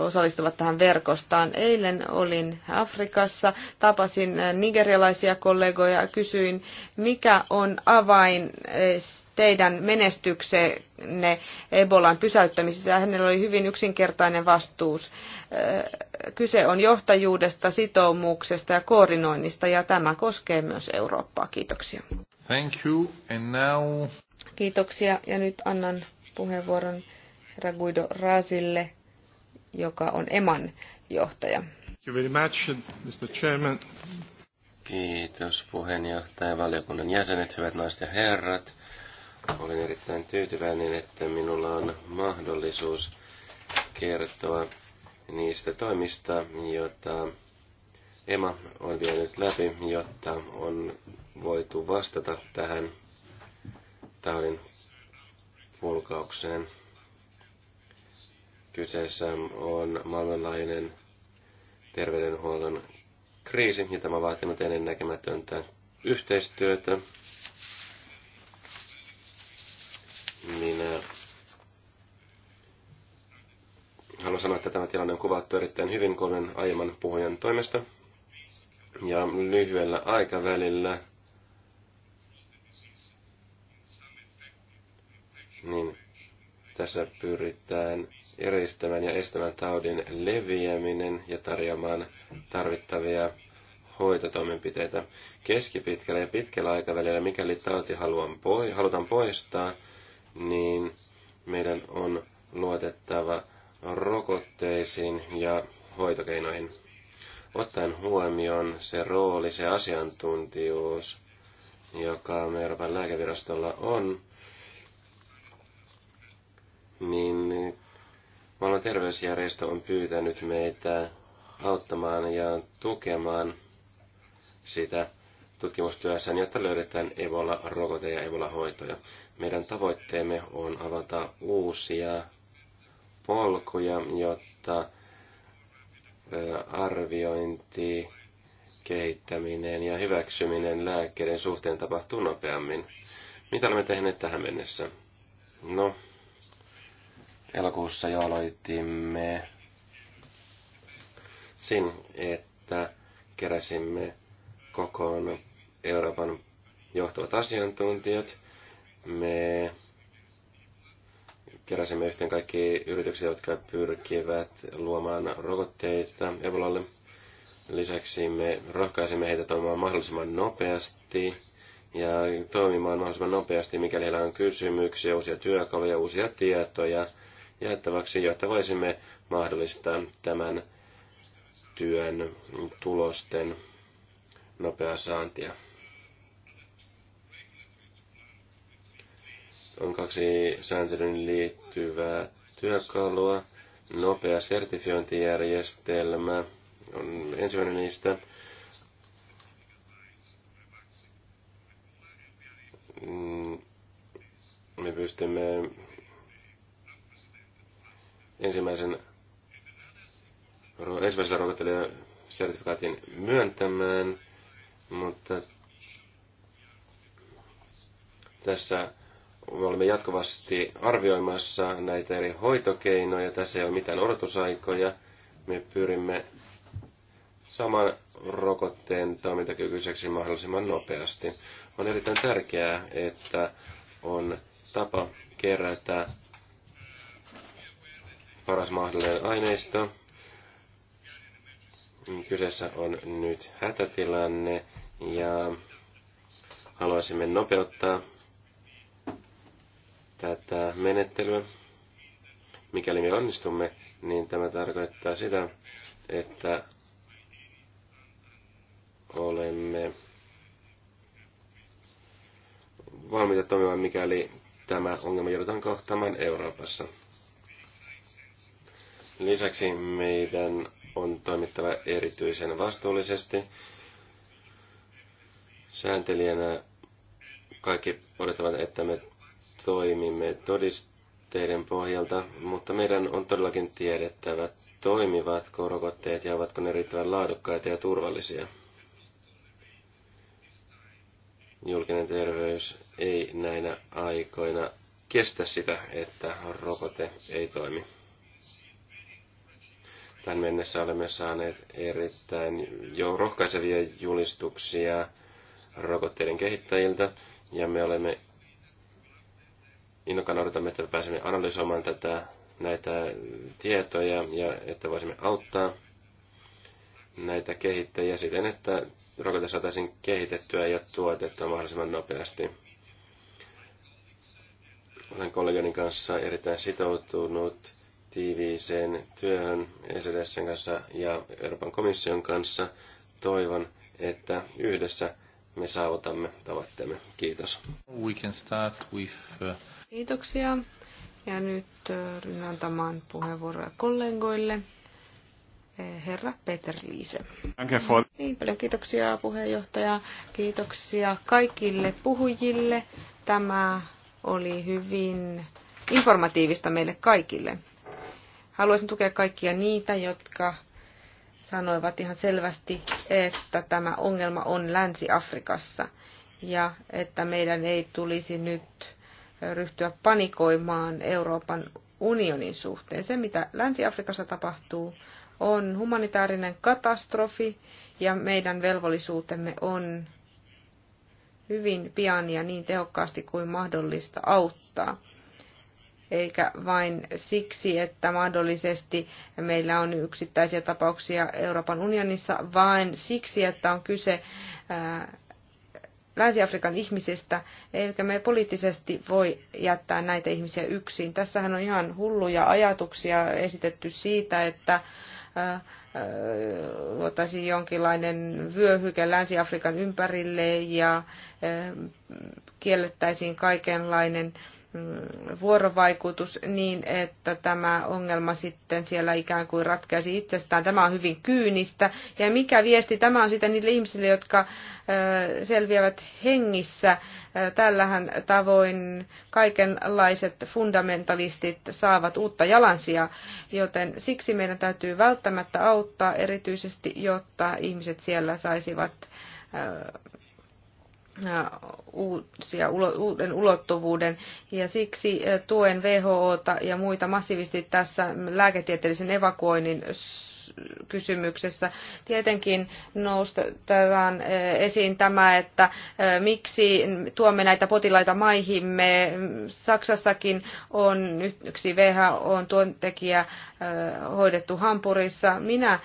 osallistuvat tähän verkostaan. Eilen olin Afrikassa, tapasin nigerialaisia kollegoja ja kysyin, mikä on avain teidän menestyksenne Ebolan pysäyttämisessä. Hänellä oli hyvin yksinkertainen vastuus. Kyse on johtajuudesta, sitoumuksesta ja koordinoinnista, ja tämä koskee myös Eurooppaa. Kiitoksia. Thank you. And now... Kiitoksia, ja nyt annan puheenvuoron Raguido Razille, joka on EMAN johtaja. Thank you very much, Mr. Chairman. Kiitos puheenjohtaja, valiokunnan jäsenet, hyvät naiset ja herrat. Olen erittäin tyytyväinen, että minulla on mahdollisuus kertoa niistä toimista, joita Emma on vienyt läpi, jotta on voitu vastata tähän taudin pulkaukseen. Kyseessä on maailmanlainen terveydenhuollon kriisi, ja tämä on vaatinut ennennäkemätöntä yhteistyötä Minä haluan sanoa, että tämä tilanne on kuvattu erittäin hyvin kolmen aiemman puhujan toimesta. Ja lyhyellä aikavälillä niin tässä pyritään eristämään ja estämään taudin leviäminen ja tarjoamaan tarvittavia hoitotoimenpiteitä keskipitkällä ja pitkällä aikavälillä, mikäli tauti haluan poi, halutaan poistaa, niin meidän on luotettava rokotteisiin ja hoitokeinoihin. Ottaen huomioon se rooli, se asiantuntijuus, joka Euroopan lääkevirastolla on, niin maailman terveysjärjestö on pyytänyt meitä auttamaan ja tukemaan sitä tutkimustyössä, jotta löydetään Ebola-rokote ja Ebola-hoitoja. Meidän tavoitteemme on avata uusia polkuja, jotta arviointi, kehittäminen ja hyväksyminen lääkkeiden suhteen tapahtuu nopeammin. Mitä olemme tehneet tähän mennessä? No, elokuussa jo aloitimme sin, että keräsimme kokoon Euroopan johtavat asiantuntijat. Me keräsimme yhteen kaikki yritykset, jotka pyrkivät luomaan rokotteita Ebolalle. Lisäksi me rohkaisimme heitä toimimaan mahdollisimman nopeasti ja toimimaan mahdollisimman nopeasti, mikäli heillä on kysymyksiä, uusia työkaluja, uusia tietoja jaettavaksi, jotta voisimme mahdollistaa tämän työn tulosten nopeaa saantia. On kaksi sääntelyyn liittyvää työkalua. Nopea sertifiointijärjestelmä on ensimmäinen niistä. Me pystymme ensimmäisen ensimmäisellä rokotteella sertifikaatin myöntämään. Mutta tässä me olemme jatkuvasti arvioimassa näitä eri hoitokeinoja. Tässä ei ole mitään odotusaikoja. Me pyrimme saman rokotteen toimintakykyiseksi mahdollisimman nopeasti. On erittäin tärkeää, että on tapa kerätä paras mahdollinen aineisto. Kyseessä on nyt hätätilanne ja haluaisimme nopeuttaa tätä menettelyä. Mikäli me onnistumme, niin tämä tarkoittaa sitä, että olemme valmiita toimimaan, mikäli tämä ongelma joudutaan kohtaamaan Euroopassa. Lisäksi meidän on toimittava erityisen vastuullisesti Sääntelijänä kaikki odottavat, että me toimimme todisteiden pohjalta, mutta meidän on todellakin tiedettävä, toimivatko rokotteet ja ovatko ne riittävän laadukkaita ja turvallisia. Julkinen terveys ei näinä aikoina kestä sitä, että rokote ei toimi. Tämän mennessä olemme saaneet erittäin jo rohkaisevia julistuksia rokotteiden kehittäjiltä, ja me olemme innokkaan odotamme, että pääsemme analysoimaan tätä, näitä tietoja ja että voisimme auttaa näitä kehittäjiä siten, että rokote saataisiin kehitettyä ja tuotettua mahdollisimman nopeasti. Olen kollegani kanssa erittäin sitoutunut tiiviiseen työhön ECDSn kanssa ja Euroopan komission kanssa. Toivon, että yhdessä me saavutamme tavoitteemme. Kiitos. We can start with, uh... Kiitoksia. Ja nyt uh, ryhdyn antamaan puheenvuoroja kollegoille. Eh, herra Peter Liise. Niin paljon kiitoksia puheenjohtaja. Kiitoksia kaikille puhujille. Tämä oli hyvin informatiivista meille kaikille. Haluaisin tukea kaikkia niitä, jotka sanoivat ihan selvästi, että tämä ongelma on Länsi-Afrikassa ja että meidän ei tulisi nyt ryhtyä panikoimaan Euroopan unionin suhteen. Se, mitä Länsi-Afrikassa tapahtuu, on humanitaarinen katastrofi ja meidän velvollisuutemme on hyvin pian ja niin tehokkaasti kuin mahdollista auttaa eikä vain siksi, että mahdollisesti meillä on yksittäisiä tapauksia Euroopan unionissa, vaan siksi, että on kyse Länsi-Afrikan ihmisistä, eikä me poliittisesti voi jättää näitä ihmisiä yksin. Tässähän on ihan hulluja ajatuksia esitetty siitä, että luotaisiin jonkinlainen vyöhyke Länsi-Afrikan ympärille ja kiellettäisiin kaikenlainen Mm, vuorovaikutus niin, että tämä ongelma sitten siellä ikään kuin ratkaisi itsestään. Tämä on hyvin kyynistä. Ja mikä viesti tämä on sitten niille ihmisille, jotka selviävät hengissä? Tällähän tavoin kaikenlaiset fundamentalistit saavat uutta jalansia, joten siksi meidän täytyy välttämättä auttaa erityisesti, jotta ihmiset siellä saisivat uusia, uuden ulottuvuuden. Ja siksi tuen WHOta ja muita massiivisesti tässä lääketieteellisen evakuoinnin kysymyksessä. Tietenkin noustetaan esiin tämä, että miksi tuomme näitä potilaita maihimme. Saksassakin on yksi WHO-tuontekijä hoidettu Hampurissa. Minä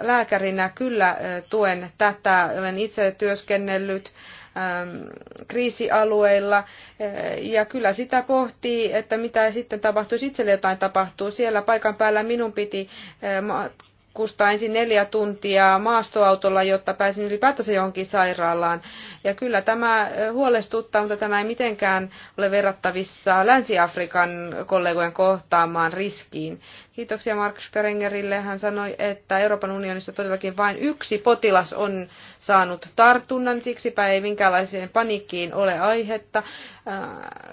lääkärinä kyllä tuen tätä. Olen itse työskennellyt Ähm, kriisialueilla. Äh, ja kyllä sitä pohtii, että mitä sitten tapahtuisi itselle jotain tapahtuu. Siellä paikan päällä minun piti äh, matkustaa ensin neljä tuntia maastoautolla, jotta pääsin ylipäätänsä johonkin sairaalaan. Ja kyllä tämä huolestuttaa, mutta tämä ei mitenkään ole verrattavissa Länsi-Afrikan kollegojen kohtaamaan riskiin. Kiitoksia Mark Sperengerille. Hän sanoi, että Euroopan unionissa todellakin vain yksi potilas on saanut tartunnan, siksipä ei minkäänlaiseen paniikkiin ole aihetta.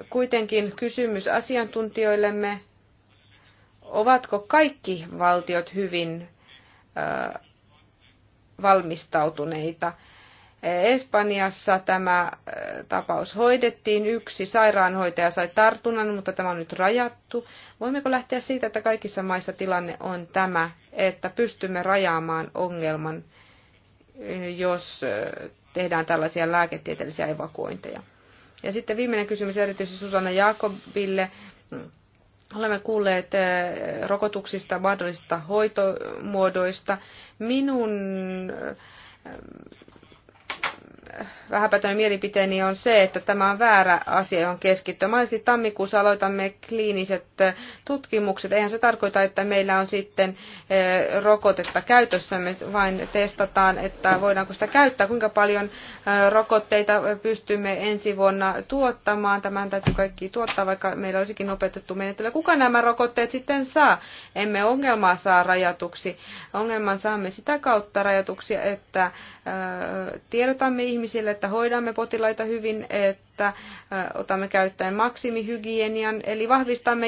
Kuitenkin kysymys asiantuntijoillemme ovatko kaikki valtiot hyvin valmistautuneita. Espanjassa tämä tapaus hoidettiin. Yksi sairaanhoitaja sai tartunnan, mutta tämä on nyt rajattu. Voimmeko lähteä siitä, että kaikissa maissa tilanne on tämä, että pystymme rajaamaan ongelman, jos tehdään tällaisia lääketieteellisiä evakuointeja? Ja sitten viimeinen kysymys erityisesti Susanna Jakobille Olemme kuulleet eh, rokotuksista, mahdollisista hoitomuodoista. Minun eh, vähäpätöinen mielipiteeni on se, että tämä on väärä asia, johon keskittyä. Mahdollisesti tammikuussa aloitamme kliiniset tutkimukset. Eihän se tarkoita, että meillä on sitten rokotetta käytössämme, vain testataan, että voidaanko sitä käyttää, kuinka paljon rokotteita pystymme ensi vuonna tuottamaan. Tämän täytyy kaikki tuottaa, vaikka meillä olisikin opetettu menettely. Kuka nämä rokotteet sitten saa? Emme ongelmaa saa rajatuksi. Ongelman saamme sitä kautta rajatuksia, että tiedotamme ihmisiä, ihmisille, että hoidamme potilaita hyvin, että otamme käyttäen maksimihygienian, eli vahvistamme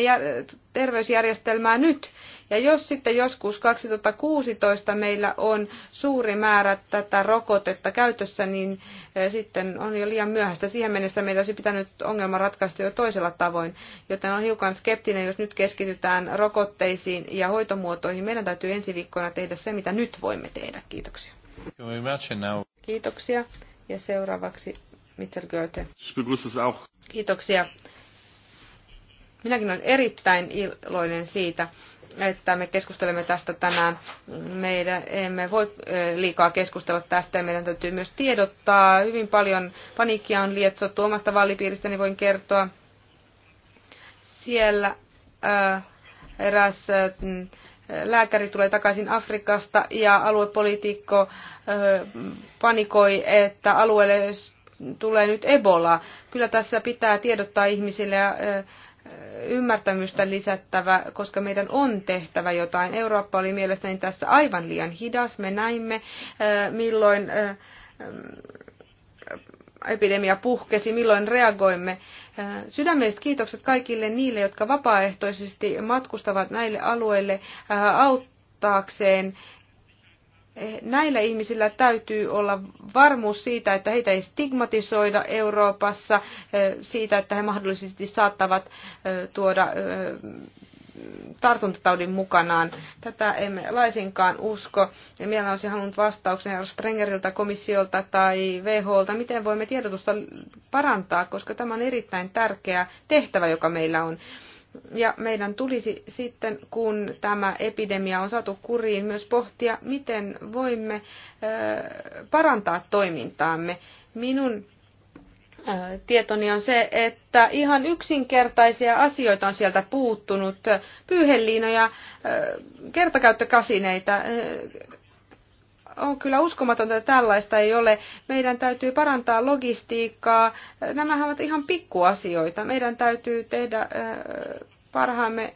terveysjärjestelmää nyt. Ja jos sitten joskus 2016 meillä on suuri määrä tätä rokotetta käytössä, niin sitten on jo liian myöhäistä. Siihen mennessä meillä olisi pitänyt ongelma ratkaista jo toisella tavoin, joten on hiukan skeptinen, jos nyt keskitytään rokotteisiin ja hoitomuotoihin. Meidän täytyy ensi viikkoina tehdä se, mitä nyt voimme tehdä. Kiitoksia. Kiitoksia. Ja seuraavaksi Mitter Goethe. Kiitoksia. Minäkin olen erittäin iloinen siitä, että me keskustelemme tästä tänään. Meidän emme voi liikaa keskustella tästä ja meidän täytyy myös tiedottaa. Hyvin paljon paniikkia on lietsottu omasta vaalipiiristäni, niin voin kertoa. Siellä ää, eräs ää, lääkäri tulee takaisin Afrikasta ja aluepoliitikko panikoi, että alueelle tulee nyt Ebola. Kyllä tässä pitää tiedottaa ihmisille ja ymmärtämystä lisättävä, koska meidän on tehtävä jotain. Eurooppa oli mielestäni tässä aivan liian hidas. Me näimme, milloin epidemia puhkesi, milloin reagoimme. Äh, sydämelliset kiitokset kaikille niille, jotka vapaaehtoisesti matkustavat näille alueille äh, auttaakseen. Eh, näillä ihmisillä täytyy olla varmuus siitä, että heitä ei stigmatisoida Euroopassa, eh, siitä, että he mahdollisesti saattavat eh, tuoda tartuntataudin mukanaan. Tätä emme laisinkaan usko. Ja meillä olisi halunnut vastauksen herra Sprengeriltä, komissiolta tai WHOlta, miten voimme tiedotusta parantaa, koska tämä on erittäin tärkeä tehtävä, joka meillä on. Ja meidän tulisi sitten, kun tämä epidemia on saatu kuriin, myös pohtia, miten voimme parantaa toimintaamme. Minun tietoni on se, että ihan yksinkertaisia asioita on sieltä puuttunut. Pyyheliinoja, kertakäyttökasineita. On kyllä uskomatonta, että tällaista ei ole. Meidän täytyy parantaa logistiikkaa. Nämä ovat ihan pikkuasioita. Meidän täytyy tehdä parhaamme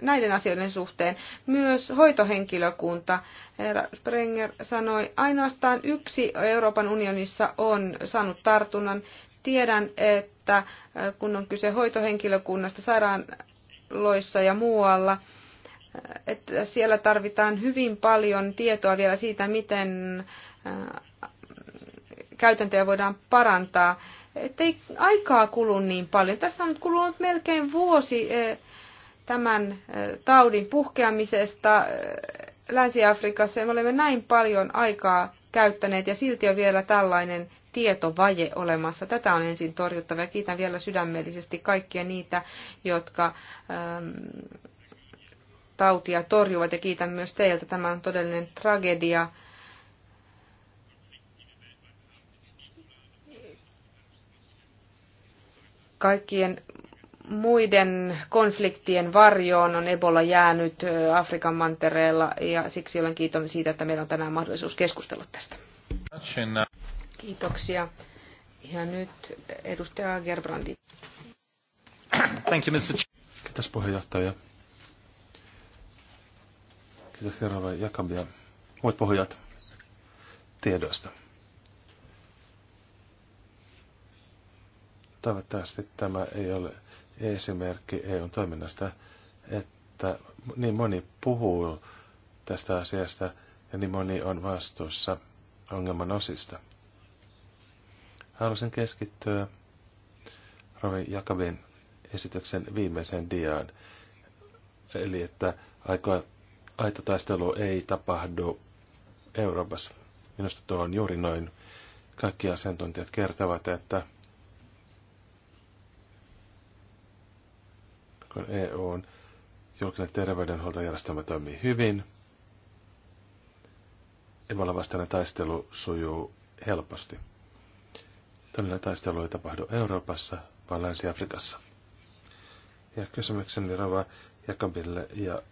näiden asioiden suhteen. Myös hoitohenkilökunta, herra Sprenger sanoi, ainoastaan yksi Euroopan unionissa on saanut tartunnan. Tiedän, että äh, kun on kyse hoitohenkilökunnasta sairaaloissa ja muualla, äh, että siellä tarvitaan hyvin paljon tietoa vielä siitä, miten äh, käytäntöjä voidaan parantaa. ei aikaa kulu niin paljon. Tässä on kulunut melkein vuosi tämän äh, taudin puhkeamisesta äh, Länsi-Afrikassa ja me olemme näin paljon aikaa käyttäneet ja silti on vielä tällainen tietovaje olemassa. Tätä on ensin torjuttava ja kiitän vielä sydämellisesti kaikkia niitä, jotka ähm, tautia torjuvat ja kiitän myös teiltä. Tämä on todellinen tragedia. Kaikkien muiden konfliktien varjoon on Ebola jäänyt Afrikan mantereella ja siksi olen kiitollinen siitä, että meillä on tänään mahdollisuus keskustella tästä. Kiitoksia. Ja nyt edustaja Gerbrandi. Thank you, Mr. Kiitos puheenjohtaja. Kiitos herra Jakambia. Muut puhujat tiedoista. Toivottavasti tämä ei ole esimerkki EUn toiminnasta, että niin moni puhuu tästä asiasta ja niin moni on vastuussa ongelman osista. Haluaisin keskittyä Rovi Jakabin esityksen viimeiseen diaan, eli että aikoa, aito taistelu ei tapahdu Euroopassa. Minusta tuo on juuri noin. Kaikki asiantuntijat kertovat, että kun EU on julkinen terveydenhuoltojärjestelmä toimii hyvin. Niin Ebola vastainen taistelu sujuu helposti. Todellinen taistelu ei tapahdu Euroopassa, vaan Länsi-Afrikassa. Ja kysymykseni Rova Jakobille ja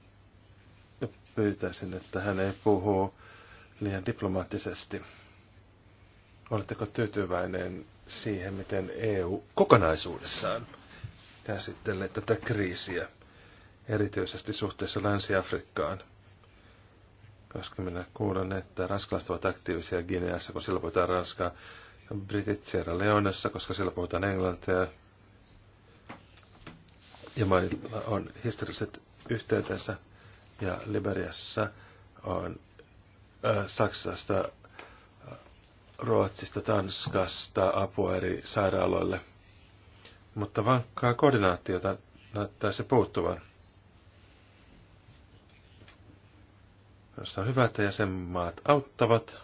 pyytäisin, että hän ei puhu liian diplomaattisesti. Oletteko tyytyväinen siihen, miten EU kokonaisuudessaan käsitelleet tätä kriisiä, erityisesti suhteessa Länsi-Afrikkaan. Koska minä kuulen, että ranskalaiset ovat aktiivisia Gineassa, kun siellä puhutaan ranskaa, britit Sierra Leonessa, koska siellä puhutaan englantia. Ja mailla on historialliset yhteytensä. Ja Liberiassa on äh, Saksasta, Ruotsista, Tanskasta apua eri sairaaloille – mutta vankkaa koordinaatiota näyttää se puuttuvan. Jos on hyvä, että jäsenmaat auttavat,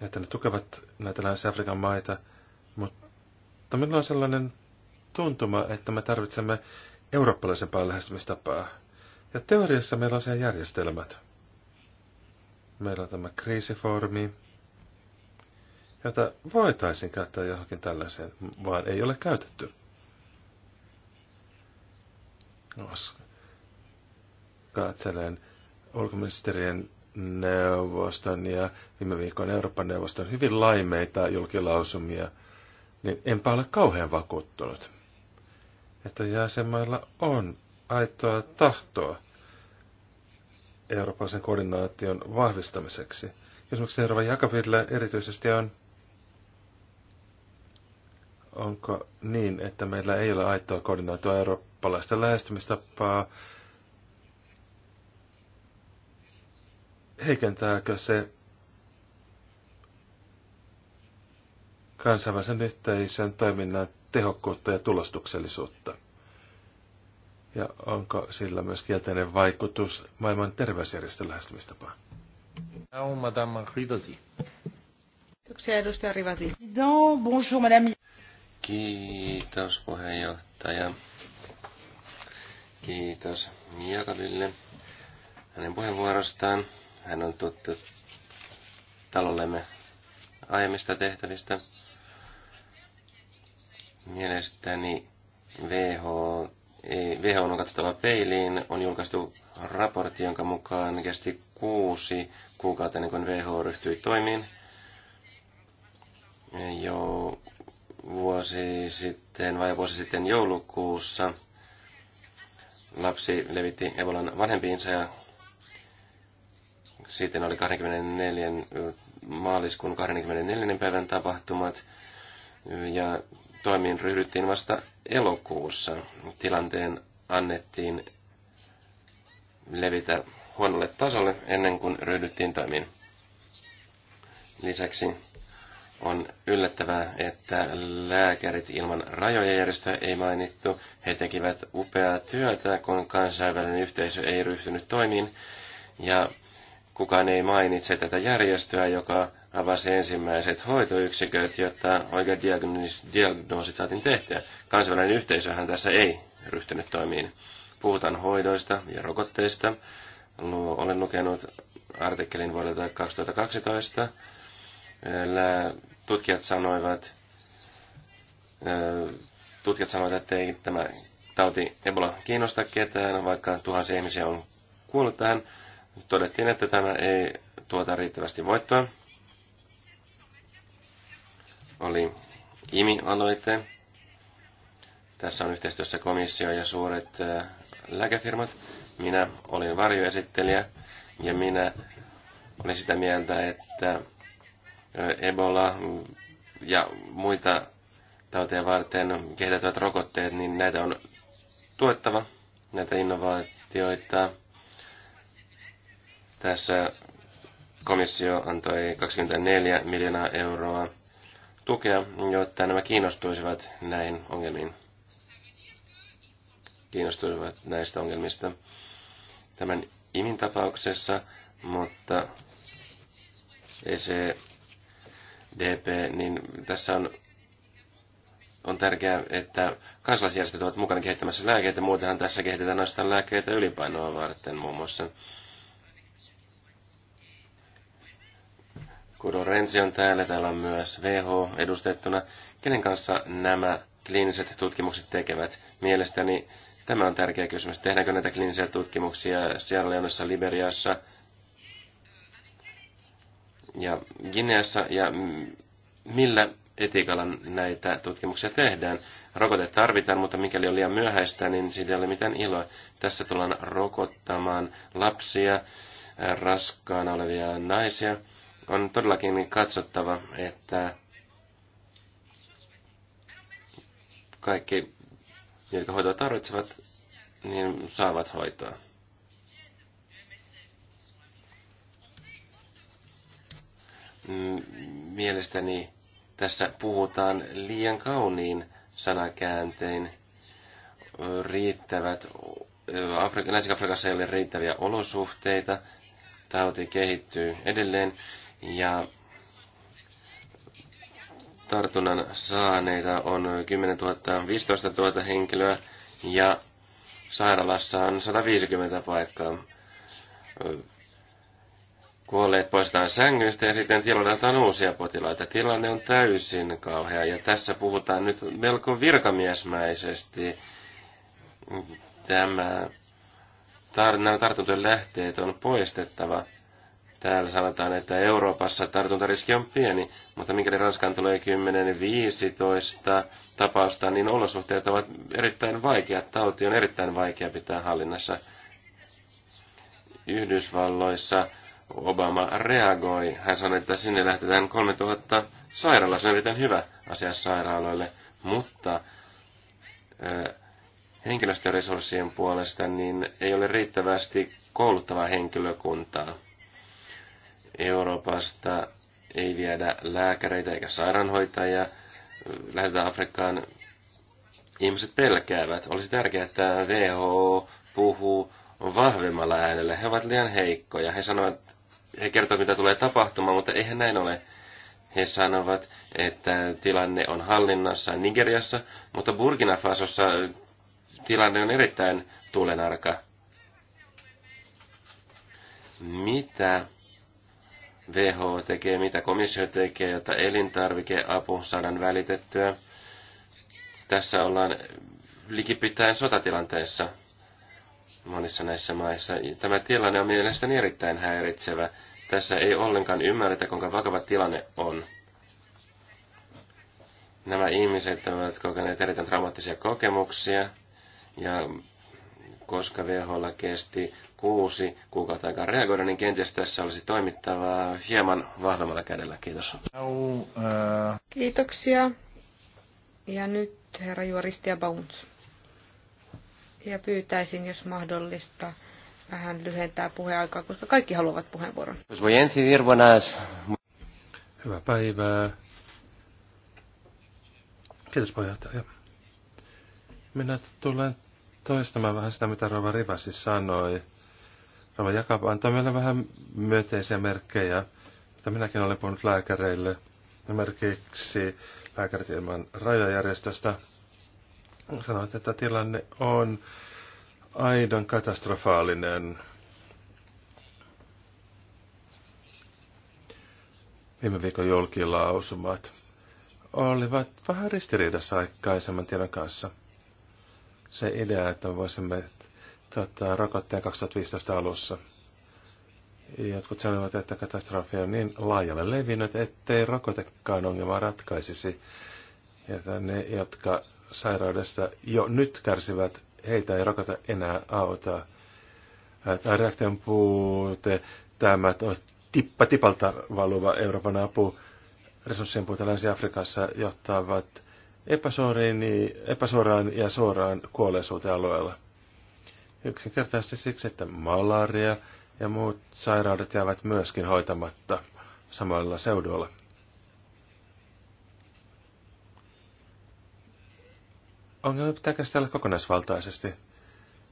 että ne tukevat näitä Länsi-Afrikan maita, mutta minulla on sellainen tuntuma, että me tarvitsemme eurooppalaisempaa lähestymistapaa. Ja teoriassa meillä on siellä järjestelmät. Meillä on tämä kriisifoorumi, jota voitaisiin käyttää johonkin tällaiseen, vaan ei ole käytetty. Katselen ulkoministerien neuvoston ja viime viikon Euroopan neuvoston hyvin laimeita julkilausumia, niin enpä ole kauhean vakuuttunut, että jäsenmailla on aitoa tahtoa eurooppalaisen koordinaation vahvistamiseksi. Esimerkiksi Euroopan Jakaville erityisesti on, Onko niin, että meillä ei ole aitoa koordinoitua eurooppalaista lähestymistapaa? Heikentääkö se kansainvälisen yhteisön toiminnan tehokkuutta ja tulostuksellisuutta? Ja onko sillä myös kielteinen vaikutus maailman terveysjärjestön lähestymistapaan? Madame Kiitoksia edustaja Rivasi. No, bonjour, madame. Kiitos puheenjohtaja. Kiitos Jakobille hänen puheenvuorostaan. Hän on tuttu talollemme aiemmista tehtävistä. Mielestäni VH ei, VH on katsottava peiliin. On julkaistu raportti, jonka mukaan kesti kuusi kuukautta ennen kuin VH ryhtyi toimiin. Jo vuosi sitten, vai vuosi sitten joulukuussa, lapsi levitti Ebolan vanhempiinsa ja sitten oli 24, maaliskuun 24. päivän tapahtumat ja toimiin ryhdyttiin vasta elokuussa. Tilanteen annettiin levitä huonolle tasolle ennen kuin ryhdyttiin toimiin. Lisäksi on yllättävää, että lääkärit ilman rajoja järjestö ei mainittu. He tekivät upeaa työtä, kun kansainvälinen yhteisö ei ryhtynyt toimiin. Ja kukaan ei mainitse tätä järjestöä, joka avasi ensimmäiset hoitoyksiköt, jotta oikeat diagnoosit saatiin tehtyä. Kansainvälinen yhteisöhän tässä ei ryhtynyt toimiin. Puhutaan hoidoista ja rokotteista. Olen lukenut artikkelin vuodelta 2012 Tutkijat sanoivat, tutkijat sanoivat, että ei tämä tauti Ebola kiinnosta ketään, vaikka tuhansia ihmisiä on kuollut tähän. Todettiin, että tämä ei tuota riittävästi voittoa. Oli IMI-aloite. Tässä on yhteistyössä komissio ja suuret lääkefirmat. Minä olin varjoesittelijä ja minä olin sitä mieltä, että Ebola ja muita tauteja varten kehitettävät rokotteet, niin näitä on tuettava, näitä innovaatioita. Tässä komissio antoi 24 miljoonaa euroa tukea, jotta nämä kiinnostuisivat näihin ongelmiin. Kiinnostuisivat näistä ongelmista tämän imin tapauksessa, mutta ei se DP, niin tässä on, on tärkeää, että kansalaisjärjestöt ovat mukana kehittämässä lääkeitä. Muutenhan tässä kehitetään ainoastaan lääkkeitä ylipainoa varten muun muassa. Kudo Renzi on täällä, täällä on myös VH edustettuna. Kenen kanssa nämä kliiniset tutkimukset tekevät? Mielestäni tämä on tärkeä kysymys. Tehdäänkö näitä kliinisiä tutkimuksia Sierra Leoneessa, Liberiassa – ja Gineassa ja millä etiikalla näitä tutkimuksia tehdään. Rokote tarvitaan, mutta mikäli on liian myöhäistä, niin siitä ei ole mitään iloa. Tässä tullaan rokottamaan lapsia, äh, raskaana olevia naisia. On todellakin katsottava, että kaikki, jotka hoitoa tarvitsevat, niin saavat hoitoa. Mm, mielestäni tässä puhutaan liian kauniin sanakääntein. Riittävät, Afrika, Länsi-Afrikassa ei ole riittäviä olosuhteita, tauti kehittyy edelleen ja tartunnan saaneita on 10 000, 15 000 henkilöä ja sairaalassa on 150 paikkaa kuolleet poistetaan sängyistä ja sitten tilataan uusia potilaita. Tilanne on täysin kauhea ja tässä puhutaan nyt melko virkamiesmäisesti. Tämä, tar, nämä tartuntojen lähteet on poistettava. Täällä sanotaan, että Euroopassa tartuntariski on pieni, mutta mikäli Ranskaan tulee 10-15 tapausta, niin olosuhteet ovat erittäin vaikeat. Tauti on erittäin vaikea pitää hallinnassa. Yhdysvalloissa Obama reagoi. Hän sanoi, että sinne lähtetään 3000 sairaalaa. Se on erittäin hyvä asia sairaaloille, mutta henkilöstöresurssien puolesta niin ei ole riittävästi kouluttavaa henkilökuntaa. Euroopasta ei viedä lääkäreitä eikä sairaanhoitajia. Lähdetään Afrikkaan. Ihmiset pelkäävät. Olisi tärkeää, että WHO puhuu vahvemmalla äänellä. He ovat liian heikkoja. He sanovat, he kertovat, mitä tulee tapahtumaan, mutta eihän näin ole. He sanovat, että tilanne on hallinnassa Nigeriassa, mutta Burkina Fasossa tilanne on erittäin tuulenarka. Mitä WHO tekee, mitä komissio tekee, jotta elintarvikeapu saadaan välitettyä? Tässä ollaan likipitäen sotatilanteessa monissa näissä maissa. Tämä tilanne on mielestäni erittäin häiritsevä. Tässä ei ollenkaan ymmärretä, kuinka vakava tilanne on. Nämä ihmiset ovat kokeneet erittäin dramaattisia kokemuksia, ja koska VHL kesti kuusi kuukautta aikaa reagoida, niin kenties tässä olisi toimittavaa hieman vahvemmalla kädellä. Kiitos. Äh. Kiitoksia. Ja nyt herra Juoristi ja Bounce ja pyytäisin, jos mahdollista, vähän lyhentää puheaikaa, koska kaikki haluavat puheenvuoron. Hyvää päivää. Kiitos puheenjohtaja. Minä tulen toistamaan vähän sitä, mitä Rova Rivasi sanoi. Rova Jakab antoi meille vähän myönteisiä merkkejä, mitä minäkin olen puhunut lääkäreille. Esimerkiksi lääkärit ilman rajajärjestöstä sanoit, että tilanne on aidon katastrofaalinen. Viime viikon julkilausumat olivat vähän ristiriidassa aikaisemman tiedon kanssa. Se idea, että voisimme tota, rokotteen 2015 alussa. Jotkut sanovat, että katastrofi on niin laajalle levinnyt, ettei rokotekaan ongelmaa ratkaisisi ja ne, jotka sairaudesta jo nyt kärsivät, heitä ei rokota enää auta. Tämä reaktion puute, tämä tippa tipalta valuva Euroopan apu resurssien puute Länsi-Afrikassa johtavat epäsuoriin, epäsuoraan ja suoraan kuolleisuuteen alueella. Yksinkertaisesti siksi, että malaria ja muut sairaudet jäävät myöskin hoitamatta samalla seudulla. ongelma pitää käsitellä kokonaisvaltaisesti.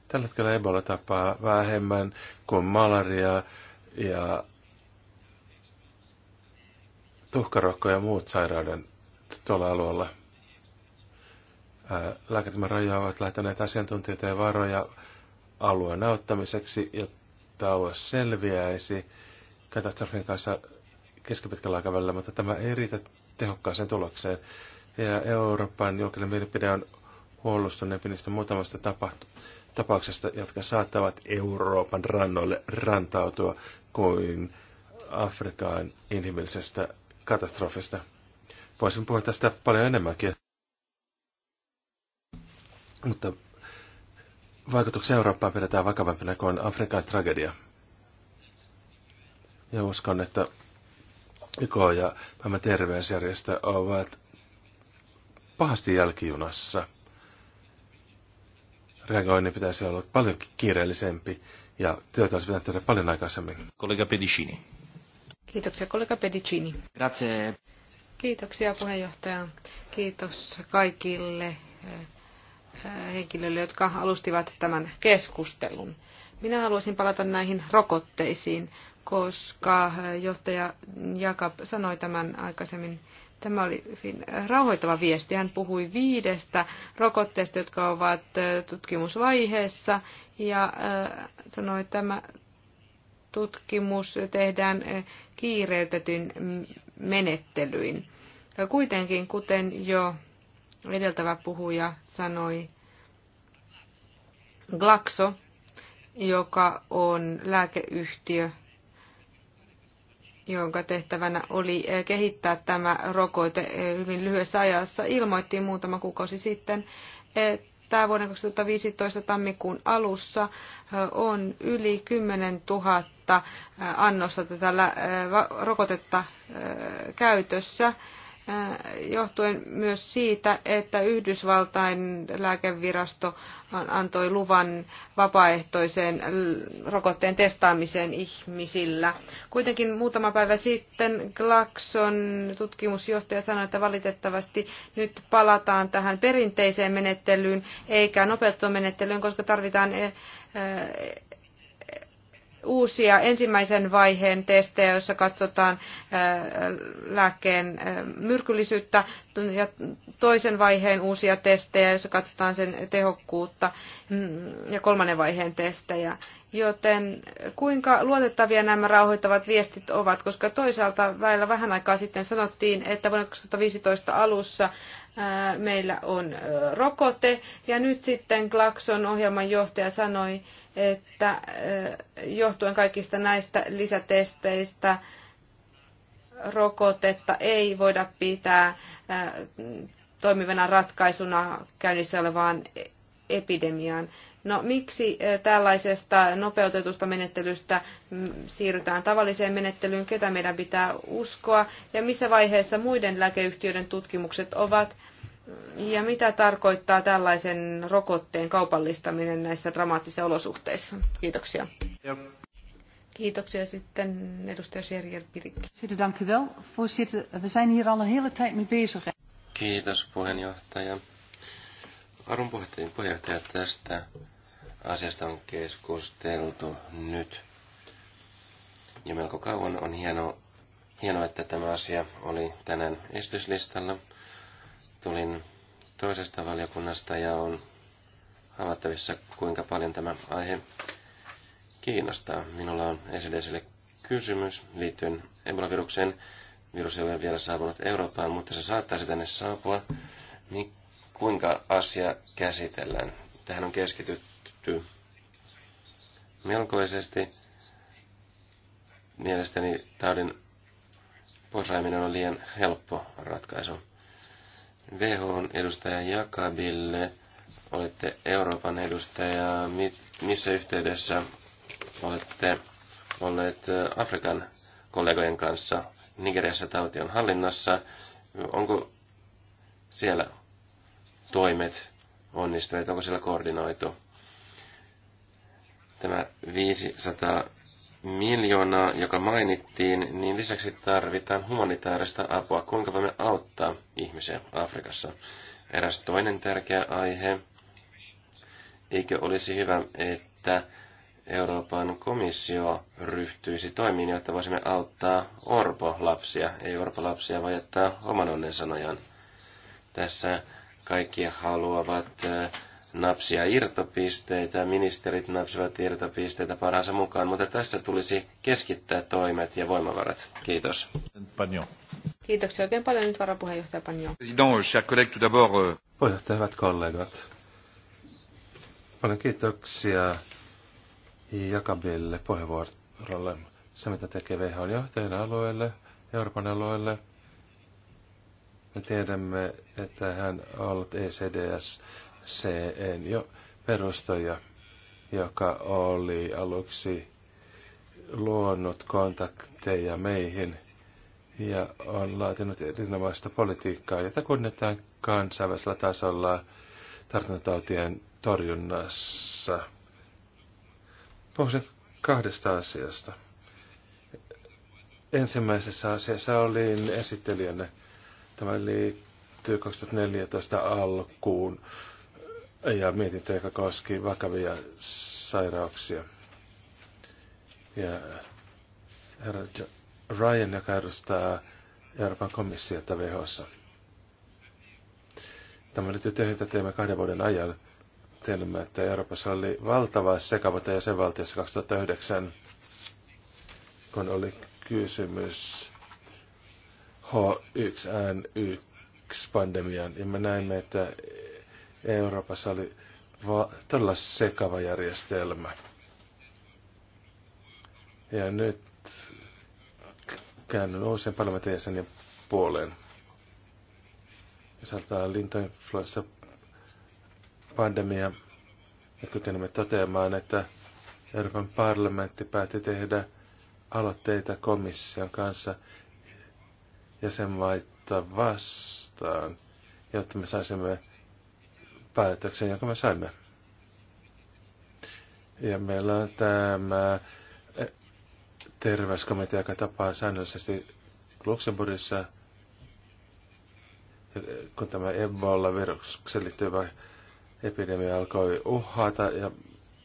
Tällä hetkellä Ebola tapaa vähemmän kuin malaria ja tuhkarokko ja muut sairauden tuolla alueella. Lääketemän rajoja ovat lähteneet asiantuntijoita ja varoja alueen auttamiseksi, jotta alue selviäisi katastrofin kanssa keskipitkällä aikavälillä, mutta tämä ei riitä tehokkaaseen tulokseen. Ja Euroopan julkinen mielipide on huolestuneempi niistä muutamasta tapahtu- tapauksesta, jotka saattavat Euroopan rannoille rantautua kuin Afrikan inhimillisestä katastrofista. Voisin puhua tästä paljon enemmänkin. Mutta vaikutuksia Eurooppaan pidetään vakavampina kuin Afrikan tragedia. Ja uskon, että YK ja maailman terveysjärjestö ovat pahasti jälkijunassa – reagoinnin pitäisi olla paljon kiireellisempi ja työtä olisi pitänyt tehdä paljon aikaisemmin. Kollega Pedicini. Kiitoksia, kollega Pedicini. Grazie. Kiitoksia puheenjohtaja. Kiitos kaikille eh, henkilöille, jotka alustivat tämän keskustelun. Minä haluaisin palata näihin rokotteisiin, koska eh, johtaja Jakab sanoi tämän aikaisemmin Tämä oli hyvin rauhoittava viesti. Hän puhui viidestä rokotteesta, jotka ovat tutkimusvaiheessa ja sanoi, että tämä tutkimus tehdään kiireiltetyn menettelyin. Kuitenkin, kuten jo edeltävä puhuja sanoi, Glaxo, joka on lääkeyhtiö, jonka tehtävänä oli eh, kehittää tämä rokote eh, hyvin lyhyessä ajassa, ilmoitti muutama kuukausi sitten, että vuoden 2015 tammikuun alussa eh, on yli 10 000 annosta tätä rokotetta käytössä. Äh, johtuen myös siitä, että Yhdysvaltain lääkevirasto antoi luvan vapaaehtoiseen rokotteen testaamiseen ihmisillä. Kuitenkin muutama päivä sitten Glaxon tutkimusjohtaja sanoi, että valitettavasti nyt palataan tähän perinteiseen menettelyyn eikä nopeutettuun menettelyyn, koska tarvitaan e- e- uusia ensimmäisen vaiheen testejä, joissa katsotaan lääkkeen myrkyllisyyttä ja toisen vaiheen uusia testejä, joissa katsotaan sen tehokkuutta mm, ja kolmannen vaiheen testejä. Joten kuinka luotettavia nämä rauhoittavat viestit ovat, koska toisaalta väillä vähän aikaa sitten sanottiin, että vuonna 2015 alussa meillä on rokote ja nyt sitten Glaxon ohjelman johtaja sanoi, että johtuen kaikista näistä lisätesteistä rokotetta ei voida pitää toimivana ratkaisuna käynnissä olevaan e-, epidemiaan. No miksi tällaisesta nopeutetusta menettelystä siirrytään tavalliseen menettelyyn, ketä meidän pitää uskoa ja missä vaiheessa muiden lääkeyhtiöiden tutkimukset ovat? Ja mitä tarkoittaa tällaisen rokotteen kaupallistaminen näissä dramaattisissa olosuhteissa? Kiitoksia. Ja. Kiitoksia sitten edustaja Serjer Pirikki. Sitten dank wel. Voorzitter, we zijn hier al een hele tijd mee bezig. Kiitos puheenjohtaja. Arun puheenjohtaja, tästä asiasta on keskusteltu nyt ja melko kauan. On hienoa, hieno, että tämä asia oli tänään estyslistalla. Tulin toisesta valiokunnasta ja on havaittavissa, kuinka paljon tämä aihe kiinnostaa. Minulla on esille kysymys liittyen Ebola-virukseen. Virus ei ole vielä saapunut Eurooppaan, mutta se saattaisi tänne saapua. Niin kuinka asia käsitellään? Tähän on keskitytty melkoisesti. Mielestäni taudin poisraiminen on liian helppo ratkaisu WHOn edustaja Jakabille. Olette Euroopan edustaja. Missä yhteydessä olette olleet äh, Afrikan kollegojen kanssa? Nigeriassa tauti on hallinnassa. Onko siellä toimet onnistuneet? Onko siellä koordinoitu? Tämä 500 miljoonaa, joka mainittiin, niin lisäksi tarvitaan humanitaarista apua, kuinka voimme auttaa ihmisiä Afrikassa. Eräs toinen tärkeä aihe, eikö olisi hyvä, että Euroopan komissio ryhtyisi toimiin, jotta voisimme auttaa orpolapsia, ei orpolapsia voi jättää oman onnen sanojaan. Tässä kaikki haluavat äh, napsia irtopisteitä, ministerit napsivat irtopisteitä parhaansa mukaan, mutta tässä tulisi keskittää toimet ja voimavarat. Kiitos. Pagnon. Kiitoksia oikein paljon nyt varapuheenjohtaja Panjo. Euh, Puheenjohtaja, hyvät kollegat. Paljon kiitoksia Jakabille puheenvuorolle. Se, mitä tekee WHO on johtajan alueelle, Euroopan alueelle. Me tiedämme, että hän on ollut ECDS CEn jo perustaja, joka oli aluksi luonut kontakteja meihin ja on laatinut erinomaista politiikkaa, jota kunnetaan kansainvälisellä tasolla tartuntatautien torjunnassa. Puhuisin kahdesta asiasta. Ensimmäisessä asiassa olin esittelijänä. Tämä liittyy 2014 alkuun ja mietintä, joka koski vakavia sairauksia. Ja herra Ryan, joka edustaa Euroopan komissiota WHOssa. Tämä oli työtä, jota teemme kahden vuoden ajan. Tiedämme, että Euroopassa oli valtava sekavuutta jäsenvaltiossa 2009, kun oli kysymys H1N1-pandemian. Ja me näimme, että Euroopassa oli va- todella sekava järjestelmä. Ja nyt käännyn uusien parlamentin ja puoleen. Jos aletaan lintoinfluenssa pandemia, me kykenemme toteamaan, että Euroopan parlamentti päätti tehdä aloitteita komission kanssa jäsenmaita vastaan, jotta me saisimme päätöksen, jonka me saimme. Ja meillä on tämä eh, terveyskomitea, joka tapaa säännöllisesti Luxemburgissa, kun tämä Ebola-virukseen liittyvä epidemia alkoi uhata ja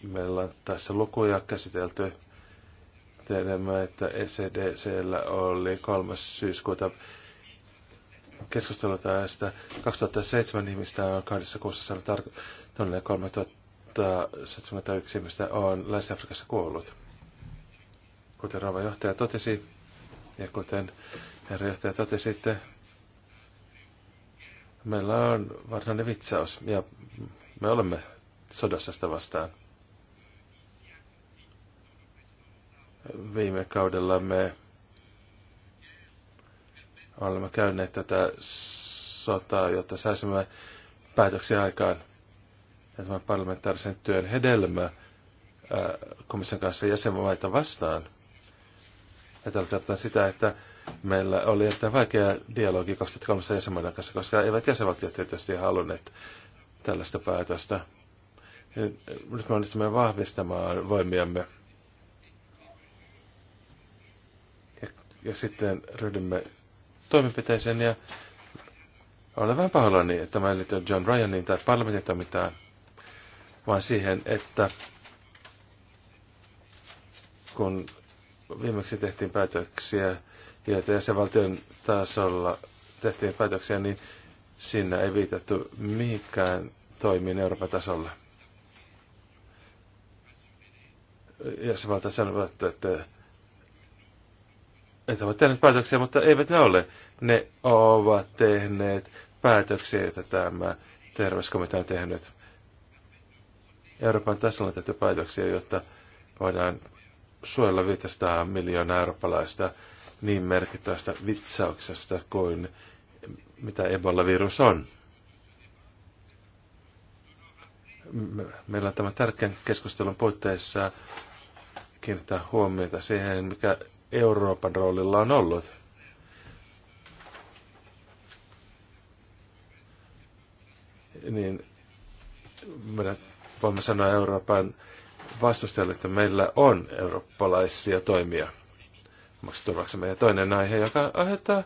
meillä on tässä lukuja käsitelty. Tiedämme, että ECDCllä oli 3. syyskuuta keskustelua tästä. 2007 nimistä on kahdessa kuussa saanut tarkoitus, 3071 ihmistä on Länsi-Afrikassa kuollut. Kuten rouva johtaja totesi, ja kuten herra johtaja että meillä on varsinainen vitsaus, ja me olemme sodassa sitä vastaan. Viime kaudella me olemme käyneet tätä sotaa, jotta saisimme päätöksiä aikaan ja tämän parlamentaarisen työn hedelmä komission kanssa jäsenmaita vastaan. Ja tarkoittaa sitä, että meillä oli erittäin vaikea dialogi 2003 jäsenmaiden kanssa, koska eivät jäsenvaltiot tietysti halunneet tällaista päätöstä. Nyt me onnistumme vahvistamaan voimiamme. Ja, ja sitten ryhdymme toimenpiteeseen ja olen vähän pahoillani, että mä en liity John Ryanin tai parlamentin tai mitään, vaan siihen, että kun viimeksi tehtiin päätöksiä, joita jäsenvaltion tasolla tehtiin päätöksiä, niin siinä ei viitattu mihinkään toimiin Euroopan tasolla. Jäsenvaltiot että, että että ovat tehneet päätöksiä, mutta eivät ne ole. Ne ovat tehneet päätöksiä, joita tämä terveyskomitea on tehnyt. Euroopan tasolla on tehty päätöksiä, jotta voidaan suojella 500 miljoonaa eurooppalaista niin merkittävästä vitsauksesta kuin mitä Ebola-virus on. Meillä on tämä tärkeän keskustelun puitteissa kiinnittää huomiota siihen, mikä Euroopan roolilla on ollut. Niin minä voimme sanoa Euroopan vastustajalle, että meillä on eurooppalaisia toimia maksuturvaksemme. Ja toinen aihe, joka aiheuttaa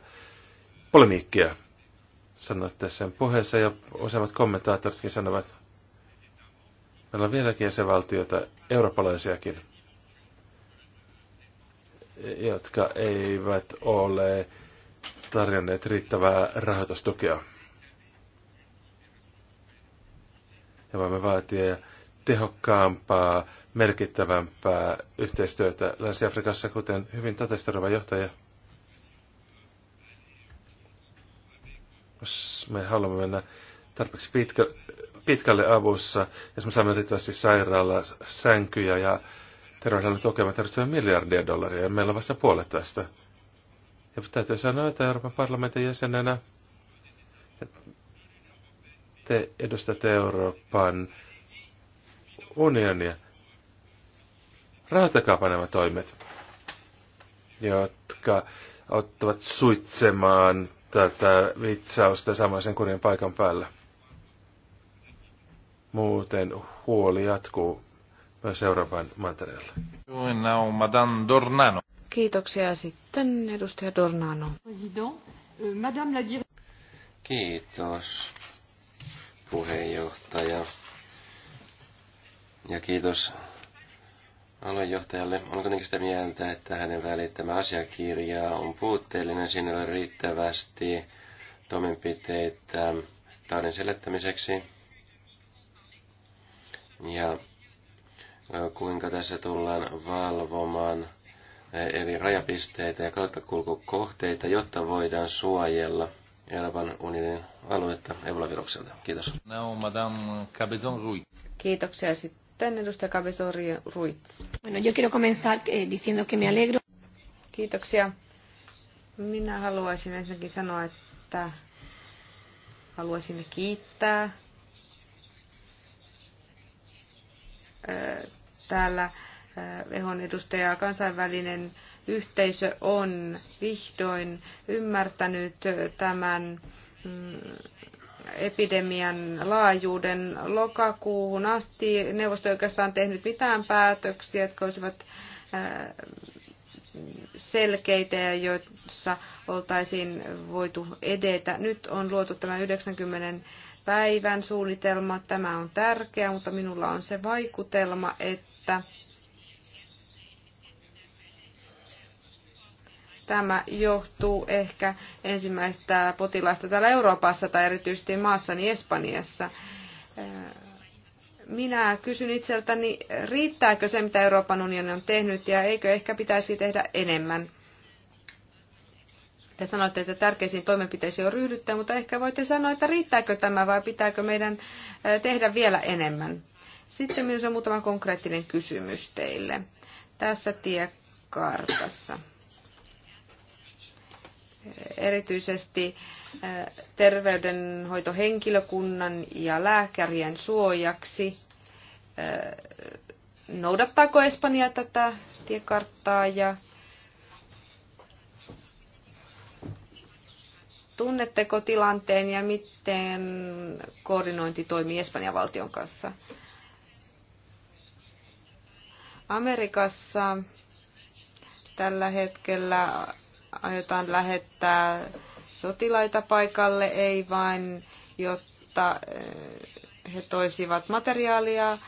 polemiikkia, sanoitte sen puheessa ja useimmat kommentaattoritkin sanovat, meillä on vieläkin jäsenvaltioita, eurooppalaisiakin, jotka eivät ole tarjonneet riittävää rahoitustukea. Ja voimme vaatia tehokkaampaa, merkittävämpää yhteistyötä Länsi-Afrikassa, kuten hyvin totesi johtaja. Jos me haluamme mennä tarpeeksi pitkä, pitkälle avussa, jos me saamme riittävästi sairaala, sänkyjä ja Terveydellä tukea me tarvitsemme miljardia dollaria ja meillä on vasta puolet tästä. Ja täytyy sanoa, että Euroopan parlamentin jäsenenä te edustatte Euroopan unionia. Rahoitakaapa nämä toimet, jotka auttavat suitsemaan tätä vitsausta samaisen kunnian paikan päällä. Muuten huoli jatkuu seuraavaan Euroopan mantereella. Madame Dornano. Kiitoksia sitten edustaja Dornano. Euh, kiitos puheenjohtaja. Ja kiitos aluejohtajalle. On kuitenkin sitä mieltä, että hänen välittämä asiakirja on puutteellinen. Siinä on riittävästi toimenpiteitä taiden selättämiseksi. Ja kuinka tässä tullaan valvomaan eri rajapisteitä ja kauttakulkukohteita, jotta voidaan suojella Euroopan unionin aluetta Ebola-virukselta. Kiitos. No, Madame Ruiz. Kiitoksia sitten edustaja Cabezori Ruiz. Bueno, yo quiero comenzar eh, diciendo que me alegro. Kiitoksia. Minä haluaisin ensinnäkin sanoa, että haluaisin kiittää täällä Vehon edustaja kansainvälinen yhteisö on vihdoin ymmärtänyt tämän mm, epidemian laajuuden lokakuuhun asti. Neuvosto ei oikeastaan tehnyt mitään päätöksiä, jotka olisivat selkeitä ja joissa oltaisiin voitu edetä. Nyt on luotu tämä 90 päivän suunnitelma. Tämä on tärkeä, mutta minulla on se vaikutelma, että tämä johtuu ehkä ensimmäistä potilaista täällä Euroopassa tai erityisesti maassani Espanjassa. Minä kysyn itseltäni, riittääkö se, mitä Euroopan unioni on tehnyt ja eikö ehkä pitäisi tehdä enemmän. Te sanoitte, että tärkeisiin toimenpiteisiin on ryhdyttävä, mutta ehkä voitte sanoa, että riittääkö tämä vai pitääkö meidän tehdä vielä enemmän. Sitten minulla on muutama konkreettinen kysymys teille tässä tiekartassa. Erityisesti terveydenhoitohenkilökunnan ja lääkärien suojaksi. Noudattaako Espanja tätä tiekarttaa ja Tunnetteko tilanteen ja miten koordinointi toimii Espanjan valtion kanssa? Amerikassa tällä hetkellä aiotaan lähettää sotilaita paikalle, ei vain jotta eh, he toisivat materiaalia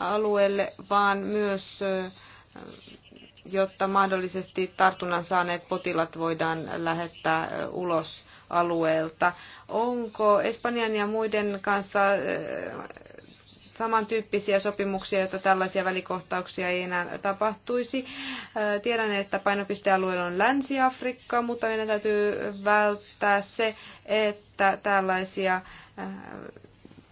alueelle, vaan myös eh, jotta mahdollisesti tartunnan saaneet potilat voidaan lähettää eh, ulos alueelta. Onko Espanjan ja muiden kanssa eh, samantyyppisiä sopimuksia, jotta tällaisia välikohtauksia ei enää tapahtuisi. Eh, tiedän, että painopistealueella on Länsi-Afrikka, mutta meidän täytyy välttää se, että tällaisia eh,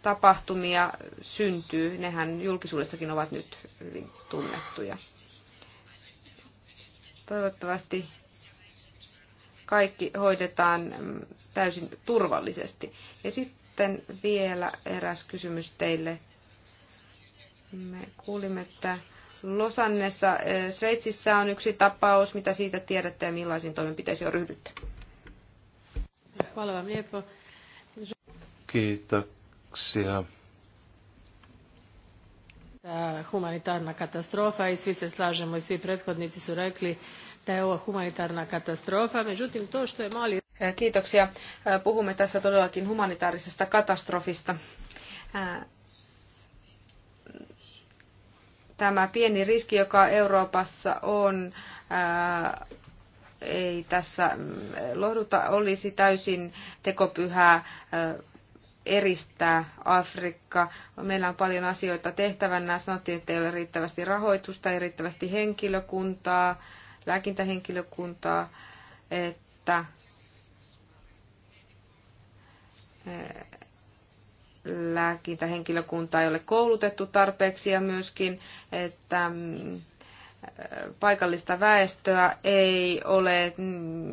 tapahtumia syntyy. Nehän julkisuudessakin ovat nyt hyvin tunnettuja. Toivottavasti kaikki hoidetaan mm, täysin turvallisesti. Ja sitten vielä eräs kysymys teille. Me kuulimme, että Losannessa, eh, Sveitsissä on yksi tapaus. Mitä siitä tiedätte ja millaisiin toimenpiteisiin on ryhdytty? Kiitoksia. Humanitaarna katastrofa i svi se slažemo i svi prethodnici su rekli da je ovo katastrofa. Međutim, to što je mali... E, kiitoksia. E, puhumme tässä todellakin humanitaarisesta katastrofista. E, tämä pieni riski, joka Euroopassa on, ei tässä mm, lohduta, olisi täysin tekopyhää eristää Afrikka. Meillä on paljon asioita tehtävänä. Sanottiin, että ei ole riittävästi rahoitusta, ei riittävästi henkilökuntaa lääkintähenkilökuntaa, että eh, lääkintähenkilökuntaa ei ole koulutettu tarpeeksi ja myöskin, että mm, paikallista väestöä ei ole mm,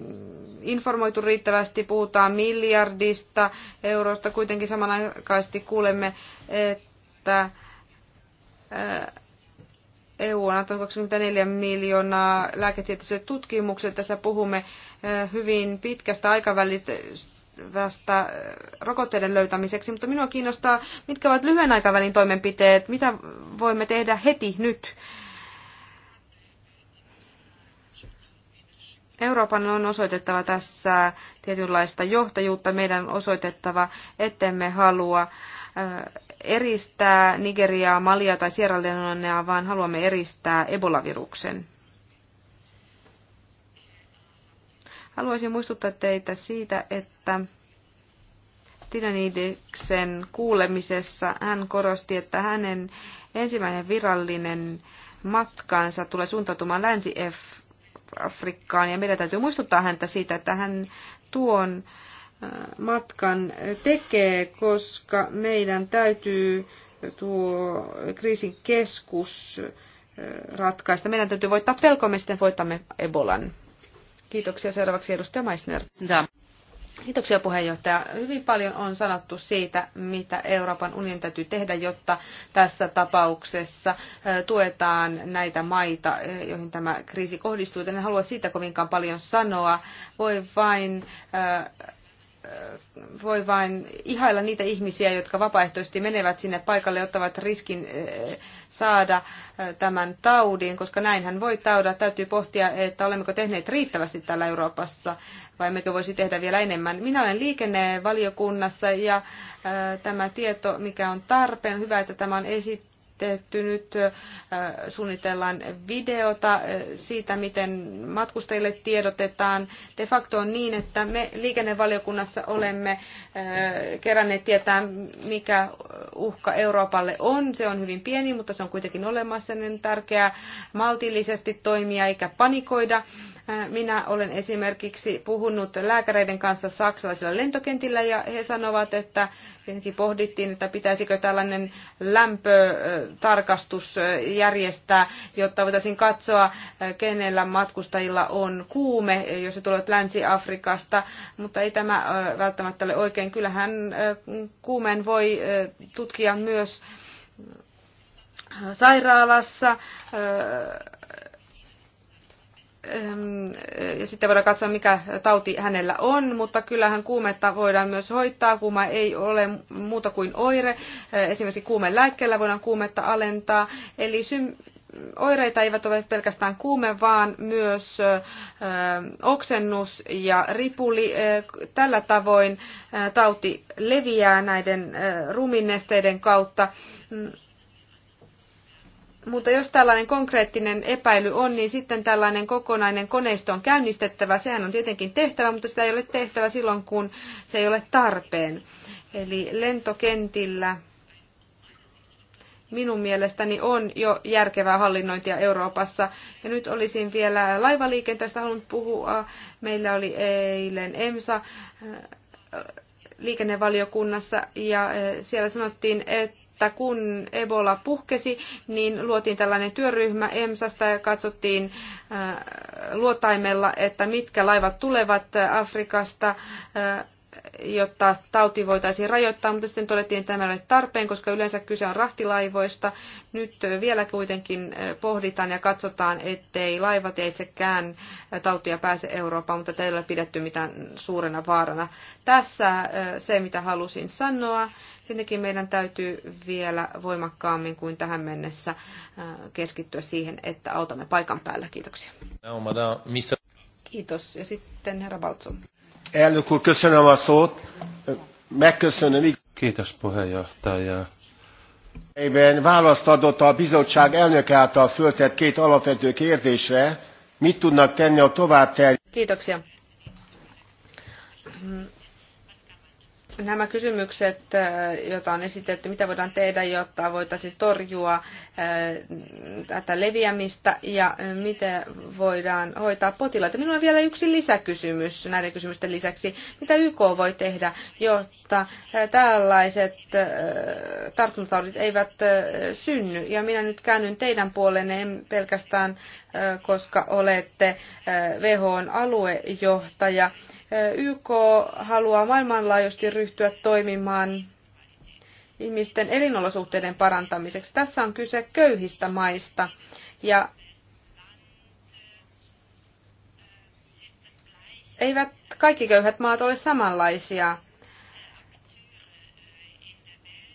informoitu riittävästi. Puhutaan miljardista eurosta. Kuitenkin samanaikaisesti kuulemme, että eh, EU on antanut 24 miljoonaa lääketieteelliseen tutkimukset. Tässä puhumme hyvin pitkästä aikavälistä rokotteiden löytämiseksi, mutta minua kiinnostaa, mitkä ovat lyhyen aikavälin toimenpiteet, mitä voimme tehdä heti nyt. Euroopan on osoitettava tässä tietynlaista johtajuutta. Meidän on osoitettava, ettemme halua eristää Nigeriaa, Malia tai Sierra Leonea, vaan haluamme eristää Ebola-viruksen. Haluaisin muistuttaa teitä siitä, että Stilenidiksen kuulemisessa hän korosti, että hänen ensimmäinen virallinen matkansa tulee suuntautumaan Länsi-Afrikkaan ja meidän täytyy muistuttaa häntä siitä, että hän tuon matkan tekee, koska meidän täytyy tuo kriisin keskus ratkaista. Meidän täytyy voittaa pelkomme, sitten voitamme Ebolan. Kiitoksia seuraavaksi edustaja Meissner. Kiitoksia puheenjohtaja. Hyvin paljon on sanottu siitä, mitä Euroopan unionin täytyy tehdä, jotta tässä tapauksessa tuetaan näitä maita, joihin tämä kriisi kohdistuu. En halua siitä kovinkaan paljon sanoa. Voi vain äh, voi vain ihailla niitä ihmisiä, jotka vapaaehtoisesti menevät sinne paikalle ja ottavat riskin saada tämän taudin, koska näinhän voi tauda. Täytyy pohtia, että olemmeko tehneet riittävästi täällä Euroopassa vai emmekö voisi tehdä vielä enemmän. Minä olen liikennevaliokunnassa ja tämä tieto, mikä on tarpeen, hyvä, että tämä on esitetty tehty Suunnitellaan videota siitä, miten matkustajille tiedotetaan. De facto on niin, että me liikennevaliokunnassa olemme keränneet tietää, mikä uhka Euroopalle on. Se on hyvin pieni, mutta se on kuitenkin olemassa. Niin tärkeää maltillisesti toimia eikä panikoida. Minä olen esimerkiksi puhunut lääkäreiden kanssa saksalaisilla lentokentillä ja he sanovat, että tietenkin pohdittiin, että pitäisikö tällainen lämpö tarkastus järjestää, jotta voitaisiin katsoa, kenellä matkustajilla on kuume, jos he tulevat Länsi-Afrikasta, mutta ei tämä välttämättä ole oikein. Kyllähän kuumeen voi tutkia myös sairaalassa ja sitten voidaan katsoa, mikä tauti hänellä on, mutta kyllähän kuumetta voidaan myös hoitaa. Kuuma ei ole muuta kuin oire. Esimerkiksi kuumen lääkkeellä voidaan kuumetta alentaa. Eli oireita eivät ole pelkästään kuume, vaan myös oksennus ja ripuli. Tällä tavoin tauti leviää näiden ruminnesteiden kautta. Mm. Mutta jos tällainen konkreettinen epäily on, niin sitten tällainen kokonainen koneisto on käynnistettävä. Sehän on tietenkin tehtävä, mutta sitä ei ole tehtävä silloin, kun se ei ole tarpeen. Eli lentokentillä minun mielestäni on jo järkevää hallinnointia Euroopassa. Ja nyt olisin vielä laivaliikenteestä halunnut puhua. Meillä oli eilen EMSA äh, liikennevaliokunnassa ja äh, siellä sanottiin, että että kun Ebola puhkesi, niin luotiin tällainen työryhmä EMSasta ja katsottiin äh, luotaimella, että mitkä laivat tulevat äh, Afrikasta äh, jotta tauti voitaisiin rajoittaa, mutta sitten todettiin, että tämä ei ole tarpeen, koska yleensä kyse on rahtilaivoista. Nyt vielä kuitenkin pohditaan ja katsotaan, ettei laivat itsekään tautia pääse Eurooppaan, mutta teillä ei ole pidetty mitään suurena vaarana. Tässä se, mitä halusin sanoa. Tietenkin meidän täytyy vielä voimakkaammin kuin tähän mennessä äh, keskittyä siihen, että autamme paikan päällä. Kiitoksia. Kiitos. Ja sitten herra Baltson. Kiitos puheenjohtaja. Eben választ adott a bizottság elnök által föltett két alapvető kérdésre. Mit tudnak tenni a tovább Kiitoksia nämä kysymykset, äh, joita on esitetty, mitä voidaan tehdä, jotta voitaisiin torjua äh, tätä leviämistä ja äh, miten voidaan hoitaa potilaita. Minulla on vielä yksi lisäkysymys näiden kysymysten lisäksi. Mitä YK voi tehdä, jotta tällaiset tartuntataudit eivät synny? Ja minä nyt käännyn teidän puolenne, en pelkästään koska olette WHOn aluejohtaja YK haluaa maailmanlaajuisesti ryhtyä toimimaan ihmisten elinolosuhteiden parantamiseksi. Tässä on kyse köyhistä maista ja eivät kaikki köyhät maat ole samanlaisia.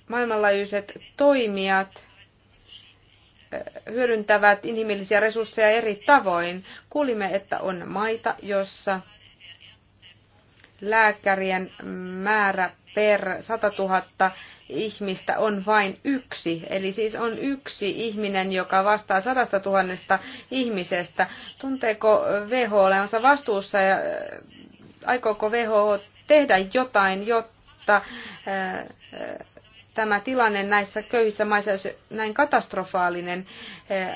Maailmanlaajuiset toimijat hyödyntävät inhimillisiä resursseja eri tavoin. Kuulimme, että on maita, jossa lääkärien määrä per 100 000 ihmistä on vain yksi. Eli siis on yksi ihminen, joka vastaa sadasta tuhannesta ihmisestä. Tunteeko WHO olevansa vastuussa ja äh, aikooko WHO tehdä jotain, jotta äh, äh, tämä tilanne näissä köyhissä maissa olisi näin katastrofaalinen.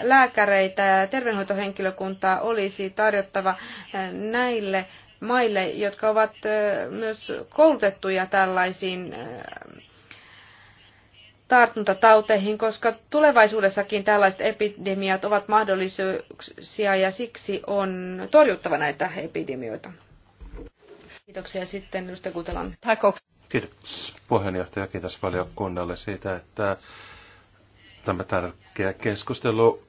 Lääkäreitä ja terveydenhoitohenkilökuntaa olisi tarjottava näille maille, jotka ovat myös koulutettuja tällaisiin tartuntatauteihin, koska tulevaisuudessakin tällaiset epidemiat ovat mahdollisia ja siksi on torjuttava näitä epidemioita. Kiitoksia sitten Lystä Kutelan. Kiitos puheenjohtaja, kiitos valiokunnalle siitä, että tämä tärkeä keskustelu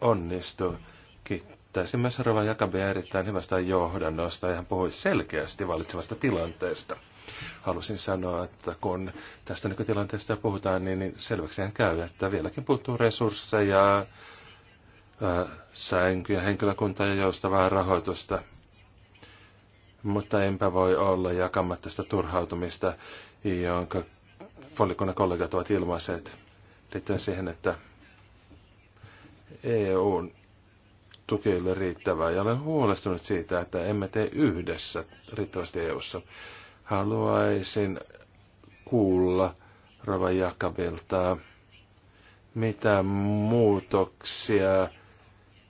onnistui. Kiitos tässä myös Rova Jakabia erittäin hyvästä johdannosta ja hän puhui selkeästi valitsevasta tilanteesta. Halusin sanoa, että kun tästä nykytilanteesta puhutaan, niin, niin selväksi hän käy, että vieläkin puuttuu resursseja, sänkyjä, henkilökuntaa ja joustavaa rahoitusta. Mutta enpä voi olla jakamatta sitä turhautumista, jonka folikunnan kollegat ovat ilmaiset liittyen siihen, että EUn tukeille riittävää ja olen huolestunut siitä, että emme tee yhdessä riittävästi EU-ssa. Haluaisin kuulla Rova Jakabilta, mitä muutoksia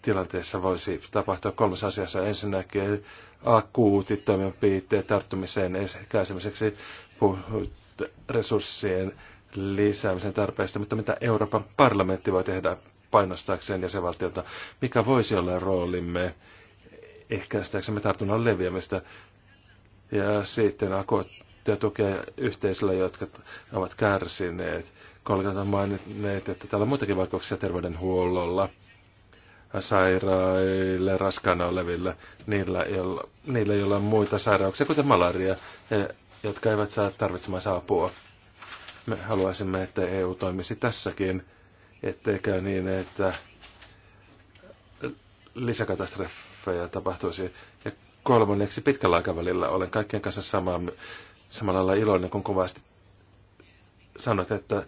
tilanteessa voisi tapahtua kolmessa asiassa. Ensinnäkin akuutit toimenpiteet tarttumiseen käsimiseksi resurssien lisäämisen tarpeesta, mutta mitä Euroopan parlamentti voi tehdä painostaakseen jäsenvaltiota, mikä voisi olla roolimme ehkäistääksemme tartunnan leviämistä. Ja sitten akuuttia tukea yhteisöllä, jotka ovat kärsineet. Kollegat ovat maininneet, että täällä on muitakin vaikeuksia terveydenhuollolla sairaille, raskaana oleville, niillä, joilla, niillä, joilla on muita sairauksia, kuten malaria, ja, e, jotka eivät saa tarvitsemaan apua. Me haluaisimme, että EU toimisi tässäkin ettei käy niin, että lisäkatastrofeja tapahtuisi. Ja kolmanneksi pitkällä aikavälillä olen kaikkien kanssa samaa, samalla lailla iloinen, kun kovasti sanot, että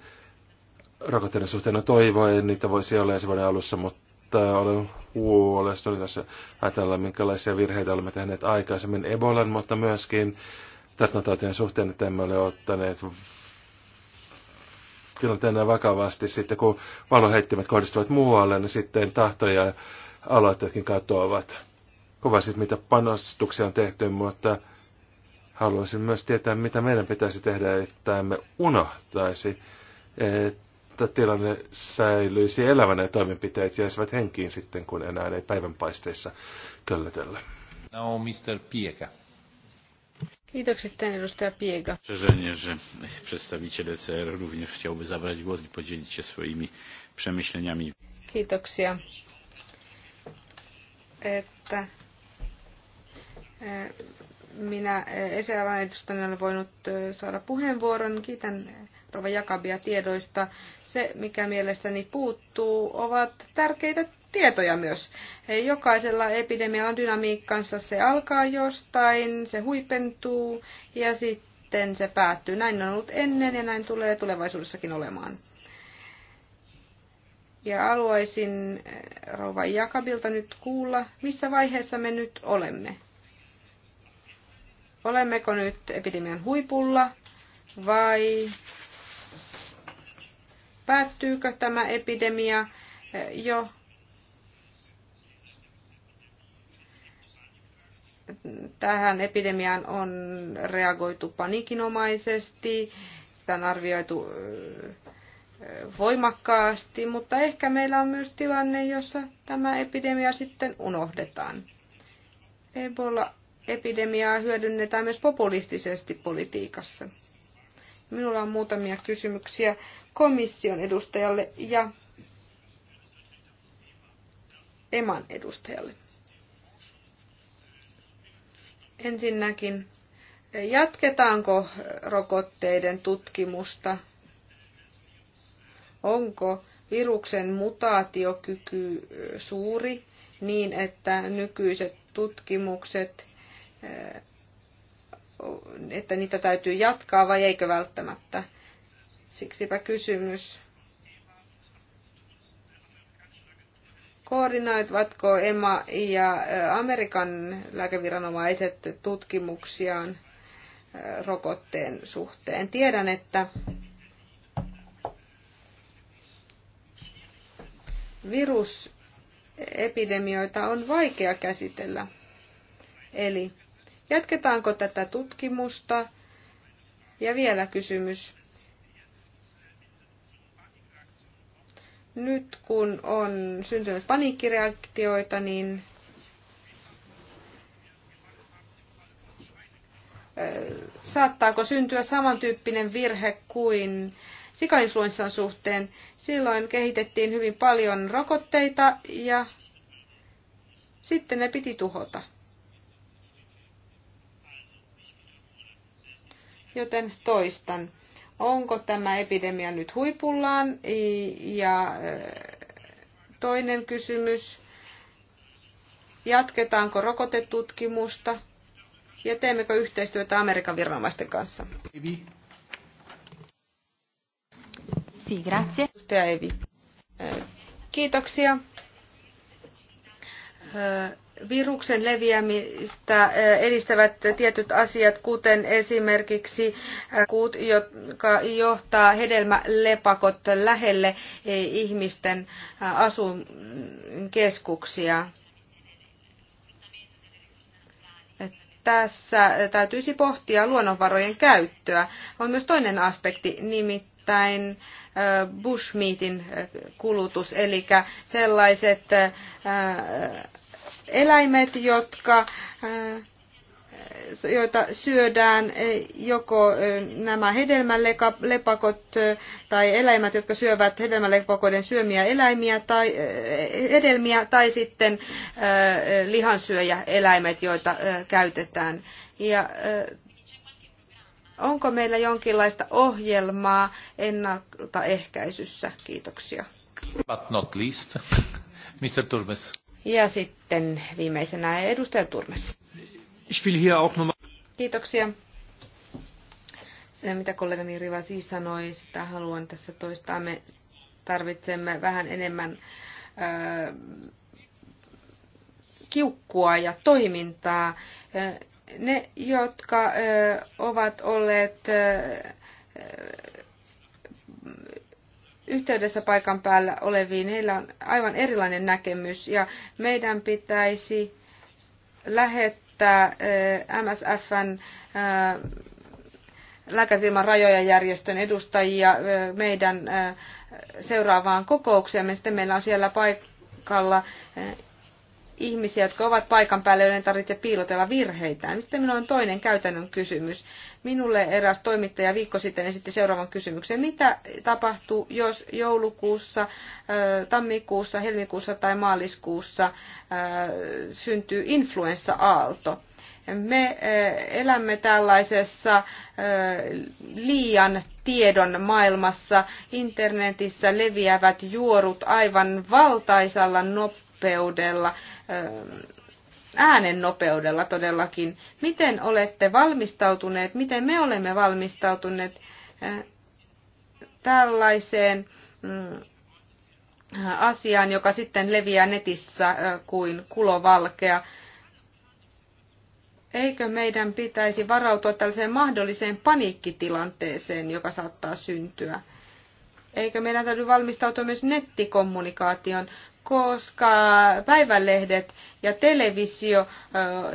rokotteiden suhteen on no toivoa, ja niitä voisi olla ensi vuoden alussa, mutta olen huolestunut tässä ajatella, minkälaisia virheitä olemme tehneet aikaisemmin Ebolan, mutta myöskin tartuntatautien suhteen, että emme ole ottaneet tilanteena vakavasti. Sitten kun valoheittimet kohdistuvat muualle, niin sitten tahtoja ja aloitteetkin katoavat. Kuvasit, mitä panostuksia on tehty, mutta haluaisin myös tietää, mitä meidän pitäisi tehdä, että emme unohtaisi, että tilanne säilyisi elävänä ja toimenpiteet jäisivät henkiin sitten, kun enää ei päivänpaisteissa köllötellä. No, Mr. Pieka. Kiitokset edustaja Piega. Szerzenie, że przedstawiciel ECR również chciałby zabrać głos i podzielić się swoimi przemyśleniami. Kiitoksia, että e, minä ECRn edustajana olen voinut e, saada puheenvuoron. Kiitän e, Rova Jakabia tiedoista. Se, mikä mielestäni puuttuu, ovat tärkeitä tietoja myös. Jokaisella epidemialla on dynamiikkansa, se alkaa jostain, se huipentuu ja sitten se päättyy. Näin on ollut ennen ja näin tulee tulevaisuudessakin olemaan. Ja haluaisin eh, rouva Jakabilta nyt kuulla, missä vaiheessa me nyt olemme. Olemmeko nyt epidemian huipulla vai päättyykö tämä epidemia eh, jo tähän epidemiaan on reagoitu panikinomaisesti, sitä on arvioitu voimakkaasti, mutta ehkä meillä on myös tilanne, jossa tämä epidemia sitten unohdetaan. Ebola-epidemiaa hyödynnetään myös populistisesti politiikassa. Minulla on muutamia kysymyksiä komission edustajalle ja EMAN edustajalle. Ensinnäkin, jatketaanko rokotteiden tutkimusta? Onko viruksen mutaatiokyky suuri niin, että nykyiset tutkimukset, että niitä täytyy jatkaa vai eikö välttämättä? Siksipä kysymys Koordinoivatko EMA ja Amerikan lääkeviranomaiset tutkimuksiaan rokotteen suhteen? Tiedän, että virusepidemioita on vaikea käsitellä. Eli jatketaanko tätä tutkimusta? Ja vielä kysymys. nyt kun on syntynyt paniikkireaktioita, niin saattaako syntyä samantyyppinen virhe kuin sikainfluenssan suhteen. Silloin kehitettiin hyvin paljon rokotteita ja sitten ne piti tuhota. Joten toistan onko tämä epidemia nyt huipullaan. Ja toinen kysymys, jatketaanko rokotetutkimusta ja teemmekö yhteistyötä Amerikan viranomaisten kanssa? Evi. Sì, grazie. Evi. Kiitoksia viruksen leviämistä äh, edistävät tietyt asiat, kuten esimerkiksi äh, kuut, joka johtaa hedelmälepakot lähelle ihmisten äh, asunkeskuksia. Tässä täytyisi pohtia luonnonvarojen käyttöä. On myös toinen aspekti, nimittäin bushmeatin kulutus, eli sellaiset eläimet, jotka äh, joita syödään, äh, joko äh, nämä hedelmälepakot tai eläimet, jotka syövät hedelmälepakoiden syömiä eläimiä tai hedelmiä, tai sitten lihansyöjä eläimet, joita käytetään. Ja onko meillä jonkinlaista ohjelmaa ennaltaehkäisyssä? Kiitoksia. But not least, Mr. Turmes. Ja sitten viimeisenä edustaja Turmes. Ich will hier auch nochmal... Kiitoksia. Se, mitä kollegani siis sanoi, sitä haluan tässä toistaa. Me tarvitsemme vähän enemmän ö, kiukkua ja toimintaa. Ne, jotka ö, ovat olleet ö, yhteydessä paikan päällä oleviin, heillä on aivan erilainen näkemys ja meidän pitäisi lähettää eh, MSFn eh, Lääkärit rajoja järjestön edustajia eh, meidän seuraavaan kokoukseen Sitten meillä on siellä paikalla ihmisiä, jotka ovat paikan päällä, joiden tarvitse piilotella virheitään. Sitten minulla on toinen käytännön kysymys. Minulle eräs toimittaja viikko sitten esitti seuraavan kysymyksen. Mitä tapahtuu, jos joulukuussa, tammikuussa, helmikuussa tai maaliskuussa syntyy influenssa-aalto? me elämme tällaisessa liian tiedon maailmassa. Internetissä leviävät juorut aivan valtaisalla nopeudella äänen nopeudella todellakin. Miten olette valmistautuneet, miten me olemme valmistautuneet tällaiseen mm, asiaan, joka sitten leviää netissä kuin kulovalkea. Eikö meidän pitäisi varautua tällaiseen mahdolliseen paniikkitilanteeseen, joka saattaa syntyä? Eikö meidän täytyy valmistautua myös nettikommunikaation, koska päivälehdet ja televisio,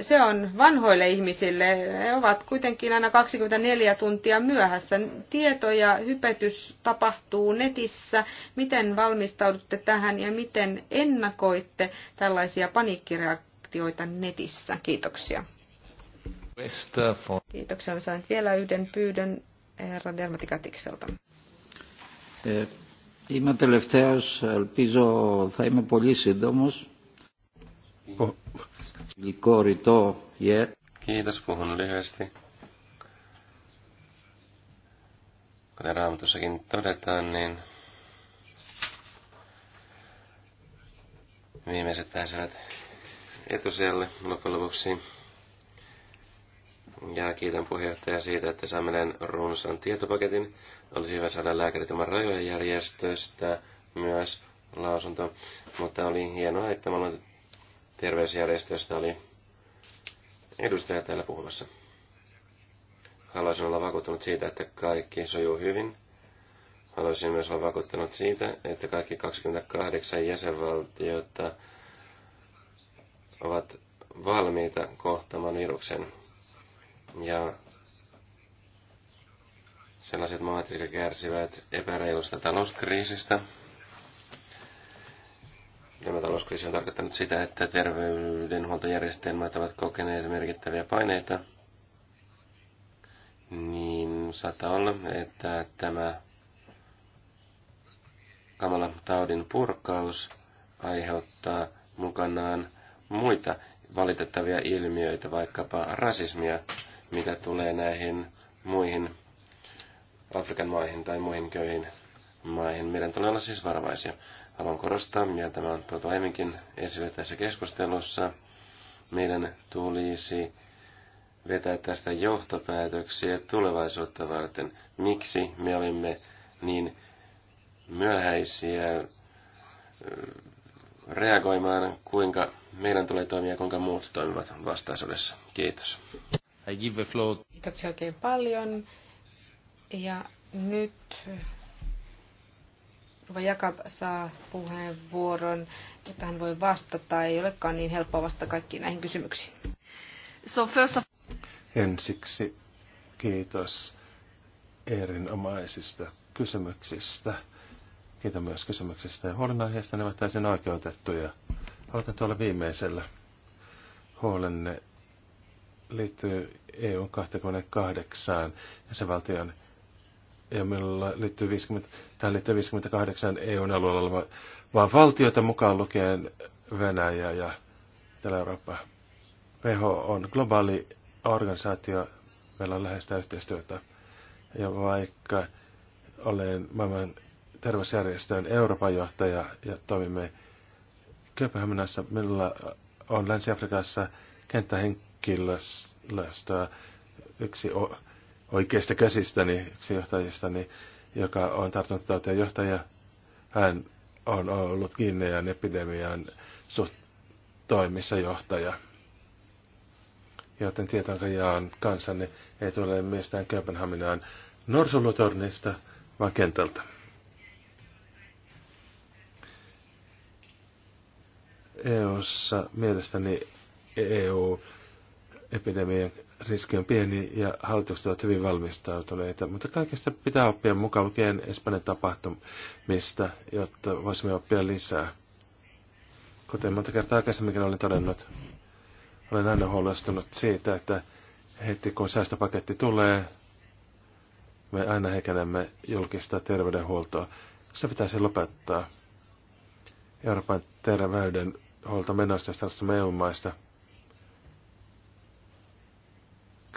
se on vanhoille ihmisille. He ovat kuitenkin aina 24 tuntia myöhässä. Tieto ja hypetys tapahtuu netissä. Miten valmistaudutte tähän ja miten ennakoitte tällaisia paniikkireaktioita netissä? Kiitoksia. Uh, Kiitoksia. Olen saanut vielä yhden pyydön herra Dermatikatikselta. Eh, Είμαι τελευταίος, ελπίζω θα είμαι πολύ σύντομος. Υλικό ρητό, yeah. Kiitos, puhun lyhyesti. Kuten raamatussakin todetaan, niin viimeiset pääsevät etusijalle loppujen lopuksi ja kiitän puheenjohtaja siitä, että saamme näin runsan tietopaketin. Olisi hyvä saada lääkärit ilman järjestöstä myös lausunto, mutta oli hienoa, että maailman terveysjärjestöstä oli edustaja täällä puhumassa. Haluaisin olla vakuuttunut siitä, että kaikki sujuu hyvin. Haluaisin myös olla vakuuttunut siitä, että kaikki 28 jäsenvaltiota ovat valmiita kohtamaan viruksen ja sellaiset maat, jotka kärsivät epäreilusta talouskriisistä. Tämä talouskriisi on tarkoittanut sitä, että terveydenhuoltojärjestelmät ovat kokeneet merkittäviä paineita. Niin saattaa olla, että tämä kamala taudin purkaus aiheuttaa mukanaan muita valitettavia ilmiöitä, vaikkapa rasismia, mitä tulee näihin muihin Afrikan maihin tai muihin köyhiin maihin. Meidän tulee olla siis varovaisia. Haluan korostaa, ja tämä on tuotu aiemminkin esille tässä keskustelussa, meidän tulisi vetää tästä johtopäätöksiä tulevaisuutta varten. Miksi me olimme niin myöhäisiä reagoimaan, kuinka meidän tulee toimia kuinka muut toimivat vastaisuudessa. Kiitos. I give the floor. Kiitoksia oikein paljon. Ja nyt Ruva Jakab saa puheenvuoron, että hän voi vastata. Ei olekaan niin helppoa vastata kaikkiin näihin kysymyksiin. So first of... Ensiksi kiitos erinomaisista kysymyksistä. Kiitän myös kysymyksistä ja huolenaiheista. Ne ovat täysin oikeutettuja. Aloitan tuolla viimeisellä. Huolenne liittyy EUn 28 jäsenvaltion ja meillä liittyy, 50, tähän liittyy 58 EUn alueella oleva vaan valtiota mukaan lukien Venäjä ja Etelä-Eurooppa. WHO on globaali organisaatio, meillä on läheistä yhteistyötä. Ja vaikka olen maailman terveysjärjestön Euroopan johtaja ja toimimme Kööpenhaminassa, meillä on Länsi-Afrikassa kenttähen sotilaslästöä yksi oikeista käsistäni, yksi johtajistani, joka on tartuntatautien johtaja. Hän on ollut Guinean epidemian suht toimissa johtaja. Joten tietonka jaan kansanne ei tule mistään Kööpenhaminaan norsulutornista, vaan kentältä. EUssa mielestäni EU epidemian riski on pieni ja hallitukset ovat hyvin valmistautuneita, mutta kaikesta pitää oppia mukaan lukien Espanjan tapahtumista, jotta voisimme oppia lisää. Kuten monta kertaa aikaisemminkin olen todennut, olen aina huolestunut siitä, että heti kun säästöpaketti tulee, me aina heikennämme julkista terveydenhuoltoa. Se pitäisi lopettaa. Euroopan terveydenhuolto menossa EU-maista –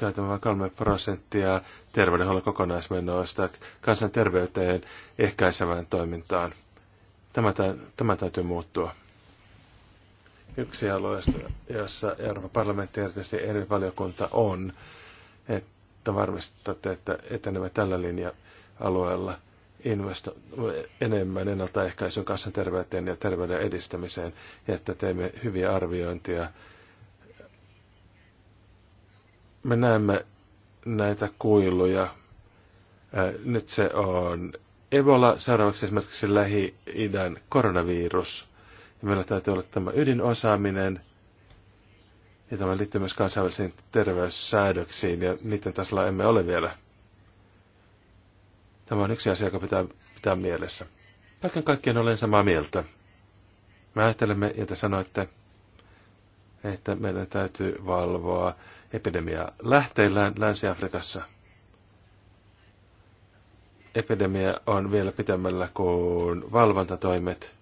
käytämme vain 3 prosenttia terveydenhuollon kokonaismenoista kansanterveyteen ehkäisevään toimintaan. Tämä, tämä täytyy muuttua. Yksi alueesta, jossa Euroopan parlamentti erityisesti eri valiokunta on, että varmistatte, että etenemme tällä linja-alueella investo- enemmän ennaltaehkäisyn kansanterveyteen ja terveyden edistämiseen, ja että teemme hyviä arviointia me näemme näitä kuiluja. Nyt se on Ebola, seuraavaksi esimerkiksi Lähi-idän koronavirus. Ja meillä täytyy olla tämä ydinosaaminen, ja tämä liittyy myös kansainvälisiin terveyssäädöksiin, ja niiden tasolla emme ole vielä. Tämä on yksi asia, joka pitää pitää mielessä. Kaiken kaikkiaan olen samaa mieltä. Mä ajattelemme, ja te sanoitte, että meidän täytyy valvoa epidemiaa lähteillään Länsi-Afrikassa. Epidemia on vielä pitämällä kuin valvontatoimet.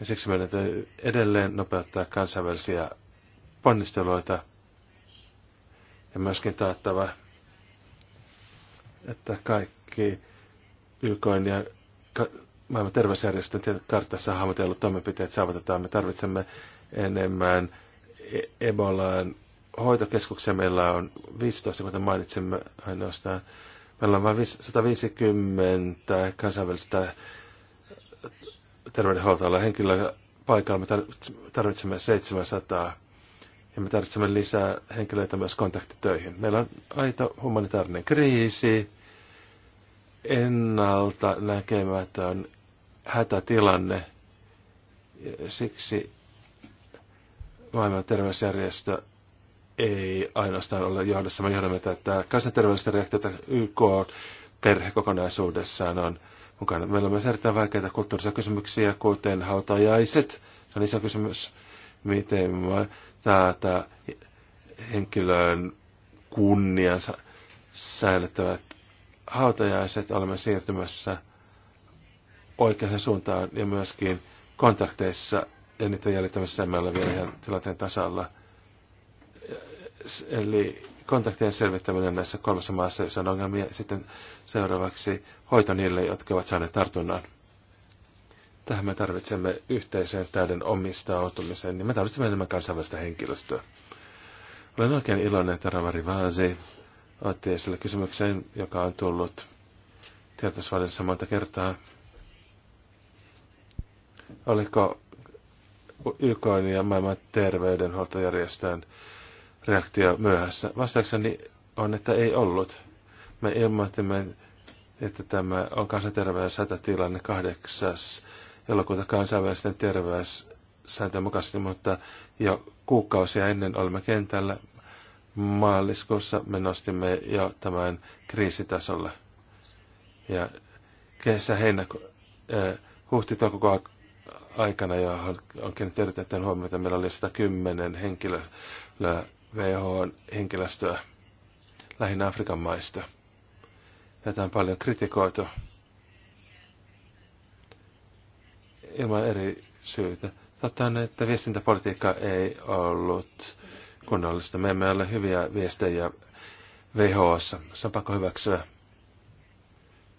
Ja siksi meidän täytyy edelleen nopeuttaa kansainvälisiä ponnisteluita ja myöskin taattava, että kaikki YK ja maailman terveysjärjestön kartassa hahmotellut toimenpiteet saavutetaan. Me tarvitsemme enemmän e- Ebolaan hoitokeskuksia. Meillä on 15, kuten mainitsimme ainoastaan. Meillä on vain 150 kansainvälistä terveydenhuoltoalan henkilöä paikalla. Me tarvitsemme 700 ja me tarvitsemme lisää henkilöitä myös kontaktitöihin. Meillä on aito humanitaarinen kriisi, ennalta näkemätön hätätilanne. Siksi maailman terveysjärjestö ei ainoastaan ole johdossa. Me johdamme tätä kansanterveellistä että YK perhe kokonaisuudessaan on mukana. Meillä on myös erittäin vaikeita kulttuurisia kysymyksiä, kuten hautajaiset. Se on iso kysymys, miten tätä henkilön kunniansa säilyttävät hautajaiset olemme siirtymässä oikeaan suuntaan ja myöskin kontakteissa eniten jäljittämässä emme ole vielä ihan tilanteen tasalla. Eli kontaktien selvittäminen näissä kolmessa maassa, jossa on ongelmia, sitten seuraavaksi hoito niille, jotka ovat saaneet tartunnan. Tähän me tarvitsemme yhteiseen täyden omistautumiseen, niin me tarvitsemme enemmän kansainvälistä henkilöstöä. Olen oikein iloinen, että Ravari Vaasi otti esille kysymyksen, joka on tullut tiedotusvaiheessa monta kertaa. Oliko YK ja maailman terveydenhuoltojärjestön reaktio myöhässä. Vastaukseni on, että ei ollut. Me ilmoitimme, että tämä on tilanne 8. elokuuta kansainvälisten terveyssääntöjen mukaisesti, mutta jo kuukausia ennen olimme kentällä. Maaliskuussa me nostimme jo tämän kriisitasolle. Ja kesä heinäku, äh, huhti-toukokuun aikana, ja onkin erittäin huomioon, että meillä oli 110 henkilöä WHO-henkilöstöä lähinnä Afrikan maista. Tätä on paljon kritikoitu ilman eri syytä. Totta on, että viestintäpolitiikka ei ollut kunnollista. Me emme ole hyviä viestejä WHOssa. Se on pakko hyväksyä.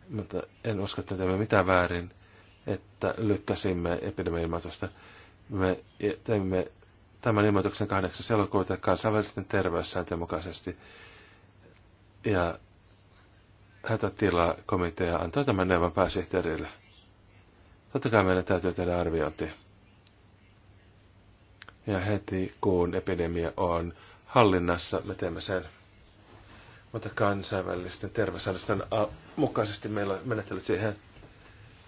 Mutta en usko, että teemme mitään väärin että lykkäsimme epidemia-ilmoitusta. Me teimme tämän ilmoituksen 8. elokuuta kansainvälisten terveyssääntöjen mukaisesti. Ja hätätilakomitea antoi tämän neuvon pääsihteerille. Totta kai meidän täytyy tehdä arviointi. Ja heti kun epidemia on hallinnassa, me teemme sen. Mutta kansainvälisten terveysalaston mukaisesti meillä on menettelyt siihen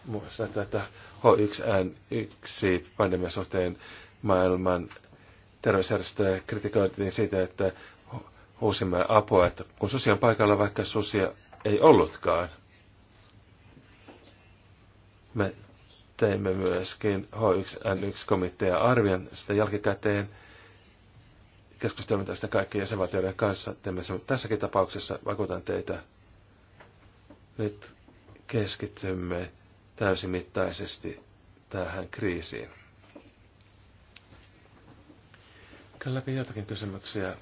muassa tätä H1N1 pandemian suhteen maailman terveysjärjestöä kritikoitiin siitä, että huusimme apua, että kun susi on paikalla, vaikka susia ei ollutkaan. Me teimme myöskin H1N1-komitea arvion sitä jälkikäteen. Keskustelemme tästä kaikkien jäsenvaltioiden kanssa. Teemme sen tässäkin tapauksessa, vakuutan teitä. Nyt keskitymme täysimittaisesti tähän kriisiin. Käyn läpi jotakin kysymyksiä,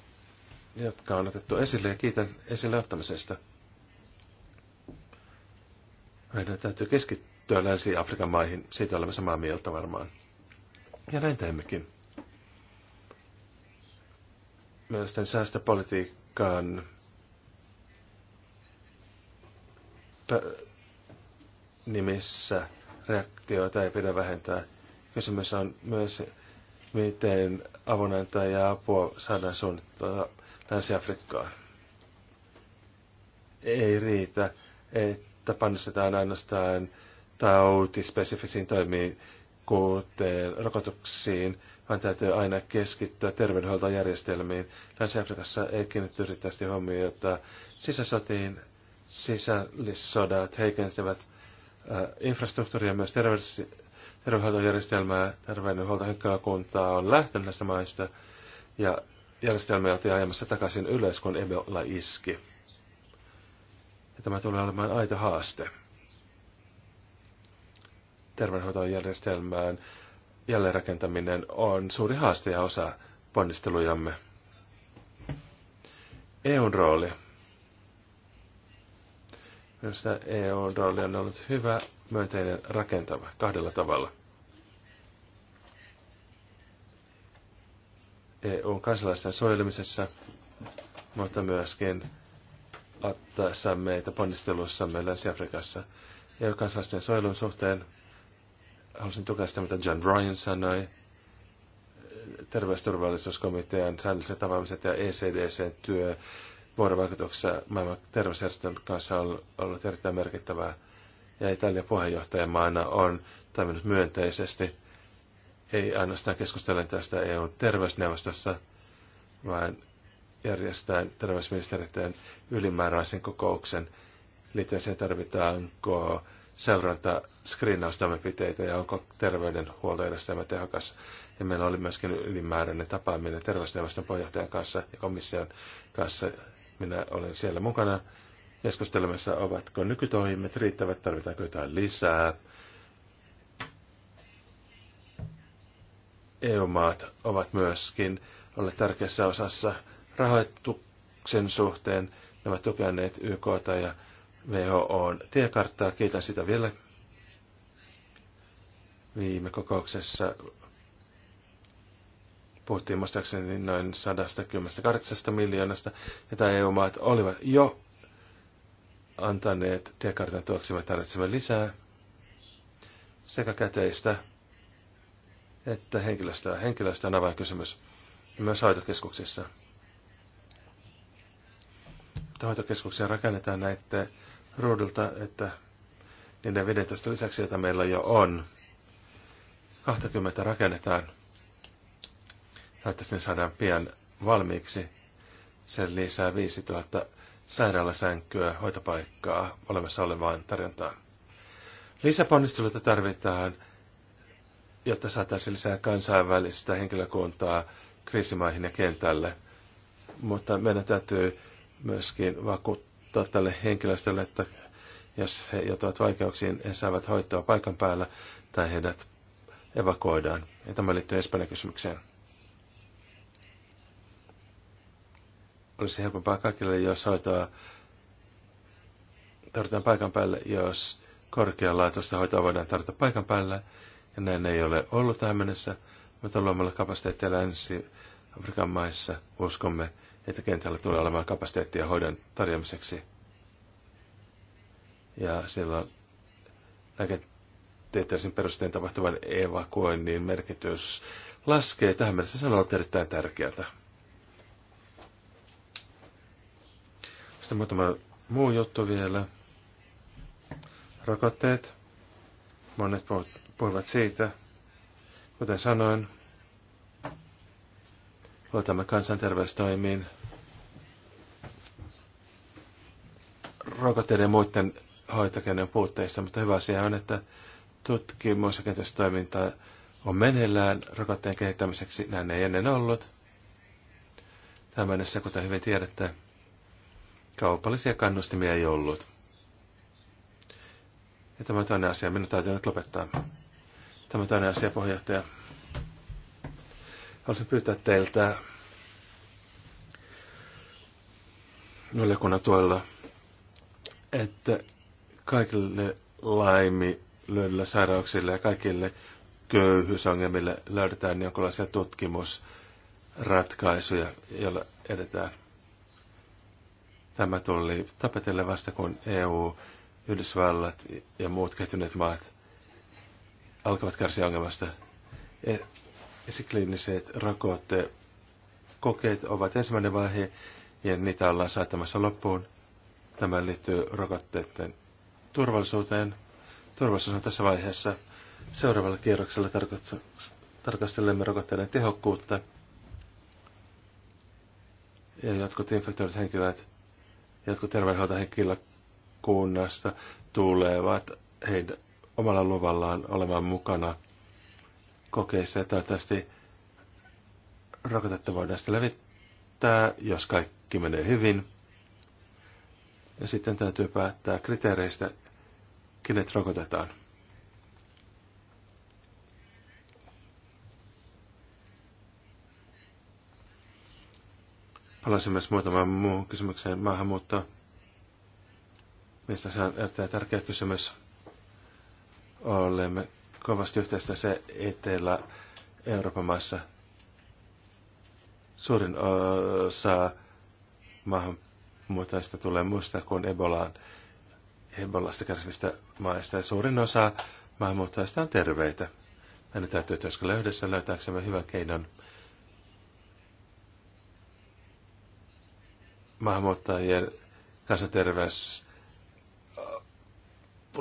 jotka on otettu esille ja kiitän esille ottamisesta. Meidän täytyy keskittyä Länsi-Afrikan maihin, siitä olemme samaa mieltä varmaan. Ja näin teemmekin. Mielestäni säästöpolitiikkaan nimissä reaktioita ei pidä vähentää. Kysymys on myös, miten avunantaa ja apua saadaan suunnittaa Länsi-Afrikkaan. Ei riitä, että panostetaan ainoastaan tautispesifisiin toimiin, kuten rokotuksiin, vaan täytyy aina keskittyä terveydenhuoltojärjestelmiin. Länsi-Afrikassa ei kiinnitty riittävästi huomiota sisäsotiin, sisällissodat heikentävät infrastruktuuria, myös terveydenhuoltojärjestelmää, terveydenhuoltohenkilökuntaa on lähtenyt näistä maista ja järjestelmä oltiin ajamassa takaisin ylös, kun Ebola iski. Ja tämä tulee olemaan aito haaste terveydenhoitojärjestelmään jälleenrakentaminen on suuri haaste ja osa ponnistelujamme. EUn rooli Minusta eu rooli on ollut hyvä, myönteinen, rakentava kahdella tavalla. E on kansalaisten suojelemisessa, mutta myöskin ottaessa meitä ponnisteluissamme Länsi-Afrikassa. EU kansalaisten suojelun suhteen halusin tukea sitä, mitä John Ryan sanoi, terveysturvallisuuskomitean säännölliset avaamiset ja ecdc työ vuorovaikutuksessa maailman terveysjärjestön kanssa on ollut erittäin merkittävää. Ja Italian puheenjohtajamaana on toiminut myönteisesti, ei ainoastaan keskustellen tästä EUn terveysneuvostossa, vaan järjestää terveysministeriöiden ylimääräisen kokouksen liittyen siihen tarvitaanko seuranta screenaustoimenpiteitä ja onko terveydenhuoltojärjestelmä tehokas. Ja meillä oli myöskin ylimääräinen tapaaminen terveysneuvoston puheenjohtajan kanssa ja komission kanssa minä olen siellä mukana keskustelemassa, ovatko nykytoimet riittävät, tarvitaanko jotain lisää. EU-maat ovat myöskin olleet tärkeässä osassa rahoituksen suhteen. Ne ovat tukeneet YK ja WHOn tiekarttaa. Kiitän sitä vielä viime kokouksessa Puhuttiin muistaakseni noin 118 miljoonasta, että EU-maat olivat jo antaneet tiekartan tuoksi. Me tarvitsemme lisää sekä käteistä että henkilöstöä. Henkilöstö on avainkysymys myös hoitokeskuksissa. Hoitokeskuksia rakennetaan näiden ruudulta, että niiden 15 lisäksi, joita meillä jo on, 20 rakennetaan Toivottavasti ne saadaan pian valmiiksi. Sen lisää 5000 sairaalasänkyä hoitopaikkaa olemassa olevaan tarjontaan. Lisäponnisteluita tarvitaan, jotta saataisiin lisää kansainvälistä henkilökuntaa kriisimaihin ja kentälle. Mutta meidän täytyy myöskin vakuuttaa tälle henkilöstölle, että jos he joutuvat vaikeuksiin, he saavat hoitoa paikan päällä tai heidät evakuoidaan. Ja tämä liittyy Espanjan kysymykseen. olisi helpompaa kaikille, jos hoitoa tarvitaan paikan päälle, jos korkealaatuista hoitoa voidaan tarjota paikan päälle, ja näin ei ole ollut tähän mennessä, mutta luomalla kapasiteettia Länsi-Afrikan maissa uskomme, että kentällä tulee olemaan kapasiteettia hoidon tarjoamiseksi. Ja silloin lääketieteellisen perusteen tapahtuvan evakuoinnin merkitys laskee. Tähän mennessä se on ollut erittäin tärkeää. Sitten muutama muu juttu vielä. Rokotteet. Monet puhuvat siitä. Kuten sanoin, luotamme kansanterveystoimiin. Rokotteiden ja muiden hoitokeinojen puutteissa, mutta hyvä asia on, että tutkimus- ja on meneillään rokotteen kehittämiseksi. Näin ei ennen ollut. Tämä mennessä, kuten hyvin tiedätte, Kaupallisia kannustimia ei ollut. Ja tämä toinen asia, minun täytyy nyt lopettaa. Tämä toinen asia, puheenjohtaja. Haluaisin pyytää teiltä valiokunnan tuella, että kaikille löydellä sairauksille ja kaikille köyhyysongelmille löydetään jonkinlaisia tutkimusratkaisuja, joilla edetään. Tämä tuli tapetelle vasta, kun EU, Yhdysvallat ja muut kehittyneet maat alkavat kärsiä ongelmasta. E, Esikliiniset rokotteet kokeet ovat ensimmäinen vaihe ja niitä ollaan saattamassa loppuun. Tämä liittyy rokotteiden turvallisuuteen. Turvallisuus on tässä vaiheessa. Seuraavalla kierroksella tarkastelemme rokotteiden tehokkuutta ja jotkut infektoidut henkilöt jotkut terveydenhuoltohenkilökunnasta tulevat heidän omalla luvallaan olemaan mukana kokeissa ja toivottavasti rokotetta voidaan sitten levittää, jos kaikki menee hyvin. Ja sitten täytyy päättää kriteereistä, kenet rokotetaan. Palasin myös muutamaan muuhun kysymykseen maahanmuuttoon. Mistä se on erittäin tärkeä kysymys. Olemme kovasti yhteistä se Etelä-Euroopan maissa. Suurin osa maahanmuuttajista tulee muista kuin Ebolaan, Ebolasta kärsivistä maista. Ja suurin osa maahanmuuttajista on terveitä. Meidän täytyy työskennellä yhdessä löytääksemme hyvän keinon maahanmuuttajien terveys äh,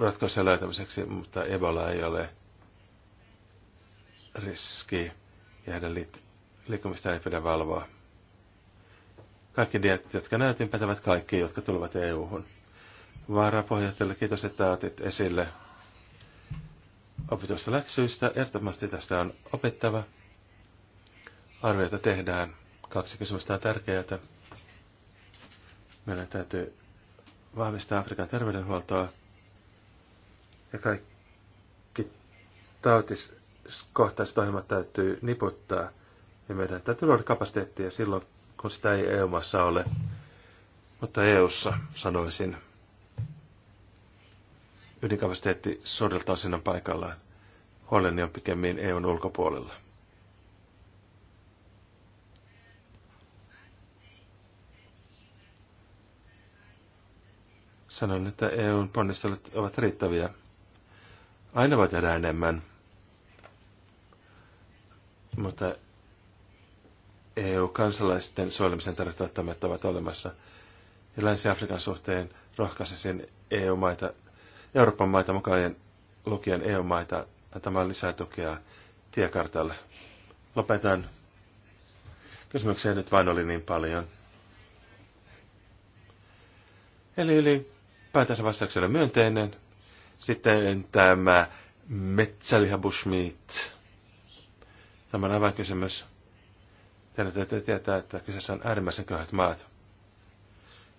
ratkaisuja löytämiseksi, mutta Ebola ei ole riski ja heidän liikkumista ei pidä valvoa. Kaikki diet, jotka näytin, pätevät kaikki, jotka tulevat EU-hun. Vaarapuheenjohtajalle kiitos, että otit esille opetusta läksyistä. Ehdottomasti tästä on opettava. Arvioita tehdään. Kaksi kysymystä on tärkeää meidän täytyy vahvistaa Afrikan terveydenhuoltoa ja kaikki tautiskohtaiset ohjelmat täytyy niputtaa. Ja meidän täytyy luoda kapasiteettia silloin, kun sitä ei EU-maassa ole. Mutta EU-ssa sanoisin, ydinkapasiteetti sodeltaan sinne paikallaan. Huoleni on pikemmin EUn ulkopuolella. sanon, että EUn ponnistelut ovat riittäviä. Aina voi tehdä enemmän, mutta EU-kansalaisten suojelemisen tarvittavat toimet ovat olemassa. Ja Länsi-Afrikan suhteen rohkaisisin EU-maita, Euroopan maita mukaan lukien EU-maita antamaan lisää tukea tiekartalle. Lopetan. Kysymyksiä nyt vain oli niin paljon. Eli yli päätänsä vastauksella myönteinen. Sitten tämä metsäliha bushmeat. Tämä on aivan kysymys. Teidän täytyy tietää, että kyseessä on äärimmäisen köyhät maat.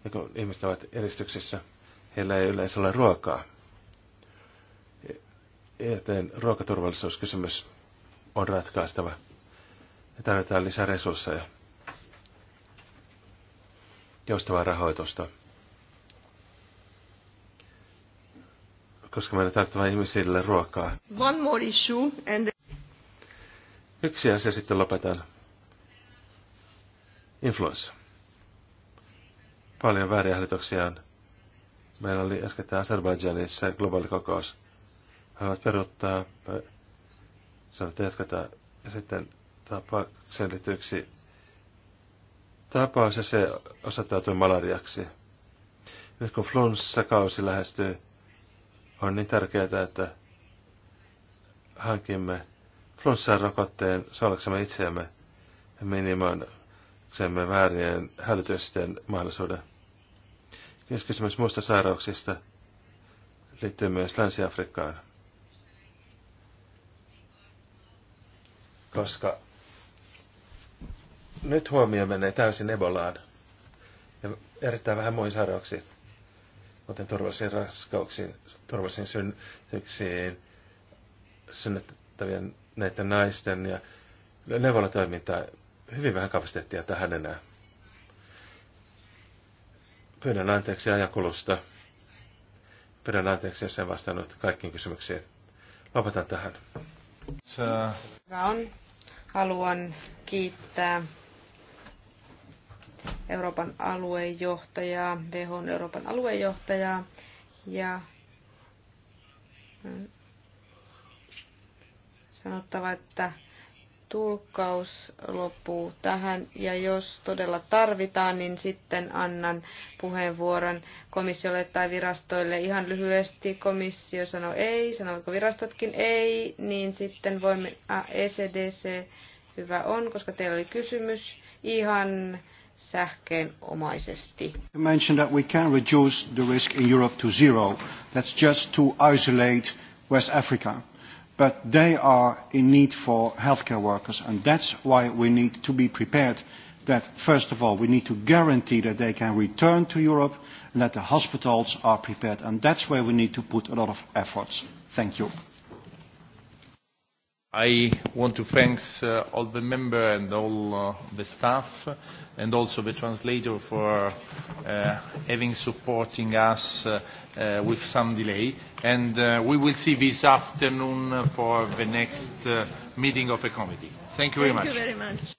Ja kun ihmiset ovat eristyksissä, heillä ei yleensä ole ruokaa. Joten ruokaturvallisuuskysymys on ratkaistava. Ja tarvitaan lisää resursseja. Joustavaa rahoitusta koska meillä tarvitaan ihmisille ruokaa. One more issue and the... Yksi asia sitten lopetan. Influenssa. Paljon väärinhallitoksia on. Meillä oli äskettäin Azerbaijanissa globaali kokous. Haluat peruuttaa. Sanoit, että jatketaan. Ja sitten tapaukseen liittyy yksi tapaus ja se osoittautui malariaksi. Nyt kun flunssakausi lähestyy, on niin tärkeää, että hankimme flunssan rokotteen saadaksemme itseämme minimoiksemme väärien hälytysten mahdollisuuden. Jos kysymys muista sairauksista liittyy myös Länsi-Afrikkaan, koska nyt huomio menee täysin Ebolaan ja erittäin vähän muihin sairauksiin kuten turvallisiin raskauksiin, turvallisiin synnytyksiin, synnyttävien näiden naisten ja neuvolatoimintaa. Hyvin vähän kapasiteettia tähän enää. Pyydän anteeksi ajankulusta. Pyydän anteeksi, ja sen vastannut kaikkiin kysymyksiin. Lopetan tähän. Hyvä on. Haluan kiittää Euroopan aluejohtajaa, WHO Euroopan aluejohtajaa ja mm, sanottava, että tulkkaus loppuu tähän ja jos todella tarvitaan, niin sitten annan puheenvuoron komissiolle tai virastoille ihan lyhyesti. Komissio sanoo ei, sanovatko virastotkin ei, niin sitten voimme, ah, ECDC, hyvä on, koska teillä oli kysymys, ihan sähkeenomaisesti. You mentioned that we can reduce the risk in Europe to zero. That's just to isolate West Africa. But they are in need for healthcare workers and that's why we need to be prepared that first of all we need to guarantee that they can return to Europe and that the hospitals are prepared and that's where we need to put a lot of efforts. Thank you. I want to thank uh, all the member and all uh, the staff and also the translator for uh, having supporting us uh, uh, with some delay. And uh, we will see this afternoon for the next uh, meeting of the committee. Thank you very Thank much. You very much.